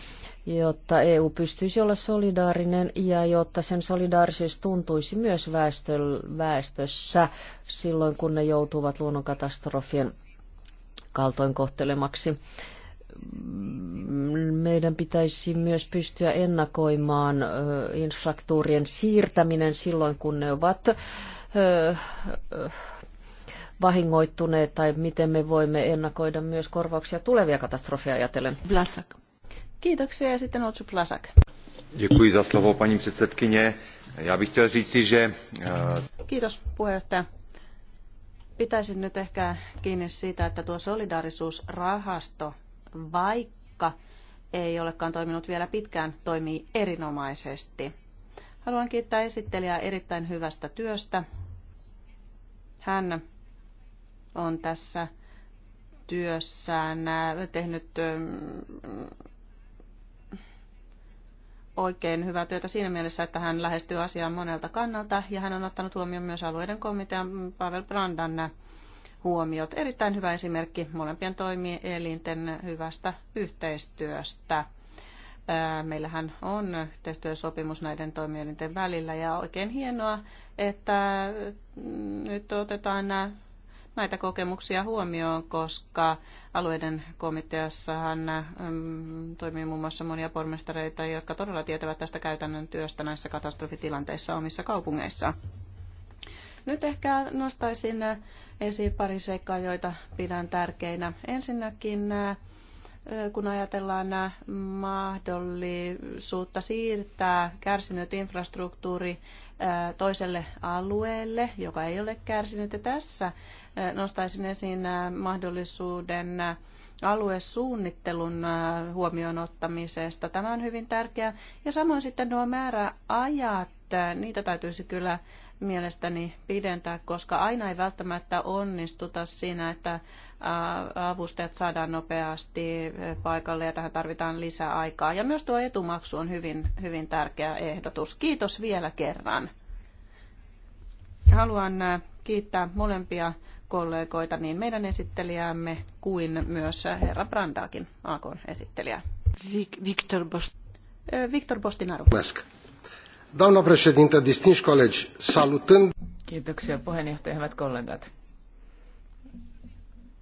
jotta EU pystyisi olla solidaarinen ja jotta sen solidaarisuus tuntuisi myös väestössä silloin, kun ne joutuvat luonnonkatastrofien kaltoinkohtelemaksi. Meidän pitäisi myös pystyä ennakoimaan infrastruktuurien siirtäminen silloin, kun ne ovat vahingoittuneet tai miten me voimme ennakoida myös korvauksia tulevia katastrofeja ajatellen. Vlasak. Kiitoksia ja sitten Otsu Vlasak. Děkuji za slovo, paní předsedkyně. Já bych chtěl říci, že... Eh, Kiitos puheenjohtaja. Pitäisin nyt ehkä kiinni siitä, että tuo solidaarisuusrahasto, vaikka ei olekaan toiminut vielä pitkään, toimii erinomaisesti. Haluan kiittää esittelijää erittäin hyvästä työstä. Hän on tässä työssään äh, tehnyt ähm, oikein hyvää työtä siinä mielessä, että hän lähestyy asiaa monelta kannalta ja hän on ottanut huomioon myös alueiden komitean Pavel Brandan huomiot. Erittäin hyvä esimerkki molempien toimielinten hyvästä yhteistyöstä. Äh, meillähän on yhteistyösopimus näiden toimielinten välillä ja oikein hienoa, että äh, nyt otetaan nämä näitä kokemuksia huomioon, koska alueiden komiteassahan mm, toimii muun muassa monia pormestareita, jotka todella tietävät tästä käytännön työstä näissä katastrofitilanteissa omissa kaupungeissa. Nyt ehkä nostaisin esiin pari seikkaa, joita pidän tärkeinä. Ensinnäkin eh, kun ajatellaan mahdollisuutta siirtää kärsinyt infrastruktuuri eh, toiselle alueelle, joka ei ole kärsinyt. Ja tässä nostaisin esiin mahdollisuuden aluesuunnittelun huomioon ottamisesta. Tämä on hyvin tärkeää. Ja samoin sitten nuo määräajat, niitä täytyisi kyllä mielestäni pidentää, koska aina ei välttämättä onnistuta siinä, että avustajat saadaan nopeasti paikalle ja tähän tarvitaan lisää aikaa. Ja myös tuo etumaksu on hyvin, hyvin tärkeä ehdotus. Kiitos vielä kerran. Haluan kiittää molempia kollegoita, niin meidän esittelijäämme kuin myös herra Brandaakin, AKn esittelijää. Victor, Bost- Victor Bostinaru. Doamna președintă, distinși colegi, salutând... Kiitoksia puheenjohtaja, hyvät kollegat.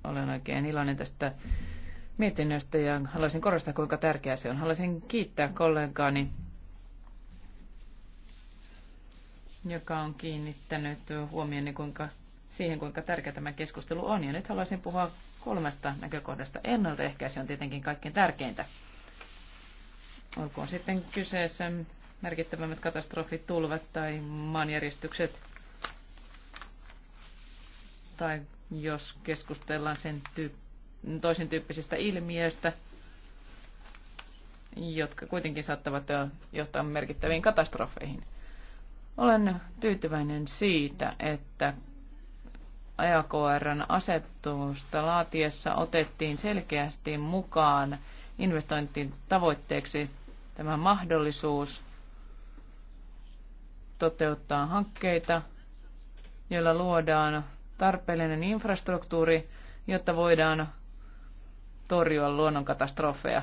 Olen oikein iloinen tästä mietinnöstä ja haluaisin korostaa, kuinka tärkeää se on. Haluaisin kiittää kollegaani, joka on kiinnittänyt huomioon, kuinka siihen, kuinka tärkeä tämä keskustelu on. Ja nyt haluaisin puhua kolmesta näkökohdasta. Ennaltaehkäisy on tietenkin kaikkein tärkeintä. Olkoon sitten kyseessä merkittävämmät katastrofit, tulvat tai maanjäristykset. Tai jos keskustellaan sen tyyppi toisen tyyppisistä ilmiöistä, jotka kuitenkin saattavat johtaa merkittäviin katastrofeihin. Olen tyytyväinen siitä, että ajakoiran asetusta laatiessa otettiin selkeästi mukaan investointin tavoitteeksi tämä mahdollisuus toteuttaa hankkeita, joilla luodaan tarpeellinen infrastruktuuri, jotta voidaan torjua luonnonkatastrofeja.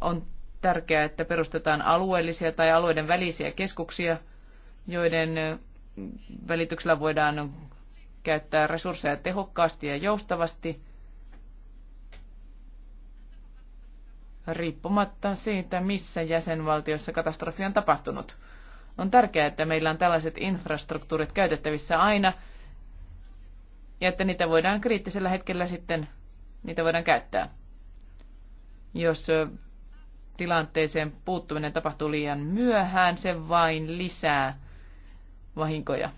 On tärkeää, että perustetaan alueellisia tai alueiden välisiä keskuksia – joiden välityksellä voidaan käyttää resursseja tehokkaasti ja joustavasti riippumatta siitä, missä jäsenvaltiossa katastrofi on tapahtunut. On tärkeää, että meillä on tällaiset infrastruktuurit käytettävissä aina ja että niitä voidaan kriittisellä hetkellä sitten niitä voidaan käyttää. Jos tilanteeseen puuttuminen tapahtuu liian myöhään, se vain lisää vahinkoja.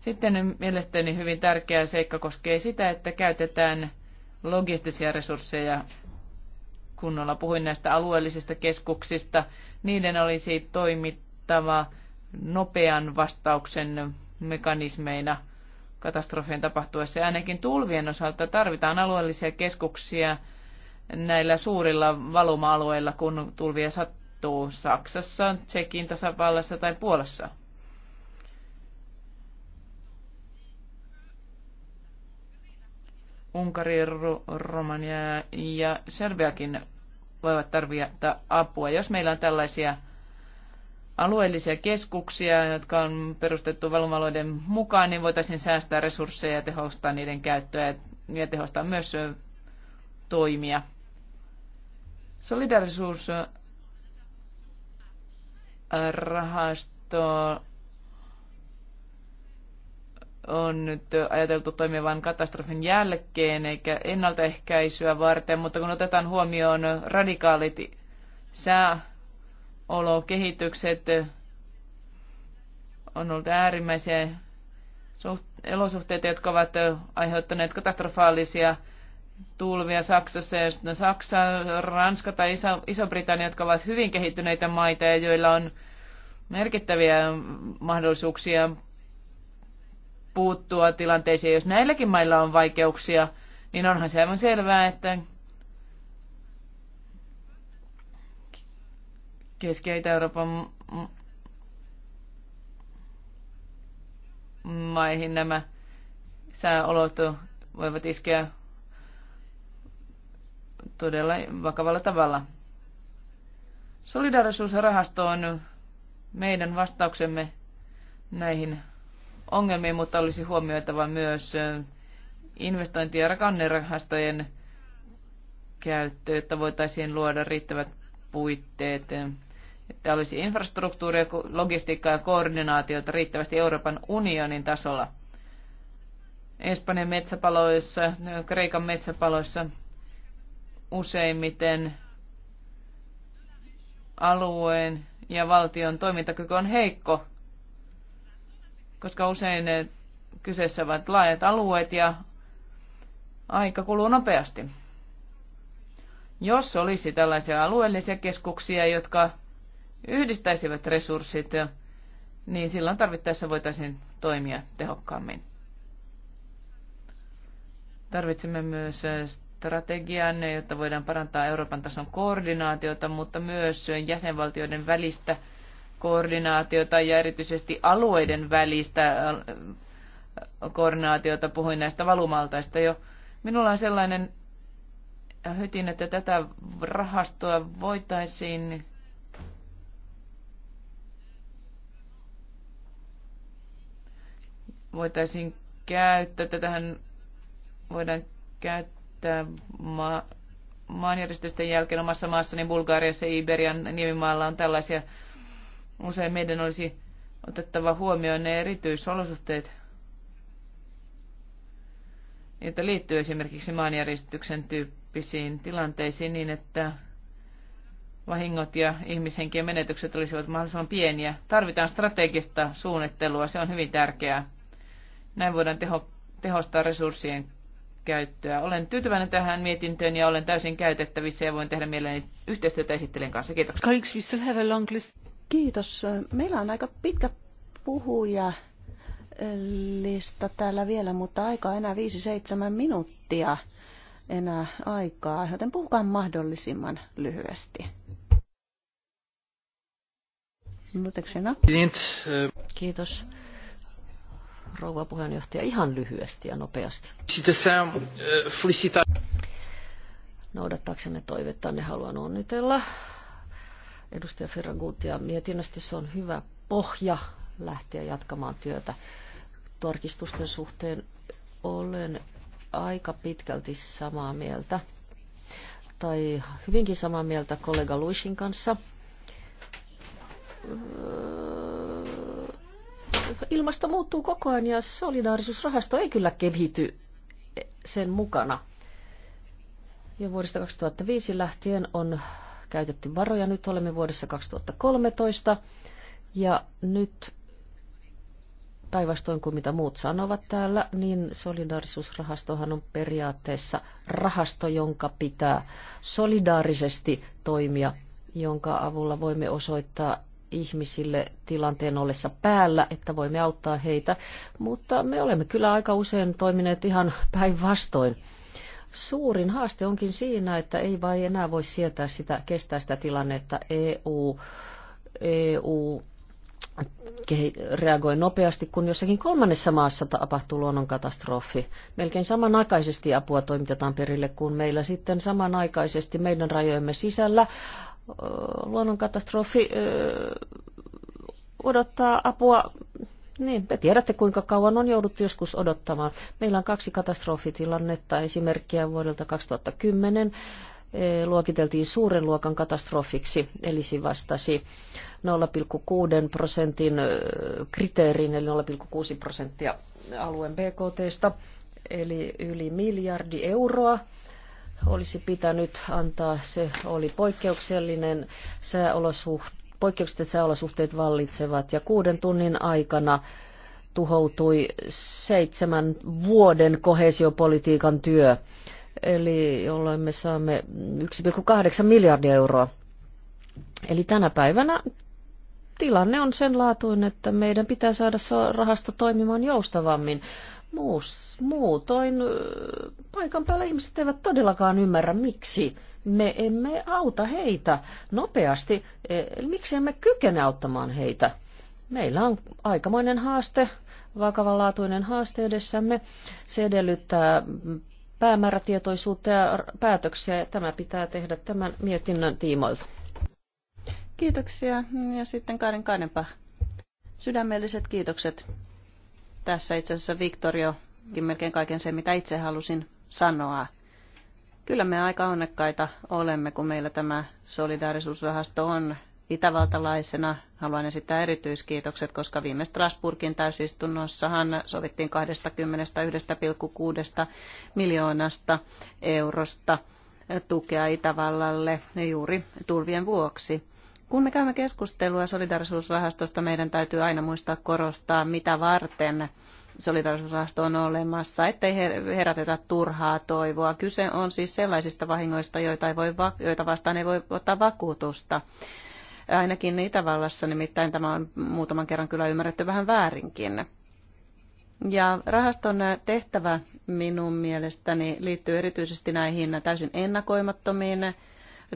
Sitten mielestäni hyvin tärkeä seikka koskee sitä, että käytetään logistisia resursseja kunnolla. Puhuin näistä alueellisista keskuksista. Niiden olisi toimittava nopean vastauksen mekanismeina katastrofien tapahtuessa. Ja ainakin tulvien osalta tarvitaan alueellisia keskuksia näillä suurilla valuma-alueilla, kun tulvia sattuu tapahtuu Saksassa, Tsekin tasavallassa tai Puolassa. Unkari, Romania ja Serbiakin voivat tarvita apua. Jos meillä on tällaisia alueellisia keskuksia, jotka on perustettu valumaloiden mukaan, niin voitaisiin säästää resursseja ja tehostaa niiden käyttöä ja tehostaa myös toimia. Solidarisuus rahasto on nyt ajateltu toimivan katastrofin jälkeen eikä ennaltaehkäisyä varten, mutta kun otetaan huomioon radikaalit sääolokehitykset, on ollut äärimmäisiä olosuhteita, jotka ovat aiheuttaneet katastrofaalisia tulvia Saksassa ja sitten Saksa, Ranska tai Iso- Iso-Britannia, jotka ovat hyvin kehittyneitä maita ja joilla on merkittäviä mahdollisuuksia puuttua tilanteeseen. Jos näilläkin mailla on vaikeuksia, niin onhan se aivan selvää, että Keski- euroopan maihin nämä sääolot voivat iskeä todella vakavalla tavalla. Solidarisuusrahasto on meidän vastauksemme näihin ongelmiin, mutta olisi huomioitava myös investointi- ja rakannerahastojen käyttö, jotta voitaisiin luoda riittävät puitteet, että olisi infrastruktuuria, logistiikkaa ja koordinaatiota riittävästi Euroopan unionin tasolla. Espanjan metsäpaloissa, Kreikan metsäpaloissa useimmiten alueen ja valtion toimintakyky on heikko, koska usein kyseessä ovat laajat alueet ja aika kuluu nopeasti. Jos olisi tällaisia alueellisia keskuksia, jotka yhdistäisivät resurssit, niin silloin tarvittaessa voitaisiin toimia tehokkaammin. Tarvitsemme myös strategian, jotta voidaan parantaa Euroopan tason koordinaatiota, mutta myös jäsenvaltioiden välistä koordinaatiota ja erityisesti alueiden välistä äh, koordinaatiota. Puhuin näistä valumaltaista jo. Minulla on sellainen hytin, että tätä rahastoa voitaisiin voitaisiin käyttää. Tätähän voidaan käyttää että ma- maanjärjestysten jälkeen omassa maassani Bulgariassa ja Iberian nimimaalla on tällaisia. Usein meidän olisi otettava huomioon ne erityisolosuhteet, joita liittyy esimerkiksi maanjäristyksen tyyppisiin tilanteisiin niin, että vahingot ja ihmishenkien menetykset olisivat mahdollisimman pieniä. Tarvitaan strategista suunnittelua, se on hyvin tärkeää. Näin voidaan teho, tehostaa resurssien käyttöä. Olen tyytyväinen tähän mietintöön ja olen täysin käytettävissä ja voin tehdä mielelläni yhteistyötä esittelijän kanssa. Kiitoksia. Colleagues, we still have a long list. Kiitos. Meillä on aika pitkä puhuja lista täällä vielä, mutta on enää 5-7 minuuttia enää aikaa, joten puhukaa mahdollisimman lyhyesti. Uh, Kiitos rouva puheenjohtaja, ihan lyhyesti ja nopeasti. Noudattaaksemme ne haluan onnitella edustaja Ferragutia mietinnöstä. Se on hyvä pohja lähteä jatkamaan työtä tarkistusten suhteen. Olen aika pitkälti samaa mieltä tai hyvinkin samaa mieltä kollega Luishin kanssa ilmasto muuttuu koko ajan ja solidaarisuusrahasto ei kyllä kehity sen mukana. Jo vuodesta 2005 lähtien on käytetty varoja. Nyt olemme vuodessa 2013 ja nyt päinvastoin kuin mitä muut sanovat täällä, niin solidaarisuusrahastohan on periaatteessa rahasto, jonka pitää solidaarisesti toimia, jonka avulla voimme osoittaa ihmisille tilanteen ollessa päällä, että voimme auttaa heitä, mutta me olemme kyllä aika usein toimineet ihan päinvastoin. Suurin haaste onkin siinä, että ei vain enää voi sietää sitä, kestää sitä tilannetta. EU, EU reagoi nopeasti, kun jossakin kolmannessa maassa tapahtuu luonnonkatastrofi. Melkein samanaikaisesti apua toimitetaan perille, kun meillä sitten samanaikaisesti meidän rajojemme sisällä luonnonkatastrofi odottaa apua. Niin, te tiedätte kuinka kauan on jouduttu joskus odottamaan. Meillä on kaksi katastrofitilannetta, esimerkkiä vuodelta 2010 luokiteltiin suuren luokan katastrofiksi, eli se vastasi 0,6 prosentin kriteeriin, eli 0,6 prosenttia alueen BKTstä, eli yli miljardi euroa olisi pitänyt antaa, se oli poikkeuksellinen sääolosuhte, poikkeukset sääolosuhteet vallitsevat ja kuuden tunnin aikana tuhoutui seitsemän vuoden kohesiopolitiikan työ, eli jolloin me saamme 1,8 miljardia euroa. Eli tänä päivänä tilanne on sen laatuinen, että meidän pitää saada rahasto toimimaan joustavammin. Muus, muutoin paikan päällä ihmiset eivät todellakaan ymmärrä, miksi me emme auta heitä nopeasti, e, miksi emme kykene auttamaan heitä. Meillä on aikamoinen haaste, vakavanlaatuinen haaste edessämme. Se edellyttää päämäärätietoisuutta ja päätöksiä. Tämä pitää tehdä tämän mietinnön tiimoilta. Kiitoksia. Ja sitten Karin Kainenpa. Sydämelliset kiitokset. Tässä itse asiassa Victoriokin melkein kaiken sen, mitä itse halusin sanoa. Kyllä me aika onnekkaita olemme, kun meillä tämä solidaarisuusrahasto on itävaltalaisena haluan esittää erityiskiitokset, koska viime Strasburgin täysistunnossahan sovittiin 21,6 miljoonasta eurosta tukea Itävallalle juuri tulvien vuoksi. Kun me käymme keskustelua solidarisuusrahastosta, meidän täytyy aina muistaa korostaa, mitä varten solidarisuusrahasto on olemassa, ettei herätetä turhaa toivoa. Kyse on siis sellaisista vahingoista, joita, ei voi, joita vastaan ei voi ottaa vakuutusta. Ainakin Itävallassa nimittäin tämä on muutaman kerran kyllä ymmärretty vähän väärinkin. Ja rahaston tehtävä minun mielestäni liittyy erityisesti näihin täysin ennakoimattomiin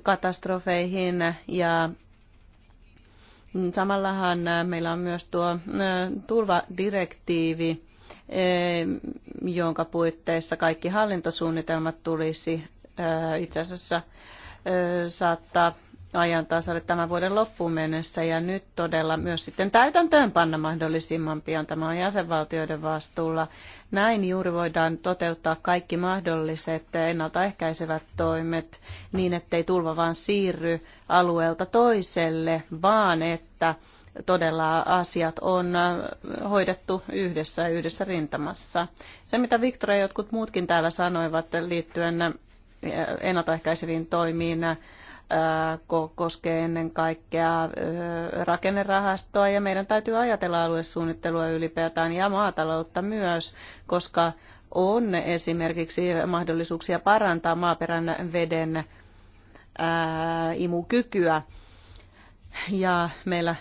katastrofeihin ja Mm, samallahan äh, meillä on myös tuo äh, turvadirektiivi, äh, jonka puitteissa kaikki hallintosuunnitelmat tulisi itse asiassa saattaa ajan tasalle tämän vuoden loppuun mennessä ja nyt todella myös sitten täytäntöön panna mahdollisimman pian. Tämä on jäsenvaltioiden vastuulla. Näin juuri voidaan toteuttaa kaikki mahdolliset ennaltaehkäisevät toimet niin, ettei tulva vaan siirry alueelta toiselle, vaan että todella asiat on äh, hoidettu yhdessä yhdessä rintamassa. Se, mitä Viktor ja jotkut muutkin täällä sanoivat liittyen äh, ennaltaehkäiseviin toimiin, äh, koskee ennen kaikkea rakennerahastoa ja meidän täytyy ajatella aluesuunnittelua ylipäätään ja maataloutta myös, koska on esimerkiksi mahdollisuuksia parantaa maaperän veden imukykyä. Ja meillä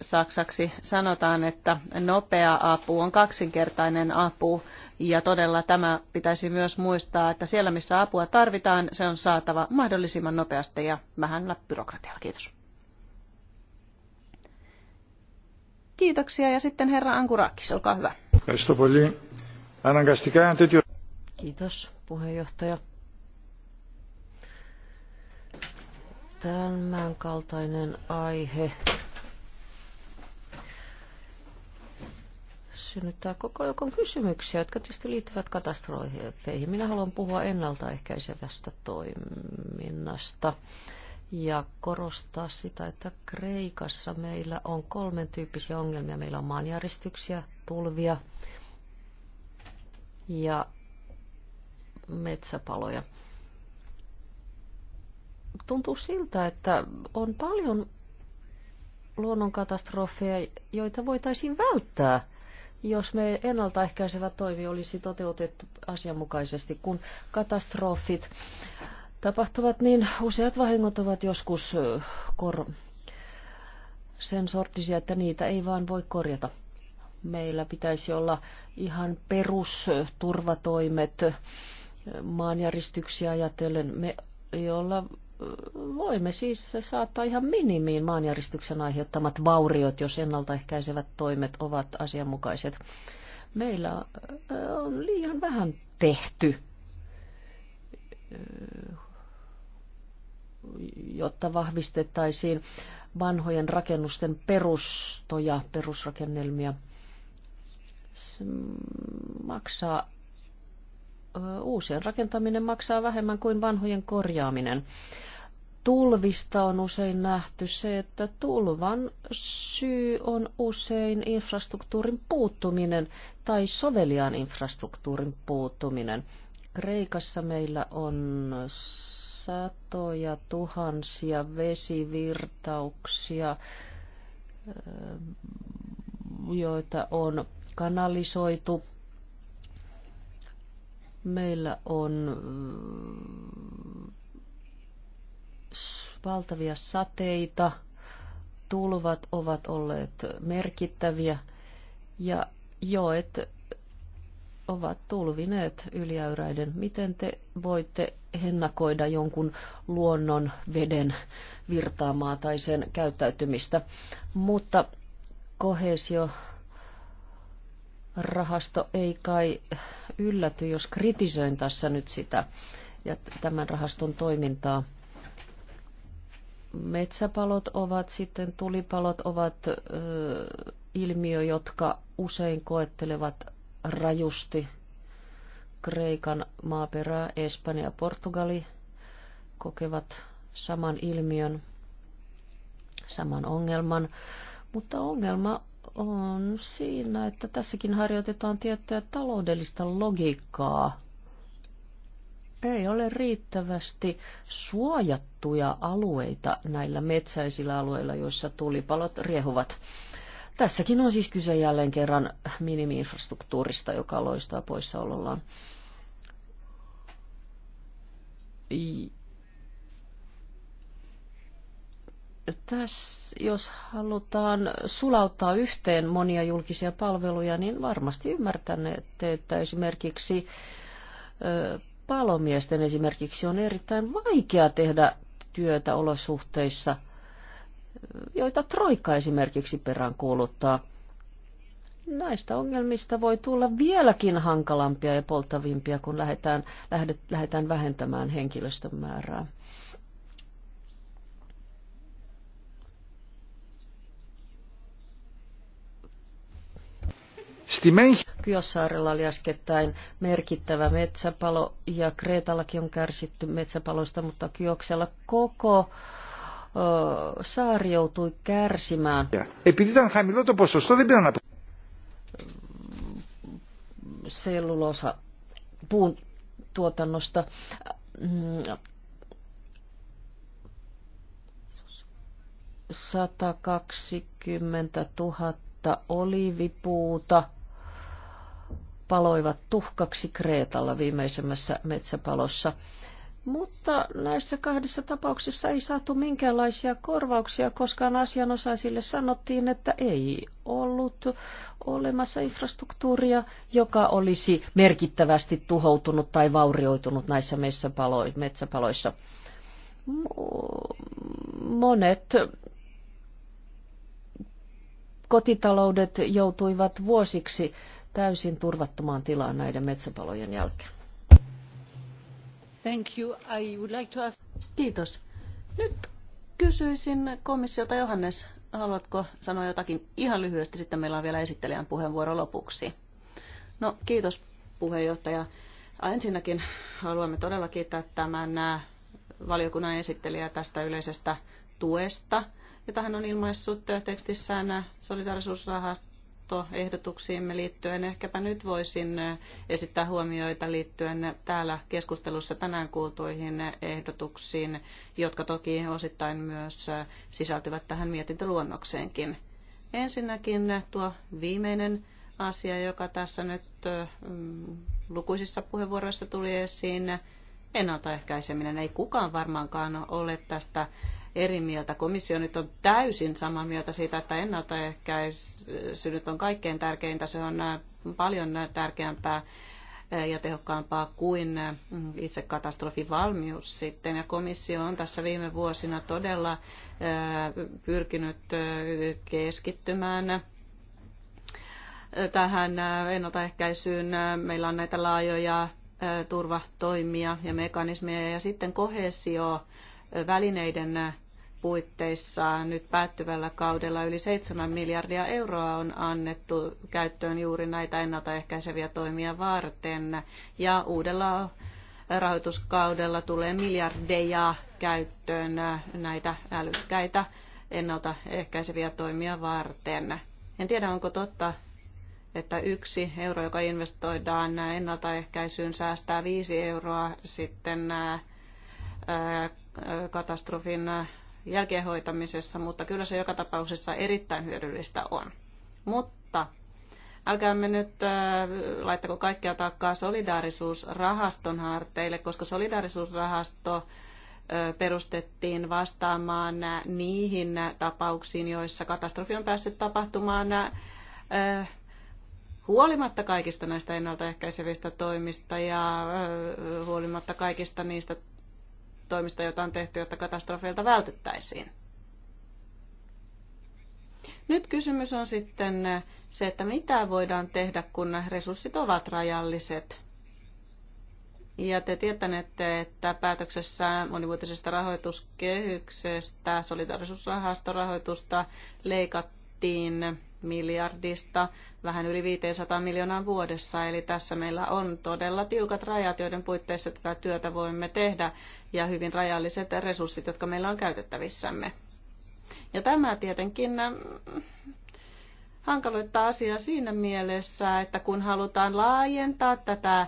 saksaksi sanotaan, että nopea apu on kaksinkertainen apu ja todella tämä pitäisi myös muistaa, että siellä missä apua tarvitaan, se on saatava mahdollisimman nopeasti ja vähän byrokratialla. Kiitos. Kiitoksia ja sitten herra Ankurakis, olkaa hyvä. Kiitos puheenjohtaja. Tämän kaltainen aihe tai koko joukon kysymyksiä, jotka tietysti liittyvät katastrofeihin. Minä haluan puhua ennaltaehkäisevästä toiminnasta ja korostaa sitä, että Kreikassa meillä on kolmen tyyppisiä ongelmia. Meillä on maanjäristyksiä, tulvia ja metsäpaloja. Tuntuu siltä, että on paljon luonnonkatastrofeja, joita voitaisiin välttää jos me ennaltaehkäisevä toimi olisi toteutettu asianmukaisesti, kun katastrofit tapahtuvat, niin useat vahingot ovat joskus kor- sen sorttisia, että niitä ei vaan voi korjata. Meillä pitäisi olla ihan perusturvatoimet maanjäristyksiä ajatellen, me, jolla voimme siis saattaa ihan minimiin maanjäristyksen aiheuttamat vauriot, jos ennaltaehkäisevät toimet ovat asianmukaiset. Meillä äh, on liian vähän tehty, äh, jotta vahvistettaisiin vanhojen rakennusten perustoja, perusrakennelmia. Se maksaa äh, uusien rakentaminen maksaa vähemmän kuin vanhojen korjaaminen tulvista on usein nähty se, että tulvan syy on usein infrastruktuurin puuttuminen tai soveliaan infrastruktuurin puuttuminen. Kreikassa meillä on satoja tuhansia vesivirtauksia, eh, joita on kanalisoitu. Meillä on eh, valtavia sateita, tulvat ovat olleet merkittäviä ja joet ovat tulvineet yliäyräiden. Miten te voitte hennakoida jonkun luonnon veden virtaamaa tai sen käyttäytymistä? Mutta kohesio rahasto ei kai ylläty, jos kritisoin tässä nyt sitä ja tämän rahaston toimintaa metsäpalot ovat sitten, tulipalot ovat ö, ilmiö, jotka usein koettelevat rajusti Kreikan maaperää, Espanja ja Portugali kokevat saman ilmiön, saman ongelman. Mutta ongelma on siinä, että tässäkin harjoitetaan tiettyä taloudellista logiikkaa ei ole riittävästi suojattuja alueita näillä metsäisillä alueilla, joissa tulipalot riehuvat. Tässäkin on siis kyse jälleen kerran minimiinfrastruktuurista, joka loistaa poissaolollaan. Tässä, jos halutaan sulauttaa yhteen monia julkisia palveluja, niin varmasti ymmärtänette, että esimerkiksi palomiesten esimerkiksi on erittäin vaikea tehdä työtä olosuhteissa, joita Troika esimerkiksi peräänkuuluttaa. Näistä ongelmista voi tulla vieläkin hankalampia ja polttavimpia, kun lähdetään, lähdet, lähdetään vähentämään henkilöstön määrää. Kyossaarella oli äskettäin merkittävä metsäpalo ja Kreetallakin on kärsitty metsäpalosta, mutta Kyoksella koko ö, saari joutui kärsimään. Sellulosa puun tuotannosta. Mm. Satakaksikymmentä 120 000 olivipuuta paloivat tuhkaksi Kreetalla viimeisemmässä metsäpalossa. Mutta näissä kahdessa tapauksessa ei saatu minkäänlaisia korvauksia, koska asianosaisille sanottiin, että ei ollut olemassa infrastruktuuria, joka olisi merkittävästi tuhoutunut tai vaurioitunut näissä metsäpaloissa. Monet kotitaloudet joutuivat vuosiksi täysin turvattomaan tilaan näiden metsäpalojen jälkeen. Thank you. I would like to ask... Kiitos. Nyt kysyisin komissiota Johannes, haluatko sanoa jotakin ihan lyhyesti, sitten meillä on vielä esittelijän puheenvuoro lopuksi. No kiitos puheenjohtaja. Ensinnäkin haluamme todella kiittää tämän valiokunnan esittelijää tästä yleisestä tuesta, jota hän on ilmaissut tekstissään solidarisuusrahasta muuttoehdotuksiimme liittyen. Ehkäpä nyt voisin esittää huomioita liittyen täällä keskustelussa tänään kuultuihin ehdotuksiin, jotka toki osittain myös sisältyvät tähän mietintöluonnokseenkin. Ensinnäkin tuo viimeinen asia, joka tässä nyt mm, lukuisissa puheenvuoroissa tuli esiin, ennaltaehkäiseminen. Ei kukaan varmaankaan ole tästä eri mieltä. Komissio nyt on täysin samaa mieltä siitä, että ennaltaehkäisy nyt on kaikkein tärkeintä. Se on äh, paljon tärkeämpää äh, ja tehokkaampaa kuin äh, itse katastrofivalmius valmius sitten. Ja komissio on tässä viime vuosina todella pyrkinyt keskittymään tähän ennaltaehkäisyyn. Meillä on näitä laajoja turvatoimia ja mekanismeja ja sitten kohesio välineiden puitteissa nyt päättyvällä kaudella yli 7 miljardia euroa on annettu käyttöön juuri näitä ennaltaehkäiseviä toimia varten ja uudella rahoituskaudella tulee miljardeja käyttöön näitä älykkäitä ennaltaehkäiseviä toimia varten. En tiedä, onko totta että yksi euro, joka investoidaan ennaltaehkäisyyn, säästää viisi euroa sitten katastrofin jälkeenhoitamisessa, mutta kyllä se joka tapauksessa erittäin hyödyllistä on. Mutta älkäämme nyt laittako kaikkia taakkaa solidaarisuusrahaston harteille, koska solidaarisuusrahasto perustettiin vastaamaan niihin tapauksiin, joissa katastrofi on päässyt tapahtumaan huolimatta kaikista näistä ennaltaehkäisevistä toimista ja huolimatta kaikista niistä toimista, joita on tehty, jotta katastrofeilta vältyttäisiin. Nyt kysymys on sitten se, että mitä voidaan tehdä, kun resurssit ovat rajalliset. Ja te tietänette, että päätöksessä monivuotisesta rahoituskehyksestä solidarisuusrahastorahoitusta leikattiin miljardista vähän yli 500 miljoonaa vuodessa. Eli tässä meillä on todella tiukat rajat, joiden puitteissa tätä työtä voimme tehdä ja hyvin rajalliset resurssit, jotka meillä on käytettävissämme. Ja tämä tietenkin hankaloittaa asiaa siinä mielessä, että kun halutaan laajentaa tätä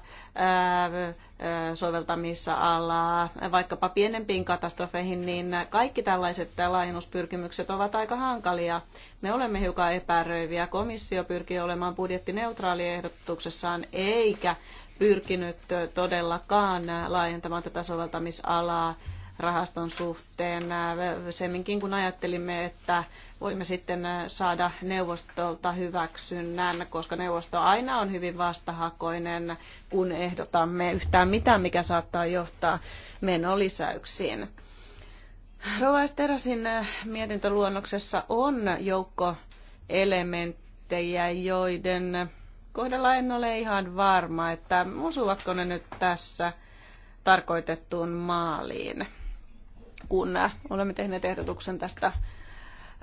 soveltamisalaa vaikkapa pienempiin katastrofeihin, niin kaikki tällaiset laajennuspyrkimykset ovat aika hankalia. Me olemme hiukan epäröiviä. Komissio pyrkii olemaan budjettineutraali ehdotuksessaan eikä pyrkinyt todellakaan laajentamaan tätä soveltamisalaa rahaston suhteen, semminkin kun ajattelimme, että voimme sitten saada neuvostolta hyväksynnän, koska neuvosto aina on hyvin vastahakoinen, kun ehdotamme yhtään mitään, mikä saattaa johtaa menolisäyksiin. Rova Esterasin mietintöluonnoksessa on joukko elementtejä, joiden kohdalla en ole ihan varma, että osuvatko ne nyt tässä tarkoitettuun maaliin kun äh, olemme tehneet ehdotuksen tästä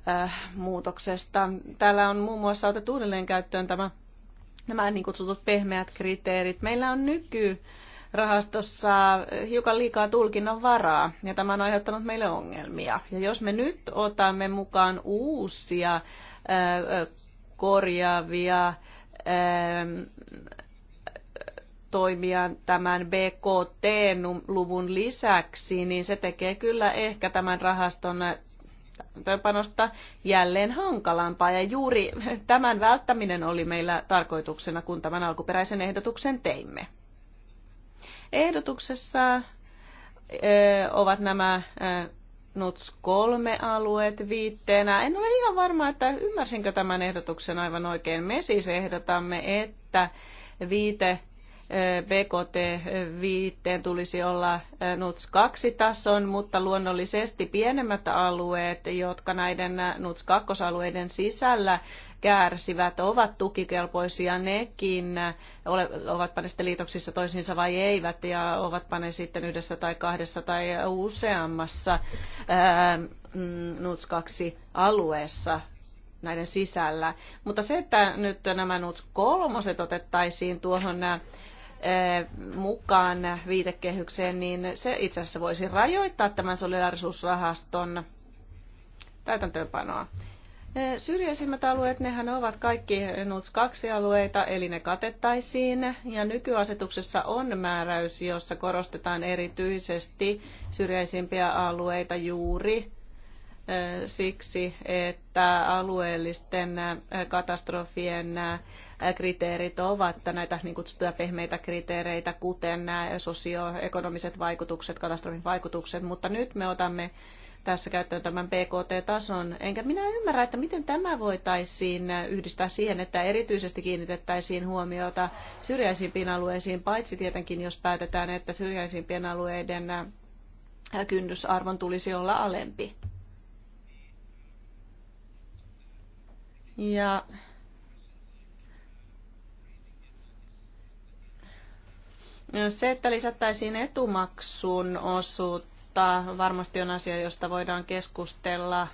äh, muutoksesta. Täällä on muun muassa otettu uudelleen käyttöön tämä, nämä niin kutsutut pehmeät kriteerit. Meillä on nyky rahastossa hiukan liikaa tulkinnan varaa ja tämä on aiheuttanut meille ongelmia. Ja jos me nyt otamme mukaan uusia äh, korjaavia toimia tämän BKT-luvun lisäksi, niin se tekee kyllä ehkä tämän rahaston panosta jälleen hankalampaa. Ja juuri tämän välttäminen oli meillä tarkoituksena, kun tämän alkuperäisen ehdotuksen teimme. Ehdotuksessa ovat nämä NUTS kolme alueet viitteenä. En ole ihan varma, että ymmärsinkö tämän ehdotuksen aivan oikein. Me siis ehdotamme, että viite BKT-viitteen tulisi olla NUTS 2 tason, mutta luonnollisesti pienemmät alueet, jotka näiden NUTS 2 alueiden sisällä kärsivät, ovat tukikelpoisia nekin, ovatpa ne sitten liitoksissa toisiinsa vai eivät, ja ovatpa ne sitten yhdessä tai kahdessa tai useammassa mm, NUTS 2 alueessa näiden sisällä. Mutta se, että nyt nämä NUTS kolmoset otettaisiin tuohon Eh, mukaan viitekehykseen, niin se itse asiassa voisi rajoittaa tämän solidarisuusrahaston täytäntöönpanoa. Eh, syrjäisimmät alueet, nehän ovat kaikki NUTS 2 alueita, eli ne katettaisiin. Ja nykyasetuksessa on määräys, jossa korostetaan erityisesti syrjäisimpiä alueita juuri eh, siksi, että alueellisten katastrofien kriteerit ovat näitä niin kutsuttuja pehmeitä kriteereitä, kuten nämä sosioekonomiset vaikutukset, katastrofin vaikutukset, mutta nyt me otamme tässä käyttöön tämän PKT-tason. Enkä minä ymmärrä, että miten tämä voitaisiin yhdistää siihen, että erityisesti kiinnitettäisiin huomiota syrjäisimpiin alueisiin, paitsi tietenkin jos päätetään, että syrjäisimpien alueiden äh, kynnysarvon tulisi olla alempi. Ja Se, että lisättäisiin etumaksun osuutta, varmasti on asia, josta voidaan keskustella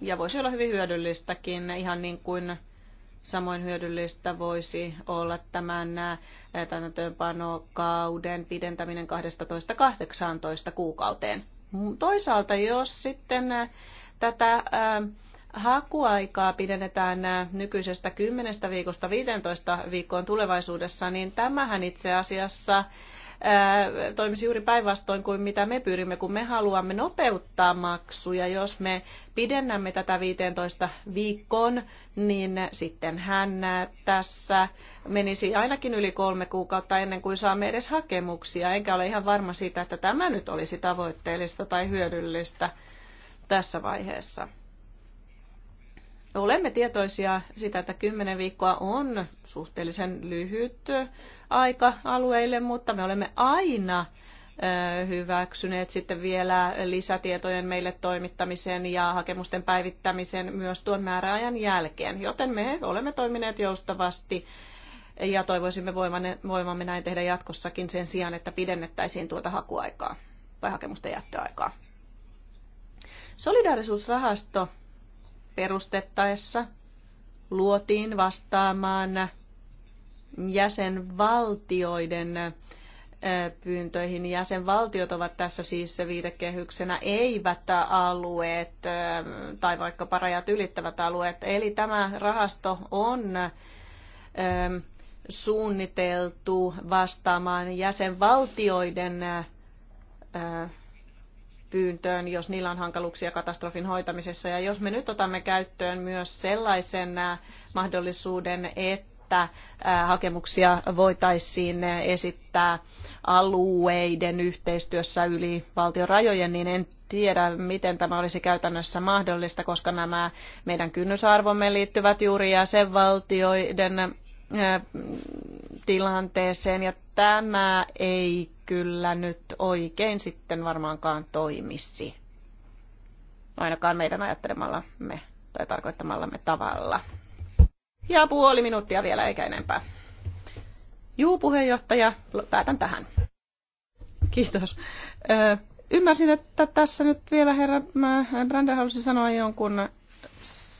ja voisi olla hyvin hyödyllistäkin, ihan niin kuin Samoin hyödyllistä voisi olla tämän täytäntöönpanokauden pidentäminen 12-18 kuukauteen. Toisaalta jos sitten tätä hakuaikaa pidennetään äh, nykyisestä 10 viikosta 15 viikkoon tulevaisuudessa, niin tämähän itse asiassa äh, toimisi juuri päinvastoin kuin mitä me pyrimme, kun me haluamme nopeuttaa maksuja. Jos me pidennämme tätä 15 viikkoon, niin sitten hän äh, tässä menisi ainakin yli kolme kuukautta ennen kuin saamme edes hakemuksia. Enkä ole ihan varma siitä, että tämä nyt olisi tavoitteellista tai hyödyllistä tässä vaiheessa olemme tietoisia sitä, että kymmenen viikkoa on suhteellisen lyhyt aika alueille, mutta me olemme aina hyväksyneet sitten vielä lisätietojen meille toimittamisen ja hakemusten päivittämisen myös tuon määräajan jälkeen, joten me olemme toimineet joustavasti ja toivoisimme voimamme näin tehdä jatkossakin sen sijaan, että pidennettäisiin tuota hakuaikaa tai hakemusten jättöaikaa. Solidaarisuusrahasto perustettaessa luotiin vastaamaan jäsenvaltioiden pyyntöihin. Jäsenvaltiot ovat tässä siis se viitekehyksenä, eivät alueet tai vaikkapa rajat ylittävät alueet. Eli tämä rahasto on suunniteltu vastaamaan jäsenvaltioiden pyyntöön, jos niillä on hankaluuksia katastrofin hoitamisessa. Ja jos me nyt otamme käyttöön myös sellaisen äh, mahdollisuuden, että äh, hakemuksia voitaisiin äh, esittää alueiden yhteistyössä yli valtion rajojen, niin en tiedä, miten tämä olisi käytännössä mahdollista, koska nämä meidän kynnysarvomme liittyvät juuri jäsenvaltioiden tilanteeseen ja tämä ei kyllä nyt oikein sitten varmaankaan toimisi. Ainakaan meidän ajattelemallamme tai tarkoittamallamme tavalla. Ja puoli minuuttia vielä eikä enempää. Juu, puheenjohtaja, päätän tähän. Kiitos. Ymmärsin, että tässä nyt vielä herra Brander halusi sanoa jonkun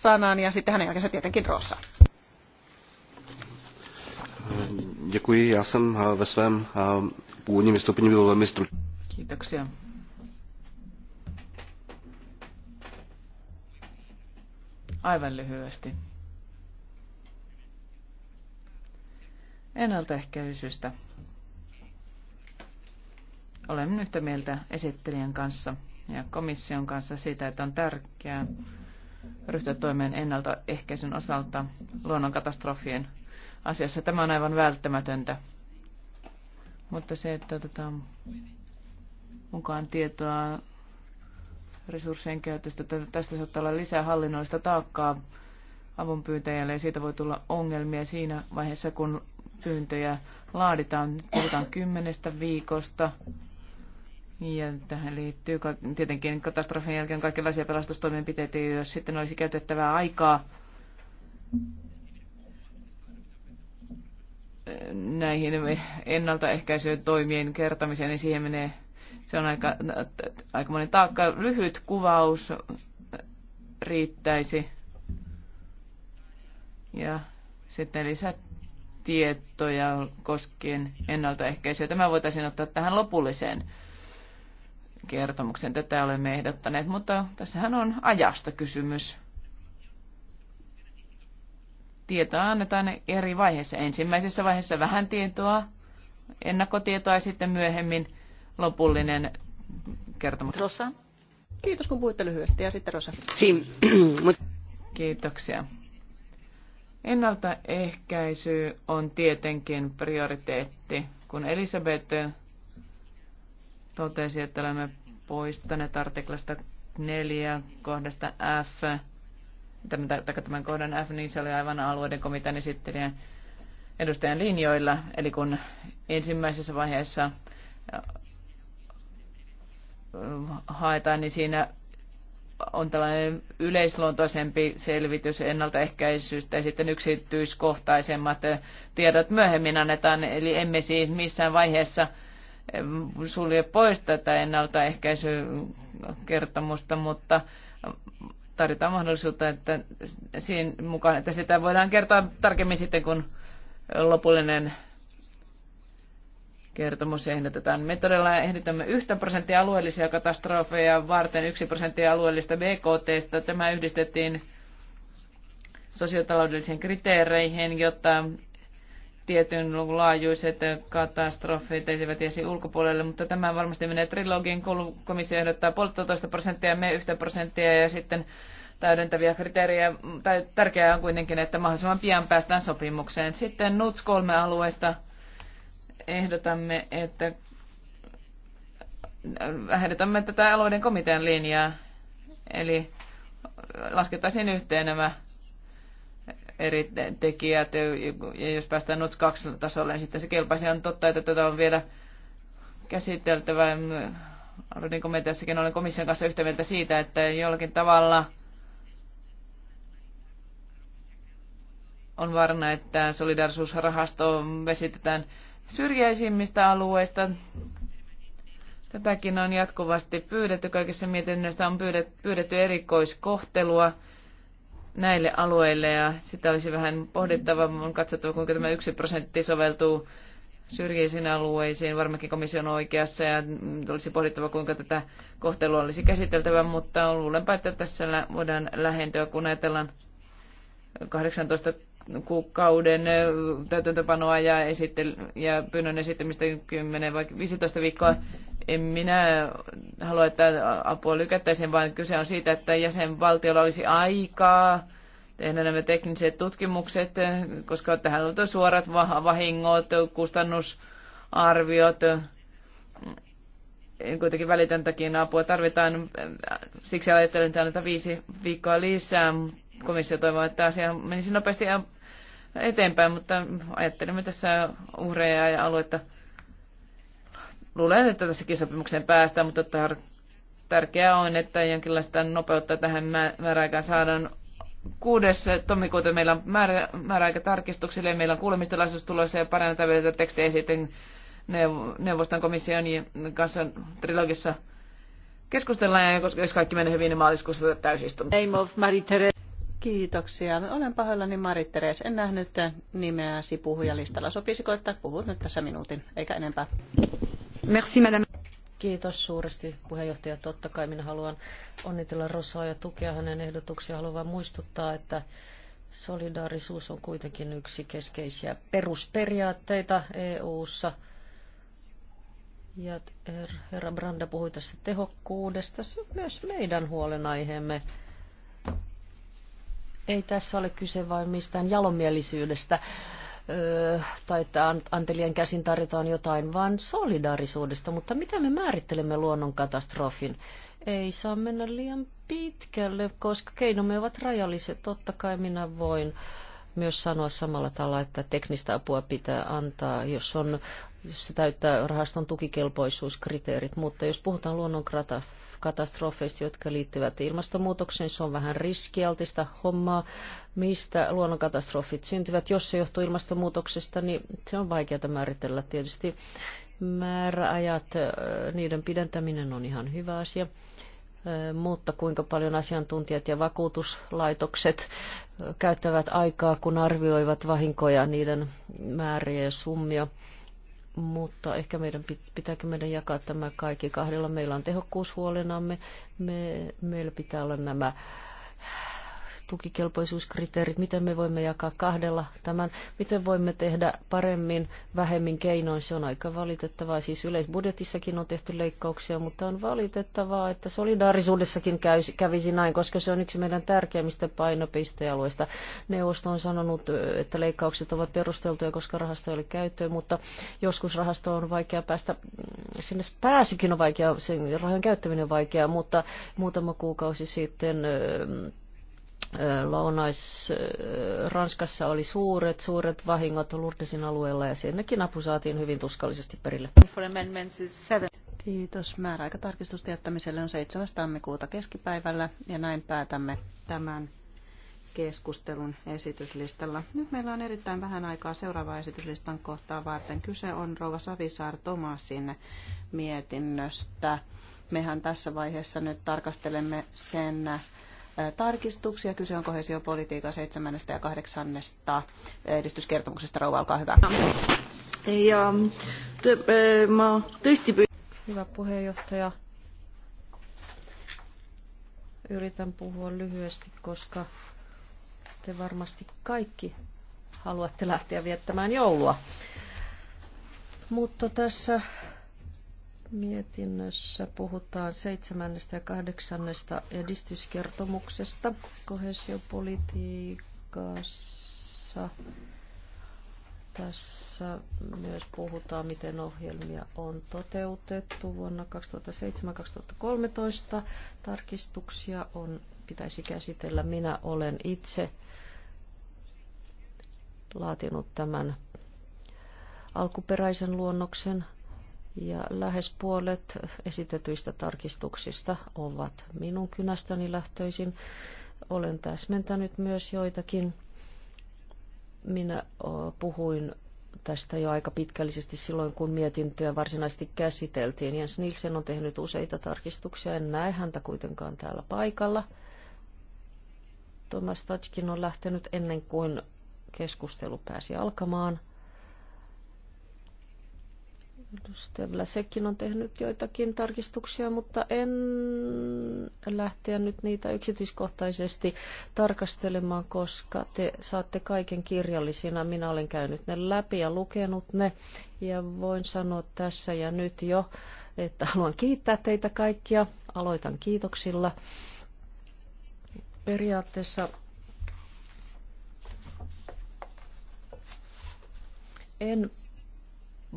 sanan ja sitten hänen jälkeensä tietenkin Rossa. Děkuji. Já jsem eh, ve svém eh, původním vystoupení byl velmi stručný. Kiitoksia. Aivan lyhyesti. Ennaltaehkäisystä. Olen yhtä mieltä esittelijän kanssa ja komission kanssa siitä, että on tärkeää ryhtyä toimeen ennaltaehkäisyn osalta luonnonkatastrofien asiassa. Tämä on aivan välttämätöntä. Mutta se, että otetaan mukaan tietoa resurssien käytöstä, tästä saattaa olla lisää hallinnollista taakkaa avunpyyntäjälle ja siitä voi tulla ongelmia siinä vaiheessa, kun pyyntöjä laaditaan. Nyt puhutaan kymmenestä viikosta. Ja tähän liittyy tietenkin katastrofin jälkeen kaikenlaisia pelastustoimenpiteitä, jos sitten olisi käytettävää aikaa näihin ennaltaehkäisyyn toimien kertamiseen, niin siihen menee, se on aika, aika monen taakka. Lyhyt kuvaus riittäisi. Ja sitten lisätietoja koskien ennaltaehkäisyä. Tämä voitaisiin ottaa tähän lopulliseen kertomukseen. Tätä olemme ehdottaneet, mutta tässähän on ajasta kysymys tietoa annetaan eri vaiheissa. Ensimmäisessä vaiheessa vähän tietoa, ennakkotietoa ja sitten myöhemmin lopullinen kertomus. Rosa. Kiitos kun puhuitte lyhyesti ja sitten Rosa. Sim. Kiitoksia. Ennaltaehkäisy on tietenkin prioriteetti. Kun Elisabeth totesi, että olemme poistaneet artiklasta 4 kohdasta F tämän, tämän kohdan F, niin se oli aivan alueiden komitean esittelijän edustajan linjoilla. Eli kun ensimmäisessä vaiheessa äh, haetaan, niin siinä on tällainen yleisluontoisempi selvitys ennaltaehkäisystä ja sitten yksityiskohtaisemmat äh, tiedot myöhemmin annetaan. Eli emme siis missään vaiheessa äh, sulje pois tätä ennaltaehkäisykertomusta, mutta tarjotaan mahdollisuutta, että siinä mukaan, että sitä voidaan kertoa tarkemmin sitten, kun lopullinen kertomus ehdotetaan. Me todella ehdotamme 1 prosenttia alueellisia katastrofeja varten 1 prosenttia alueellista BKTstä. Tämä yhdistettiin sosiotaloudellisiin kriteereihin, jotta tietyn laajuiset katastrofit eivät jäisi ulkopuolelle, mutta tämä varmasti menee trilogiin. Komissio ehdottaa puolitoista prosenttia, me yhtä prosenttia ja sitten täydentäviä kriteerejä. Tärkeää on kuitenkin, että mahdollisimman pian päästään sopimukseen. Sitten NUTS kolme alueesta ehdotamme, että äh, ehdotamme tätä alueiden komitean linjaa, eli laskettaisiin yhteen nämä eri tekijät, ja jos päästään NUTS 2 tasolle, niin sitten se kelpaisi. On totta, että tätä on vielä käsiteltävä. Aloitin niin komiteassakin, olen komission kanssa yhtä mieltä siitä, että jollakin tavalla on varna, että solidarisuusrahasto vesitetään syrjäisimmistä alueista. Tätäkin on jatkuvasti pyydetty. Kaikissa mietinnöissä on pyydetty erikoiskohtelua näille alueille ja sitä olisi vähän pohdittava. On katsottava, kuinka tämä yksi prosentti soveltuu syrjäisiin alueisiin. Varmaankin komissio on oikeassa ja olisi pohdittava, kuinka tätä kohtelua olisi käsiteltävä, mutta luulenpa, että tässä voidaan lähentyä, kun ajatellaan 18 kuukauden täytäntöpanoa ja, esittely, ja pyynnön esittämistä 10 vai 15 viikkoa en minä halua, että apua lykättäisiin, vaan kyse on siitä, että jäsenvaltiolla olisi aikaa tehdä nämä tekniset tutkimukset, koska tähän on suorat vahingot, kustannusarviot, kuitenkin välitöntäkin apua tarvitaan. Siksi ajattelen täältä viisi viikkoa lisää. Komissio toivoo, että asia menisi nopeasti eteenpäin, mutta ajattelemme tässä uhreja ja aluetta Luulen, että tässäkin sopimukseen päästään, mutta tar- tärkeää on, että jonkinlaista nopeutta tähän määräaikaan saadaan. 6. tommikuuta meillä on määrä, määräaika tarkistuksille, meillä on kuulemistilaisuus tulossa ja parannetaan vielä tekstejä sitten neuvoston komission kanssa trilogissa keskustellaan, ja jos kaikki menee hyvin, niin maaliskuussa täysistunto. Name of Marie Kiitoksia. Olen pahoillani mari Teres. En nähnyt nimeäsi puhujalistalla. Sopisiko, että puhut nyt tässä minuutin, eikä enempää? Kiitos suuresti puheenjohtaja. Totta kai minä haluan onnitella Rosaa ja tukea hänen ehdotuksiaan. Haluan vain muistuttaa, että solidaarisuus on kuitenkin yksi keskeisiä perusperiaatteita EU-ssa. Ja herra Branda puhui tässä tehokkuudesta. Se on myös meidän huolenaiheemme. Ei tässä ole kyse vain mistään jalomielisyydestä tai että Antelien käsin tarjotaan jotain, vaan solidaarisuudesta. Mutta mitä me määrittelemme luonnonkatastrofin? Ei saa mennä liian pitkälle, koska keinomme ovat rajalliset. Totta kai minä voin myös sanoa samalla tavalla, että teknistä apua pitää antaa, jos, on, jos se täyttää rahaston tukikelpoisuuskriteerit. Mutta jos puhutaan luonnonkatastrofista, katastrofeista, jotka liittyvät ilmastonmuutokseen. Se on vähän riskialtista hommaa, mistä luonnonkatastrofit syntyvät. Jos se johtuu ilmastonmuutoksesta, niin se on vaikeaa määritellä tietysti. Määräajat, niiden pidentäminen on ihan hyvä asia mutta kuinka paljon asiantuntijat ja vakuutuslaitokset käyttävät aikaa, kun arvioivat vahinkoja, niiden määriä ja summia mutta ehkä meidän pitääkö meidän jakaa tämä kaikki kahdella. Meillä on tehokkuushuolenamme, huolenamme, me, meillä pitää olla nämä tukikelpoisuuskriteerit, miten me voimme jakaa kahdella tämän, miten voimme tehdä paremmin, vähemmin keinoin, se on aika valitettavaa. Siis yleisbudjetissakin on tehty leikkauksia, mutta on valitettavaa, että solidaarisuudessakin kävisi, kävisi näin, koska se on yksi meidän tärkeimmistä painopistealueista. Neuvosto on sanonut, että leikkaukset ovat perusteltuja, koska rahasto ei ole käyttöön, mutta joskus rahasto on vaikea päästä, mm, sinne pääsykin on vaikea, sen rahojen käyttäminen on vaikeaa, mutta muutama kuukausi sitten mm, Lounais-Ranskassa oli suuret, suuret vahingot Lourdesin alueella ja sinnekin apu saatiin hyvin tuskallisesti perille. Kiitos. Määräaikatarkistusten jättämiselle on 7. tammikuuta keskipäivällä ja näin päätämme tämän keskustelun esityslistalla. Nyt meillä on erittäin vähän aikaa seuraava esityslistan kohtaa varten. Kyse on Rova Savisaar Tomasin mietinnöstä. Mehän tässä vaiheessa nyt tarkastelemme sen tarkistuksia. Kyse on kohesiopolitiikan seitsemännestä ja kahdeksannesta edistyskertomuksesta. Rouva, olkaa hyvä. Ja, mä pyy. Hyvä puheenjohtaja. Yritän puhua lyhyesti, koska te varmasti kaikki haluatte lähteä viettämään joulua. Mutta tässä Mietinnössä puhutaan seitsemännestä ja kahdeksannesta edistyskertomuksesta kohesiopolitiikassa. Tässä myös puhutaan, miten ohjelmia on toteutettu vuonna 2007-2013. Tarkistuksia on, pitäisi käsitellä. Minä olen itse laatinut tämän alkuperäisen luonnoksen ja lähes puolet esitetyistä tarkistuksista ovat minun kynästäni lähtöisin. Olen täsmentänyt myös joitakin. Minä puhuin tästä jo aika pitkällisesti silloin, kun mietintöä varsinaisesti käsiteltiin. Jens Nielsen on tehnyt useita tarkistuksia, en näe häntä kuitenkaan täällä paikalla. Thomas Tatskin on lähtenyt ennen kuin keskustelu pääsi alkamaan – Edustaja Vlasekkin on tehnyt joitakin tarkistuksia, mutta en lähteä nyt niitä yksityiskohtaisesti tarkastelemaan, koska te saatte kaiken kirjallisina. Minä olen käynyt ne läpi ja lukenut ne ja voin sanoa tässä ja nyt jo, että haluan kiittää teitä kaikkia. Aloitan kiitoksilla. Periaatteessa en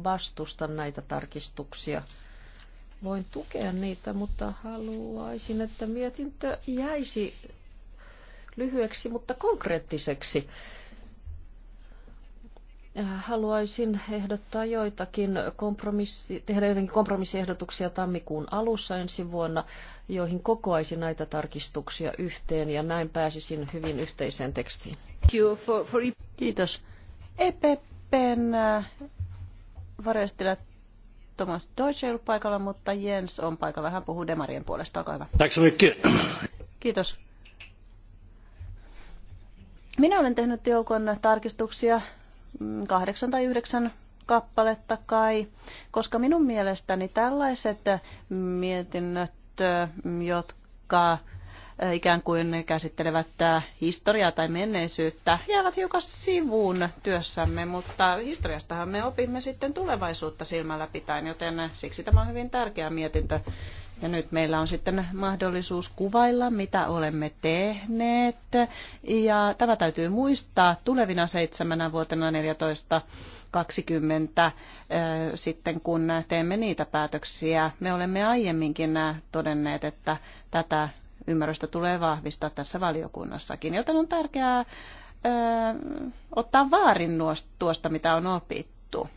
vastusta näitä tarkistuksia. Voin tukea niitä, mutta haluaisin, että mietintö jäisi lyhyeksi, mutta konkreettiseksi. Haluaisin ehdottaa joitakin kompromissi, tehdä jotenkin kompromissiehdotuksia tammikuun alussa ensi vuonna, joihin kokoaisin näitä tarkistuksia yhteen ja näin pääsisin hyvin yhteiseen tekstiin. Kiitos. EPPn varjostilä Thomas Deutsch ei ollut paikalla, mutta Jens on paikalla. Hän puhuu Demarien puolesta. Olkaa hyvä. Kiitos. Minä olen tehnyt joukon tarkistuksia, mm, kahdeksan tai yhdeksän kappaletta kai, koska minun mielestäni tällaiset mm, mietinnöt, mm, jotka ikään kuin käsittelevät historiaa tai menneisyyttä, jäävät hiukan sivuun työssämme, mutta historiastahan me opimme sitten tulevaisuutta silmällä pitäen, joten siksi tämä on hyvin tärkeä mietintö. Ja nyt meillä on sitten mahdollisuus kuvailla, mitä olemme tehneet. Ja tämä täytyy muistaa tulevina seitsemänä vuotena 14 20 sitten, kun teemme niitä päätöksiä. Me olemme aiemminkin todenneet, että tätä ymmärrystä tulee vahvistaa tässä valiokunnassakin, joten on tärkeää ö, ottaa vaarin tuosta, mitä on opittu.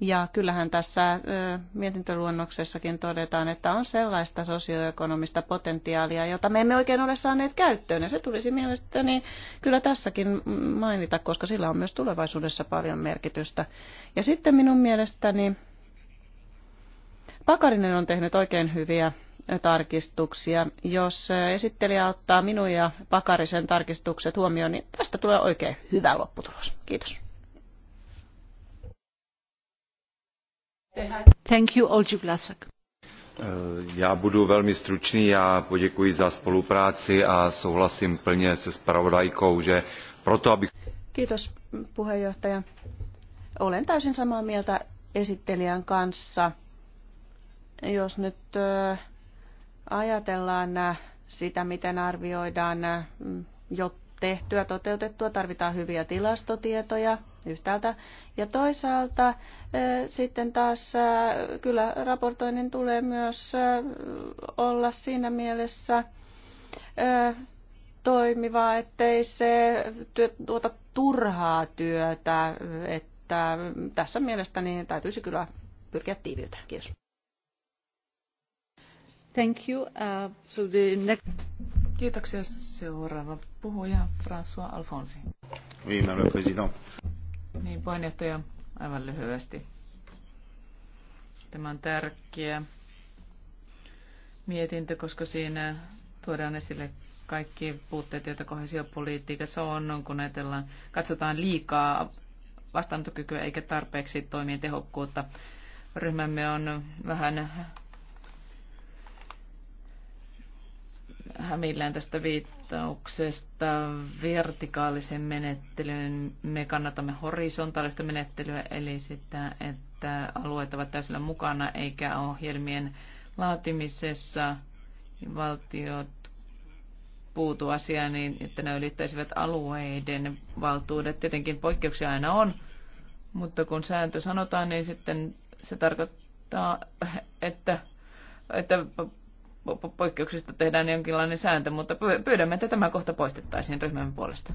Ja kyllähän tässä ö, mietintöluonnoksessakin todetaan, että on sellaista sosioekonomista potentiaalia, jota me emme oikein ole saaneet käyttöön. Ja se tulisi mielestäni kyllä tässäkin mainita, koska sillä on myös tulevaisuudessa paljon merkitystä. Ja sitten minun mielestäni Pakarinen on tehnyt oikein hyviä tarkistuksia. Jos esittelijä ottaa minun ja Pakarisen tarkistukset huomioon, niin tästä tulee oikein hyvä lopputulos. Kiitos. Thank you, Olgi Vlasak. Eh, já budu velmi stručný, já poděkuji za spolupráci a souhlasím plně se spravodajkou, že proto, abych... Kiitos puheenjohtaja. Olen täysin samaa mieltä esittelijän kanssa. Jos nyt eh, ajatellaan äh, sitä, miten arvioidaan äh, mm, jo tehtyä, toteutettua, tarvitaan hyviä tilastotietoja yhtäältä. Ja toisaalta äh, sitten taas kyllä raportoinnin tulee myös olla siinä mielessä toimivaa, ettei se tuota turhaa työtä, että tässä mielestäni täytyisi kyllä pyrkiä tiiviytään. Kiitos. Uh, Kiitoksia. Seuraava puhuja François Alfonsi. Oui, madame président. Niin, puheenjohtaja, aivan lyhyesti. Tämä on tärkeä mietintö, koska siinä tuodaan esille kaikki puutteet, joita kohesiopolitiikassa on, kun ajatellaan, katsotaan liikaa vastaanottokykyä eikä tarpeeksi toimien tehokkuutta. Ryhmämme on vähän hämillään tästä viittauksesta vertikaalisen menettelyyn. Me kannatamme horisontaalista menettelyä, eli sitä, että alueet ovat täysillä mukana eikä ohjelmien laatimisessa valtiot puutu asiaan niin, että ne ylittäisivät alueiden valtuudet. Tietenkin poikkeuksia aina on, mutta kun sääntö sanotaan, niin sitten se tarkoittaa, että, että poikkeuksista tehdään jonkinlainen sääntö, mutta pyydämme, että tämä kohta poistettaisiin ryhmän puolesta.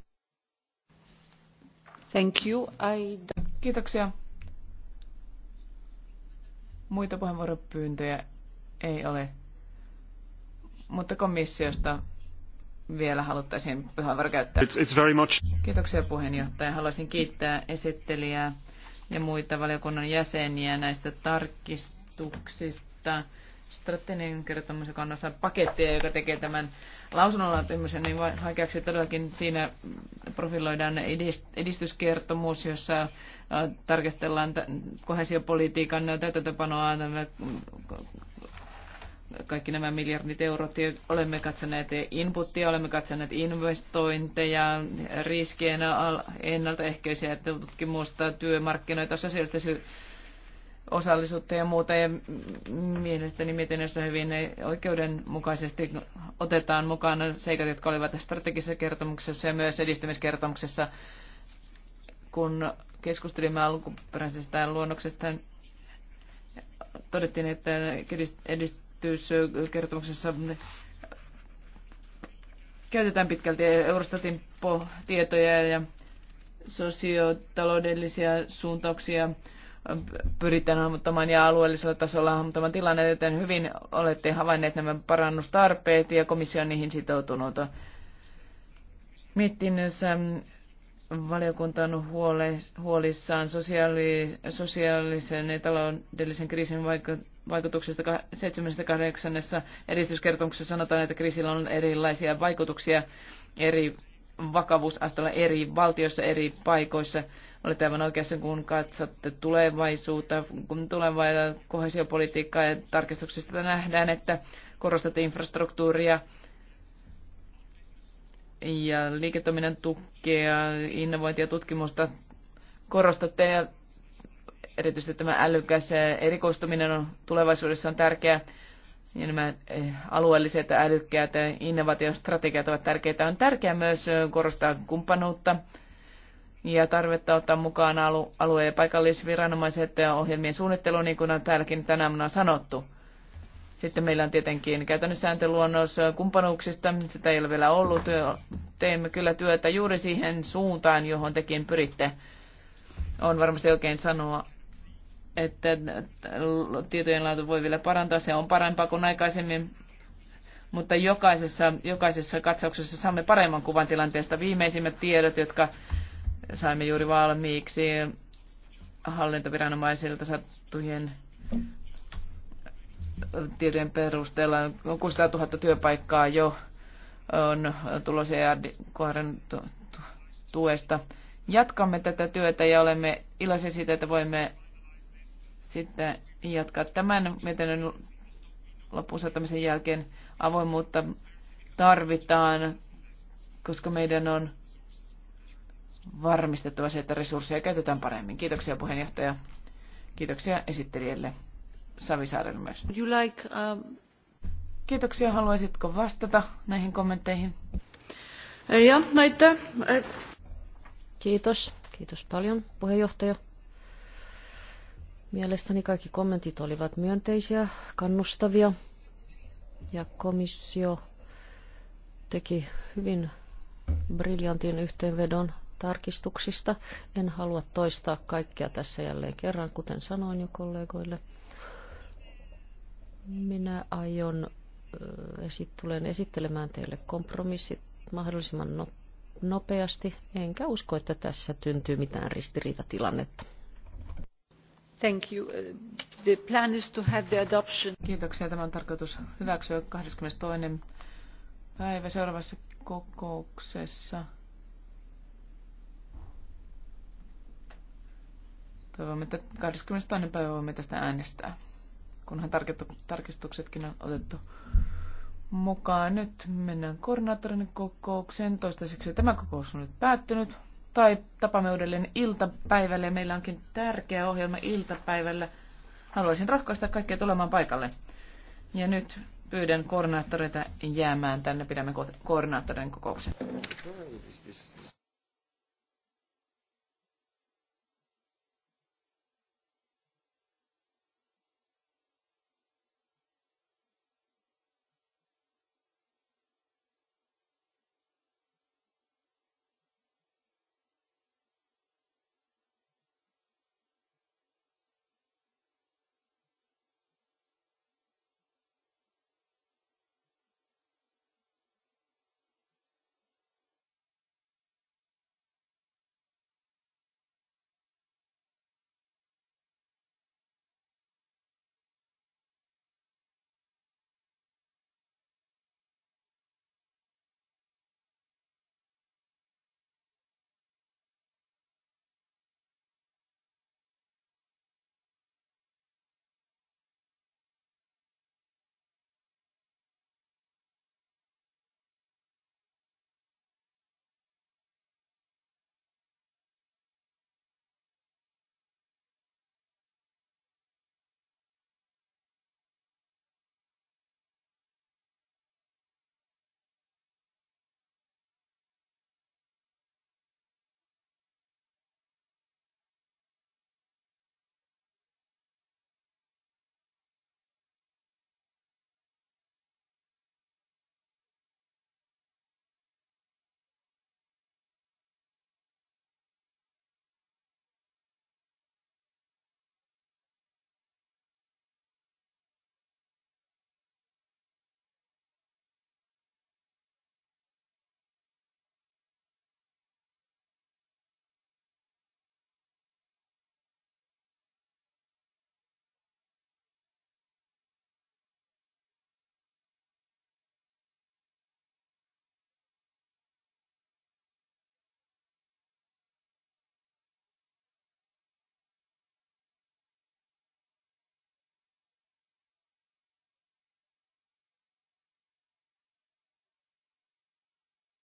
Thank you. I... Kiitoksia. Muita puheenvuoropyyntöjä ei ole, mutta komissiosta vielä haluttaisiin puheenvuoro käyttää. It's, it's very much... Kiitoksia puheenjohtaja. Haluaisin kiittää esittelijää ja muita valiokunnan jäseniä näistä tarkistuksista strateginen kertomus, joka on osa pakettia, joka tekee tämän lausunnonlaatimisen, niin vaikeaksi todellakin siinä profiloidaan edistyskertomus, jossa tarkastellaan kohesiopolitiikan täytäntöpanoa kaikki nämä miljardit eurot. Olemme katsoneet inputtia, olemme katsoneet investointeja, riskien ennaltaehkäisiä tutkimusta, työmarkkinoita, sosiaalista osallisuutta ja muuta. Ja mielestäni mietinnössä hyvin oikeudenmukaisesti otetaan mukaan seikat, jotka olivat strategisessa kertomuksessa ja myös edistämiskertomuksessa. Kun keskustelimme alkuperäisestä luonnoksesta, todettiin, että edistyskertomuksessa käytetään pitkälti Eurostatin tietoja ja sosiotaloudellisia suuntauksia pyritään hahmottamaan ja alueellisella tasolla hahmottamaan tilanne, joten hyvin olette havainneet nämä parannustarpeet ja komissio on niihin sitoutunut. Mietinnössä valiokunta on huole, huolissaan sosiaali, sosiaalisen ja taloudellisen kriisin vaikutuksesta 78. edistyskertomuksessa sanotaan, että kriisillä on erilaisia vaikutuksia eri vakavuusasteella eri valtioissa, eri paikoissa. Olette aivan oikeassa, kun katsotte tulevaisuutta, kun tulevaisuutta kohesiopolitiikkaa ja tarkistuksista nähdään, että korostatte infrastruktuuria ja liiketoiminnan tukea, innovointia ja tutkimusta korostatte ja erityisesti tämä älykäs erikoistuminen on, tulevaisuudessa on tärkeää ja nämä eh, alueelliset älykkäät innovaatiostrategiat ovat tärkeitä. On tärkeää myös eh, korostaa kumppanuutta ja tarvetta ottaa mukaan alue- ja paikallisviranomaiset ja eh, ohjelmien suunnittelu, niin kuin on täälläkin tänä aamuna sanottu. Sitten meillä on tietenkin käytännössä sääntöluonnos kumppanuuksista, sitä ei ole vielä ollut. Teemme kyllä työtä juuri siihen suuntaan, johon tekin pyritte. On varmasti oikein sanoa, että tietojen laatu voi vielä parantaa. Se on parempaa kuin aikaisemmin, mutta jokaisessa, jokaisessa katsauksessa saamme paremman kuvan tilanteesta. Viimeisimmät tiedot, jotka saimme juuri valmiiksi hallintoviranomaisilta sattujen tietojen perusteella, on 600 000 työpaikkaa jo on tulossa e kohdan tuesta. Jatkamme tätä työtä ja olemme iloisia siitä, että voimme sitten jatkaa tämän mietinnön loppuun jälkeen. Avoimuutta tarvitaan, koska meidän on varmistettava se, että resursseja käytetään paremmin. Kiitoksia puheenjohtaja. Kiitoksia esittelijälle Savisaarelle myös. Would you like, um... Kiitoksia. Haluaisitko vastata näihin kommentteihin? Ja, näitä. Äh, Kiitos. Kiitos paljon, puheenjohtaja. Mielestäni kaikki kommentit olivat myönteisiä, kannustavia ja komissio teki hyvin briljantin yhteenvedon tarkistuksista. En halua toistaa kaikkea tässä jälleen kerran, kuten sanoin jo kollegoille. Minä aion, esit, tulen esittelemään teille kompromissit mahdollisimman no-, nopeasti, enkä usko, että tässä tyntyy mitään ristiriitatilannetta. Kiitoksia. Tämä on tarkoitus hyväksyä 22. päivä seuraavassa kokouksessa. Toivomme, että 22. päivä voimme tästä äänestää, kunhan tarkistuksetkin on otettu mukaan. Nyt mennään koordinaattorin kokoukseen. Toistaiseksi tämä kokous on nyt päättynyt tai tapamme uudelleen iltapäivälle. Meillä onkin tärkeä ohjelma iltapäivällä. Haluaisin rohkaista kaikkia tulemaan paikalle. Ja nyt pyydän koordinaattoreita jäämään tänne. Pidämme koordinaattoreiden kokouksen.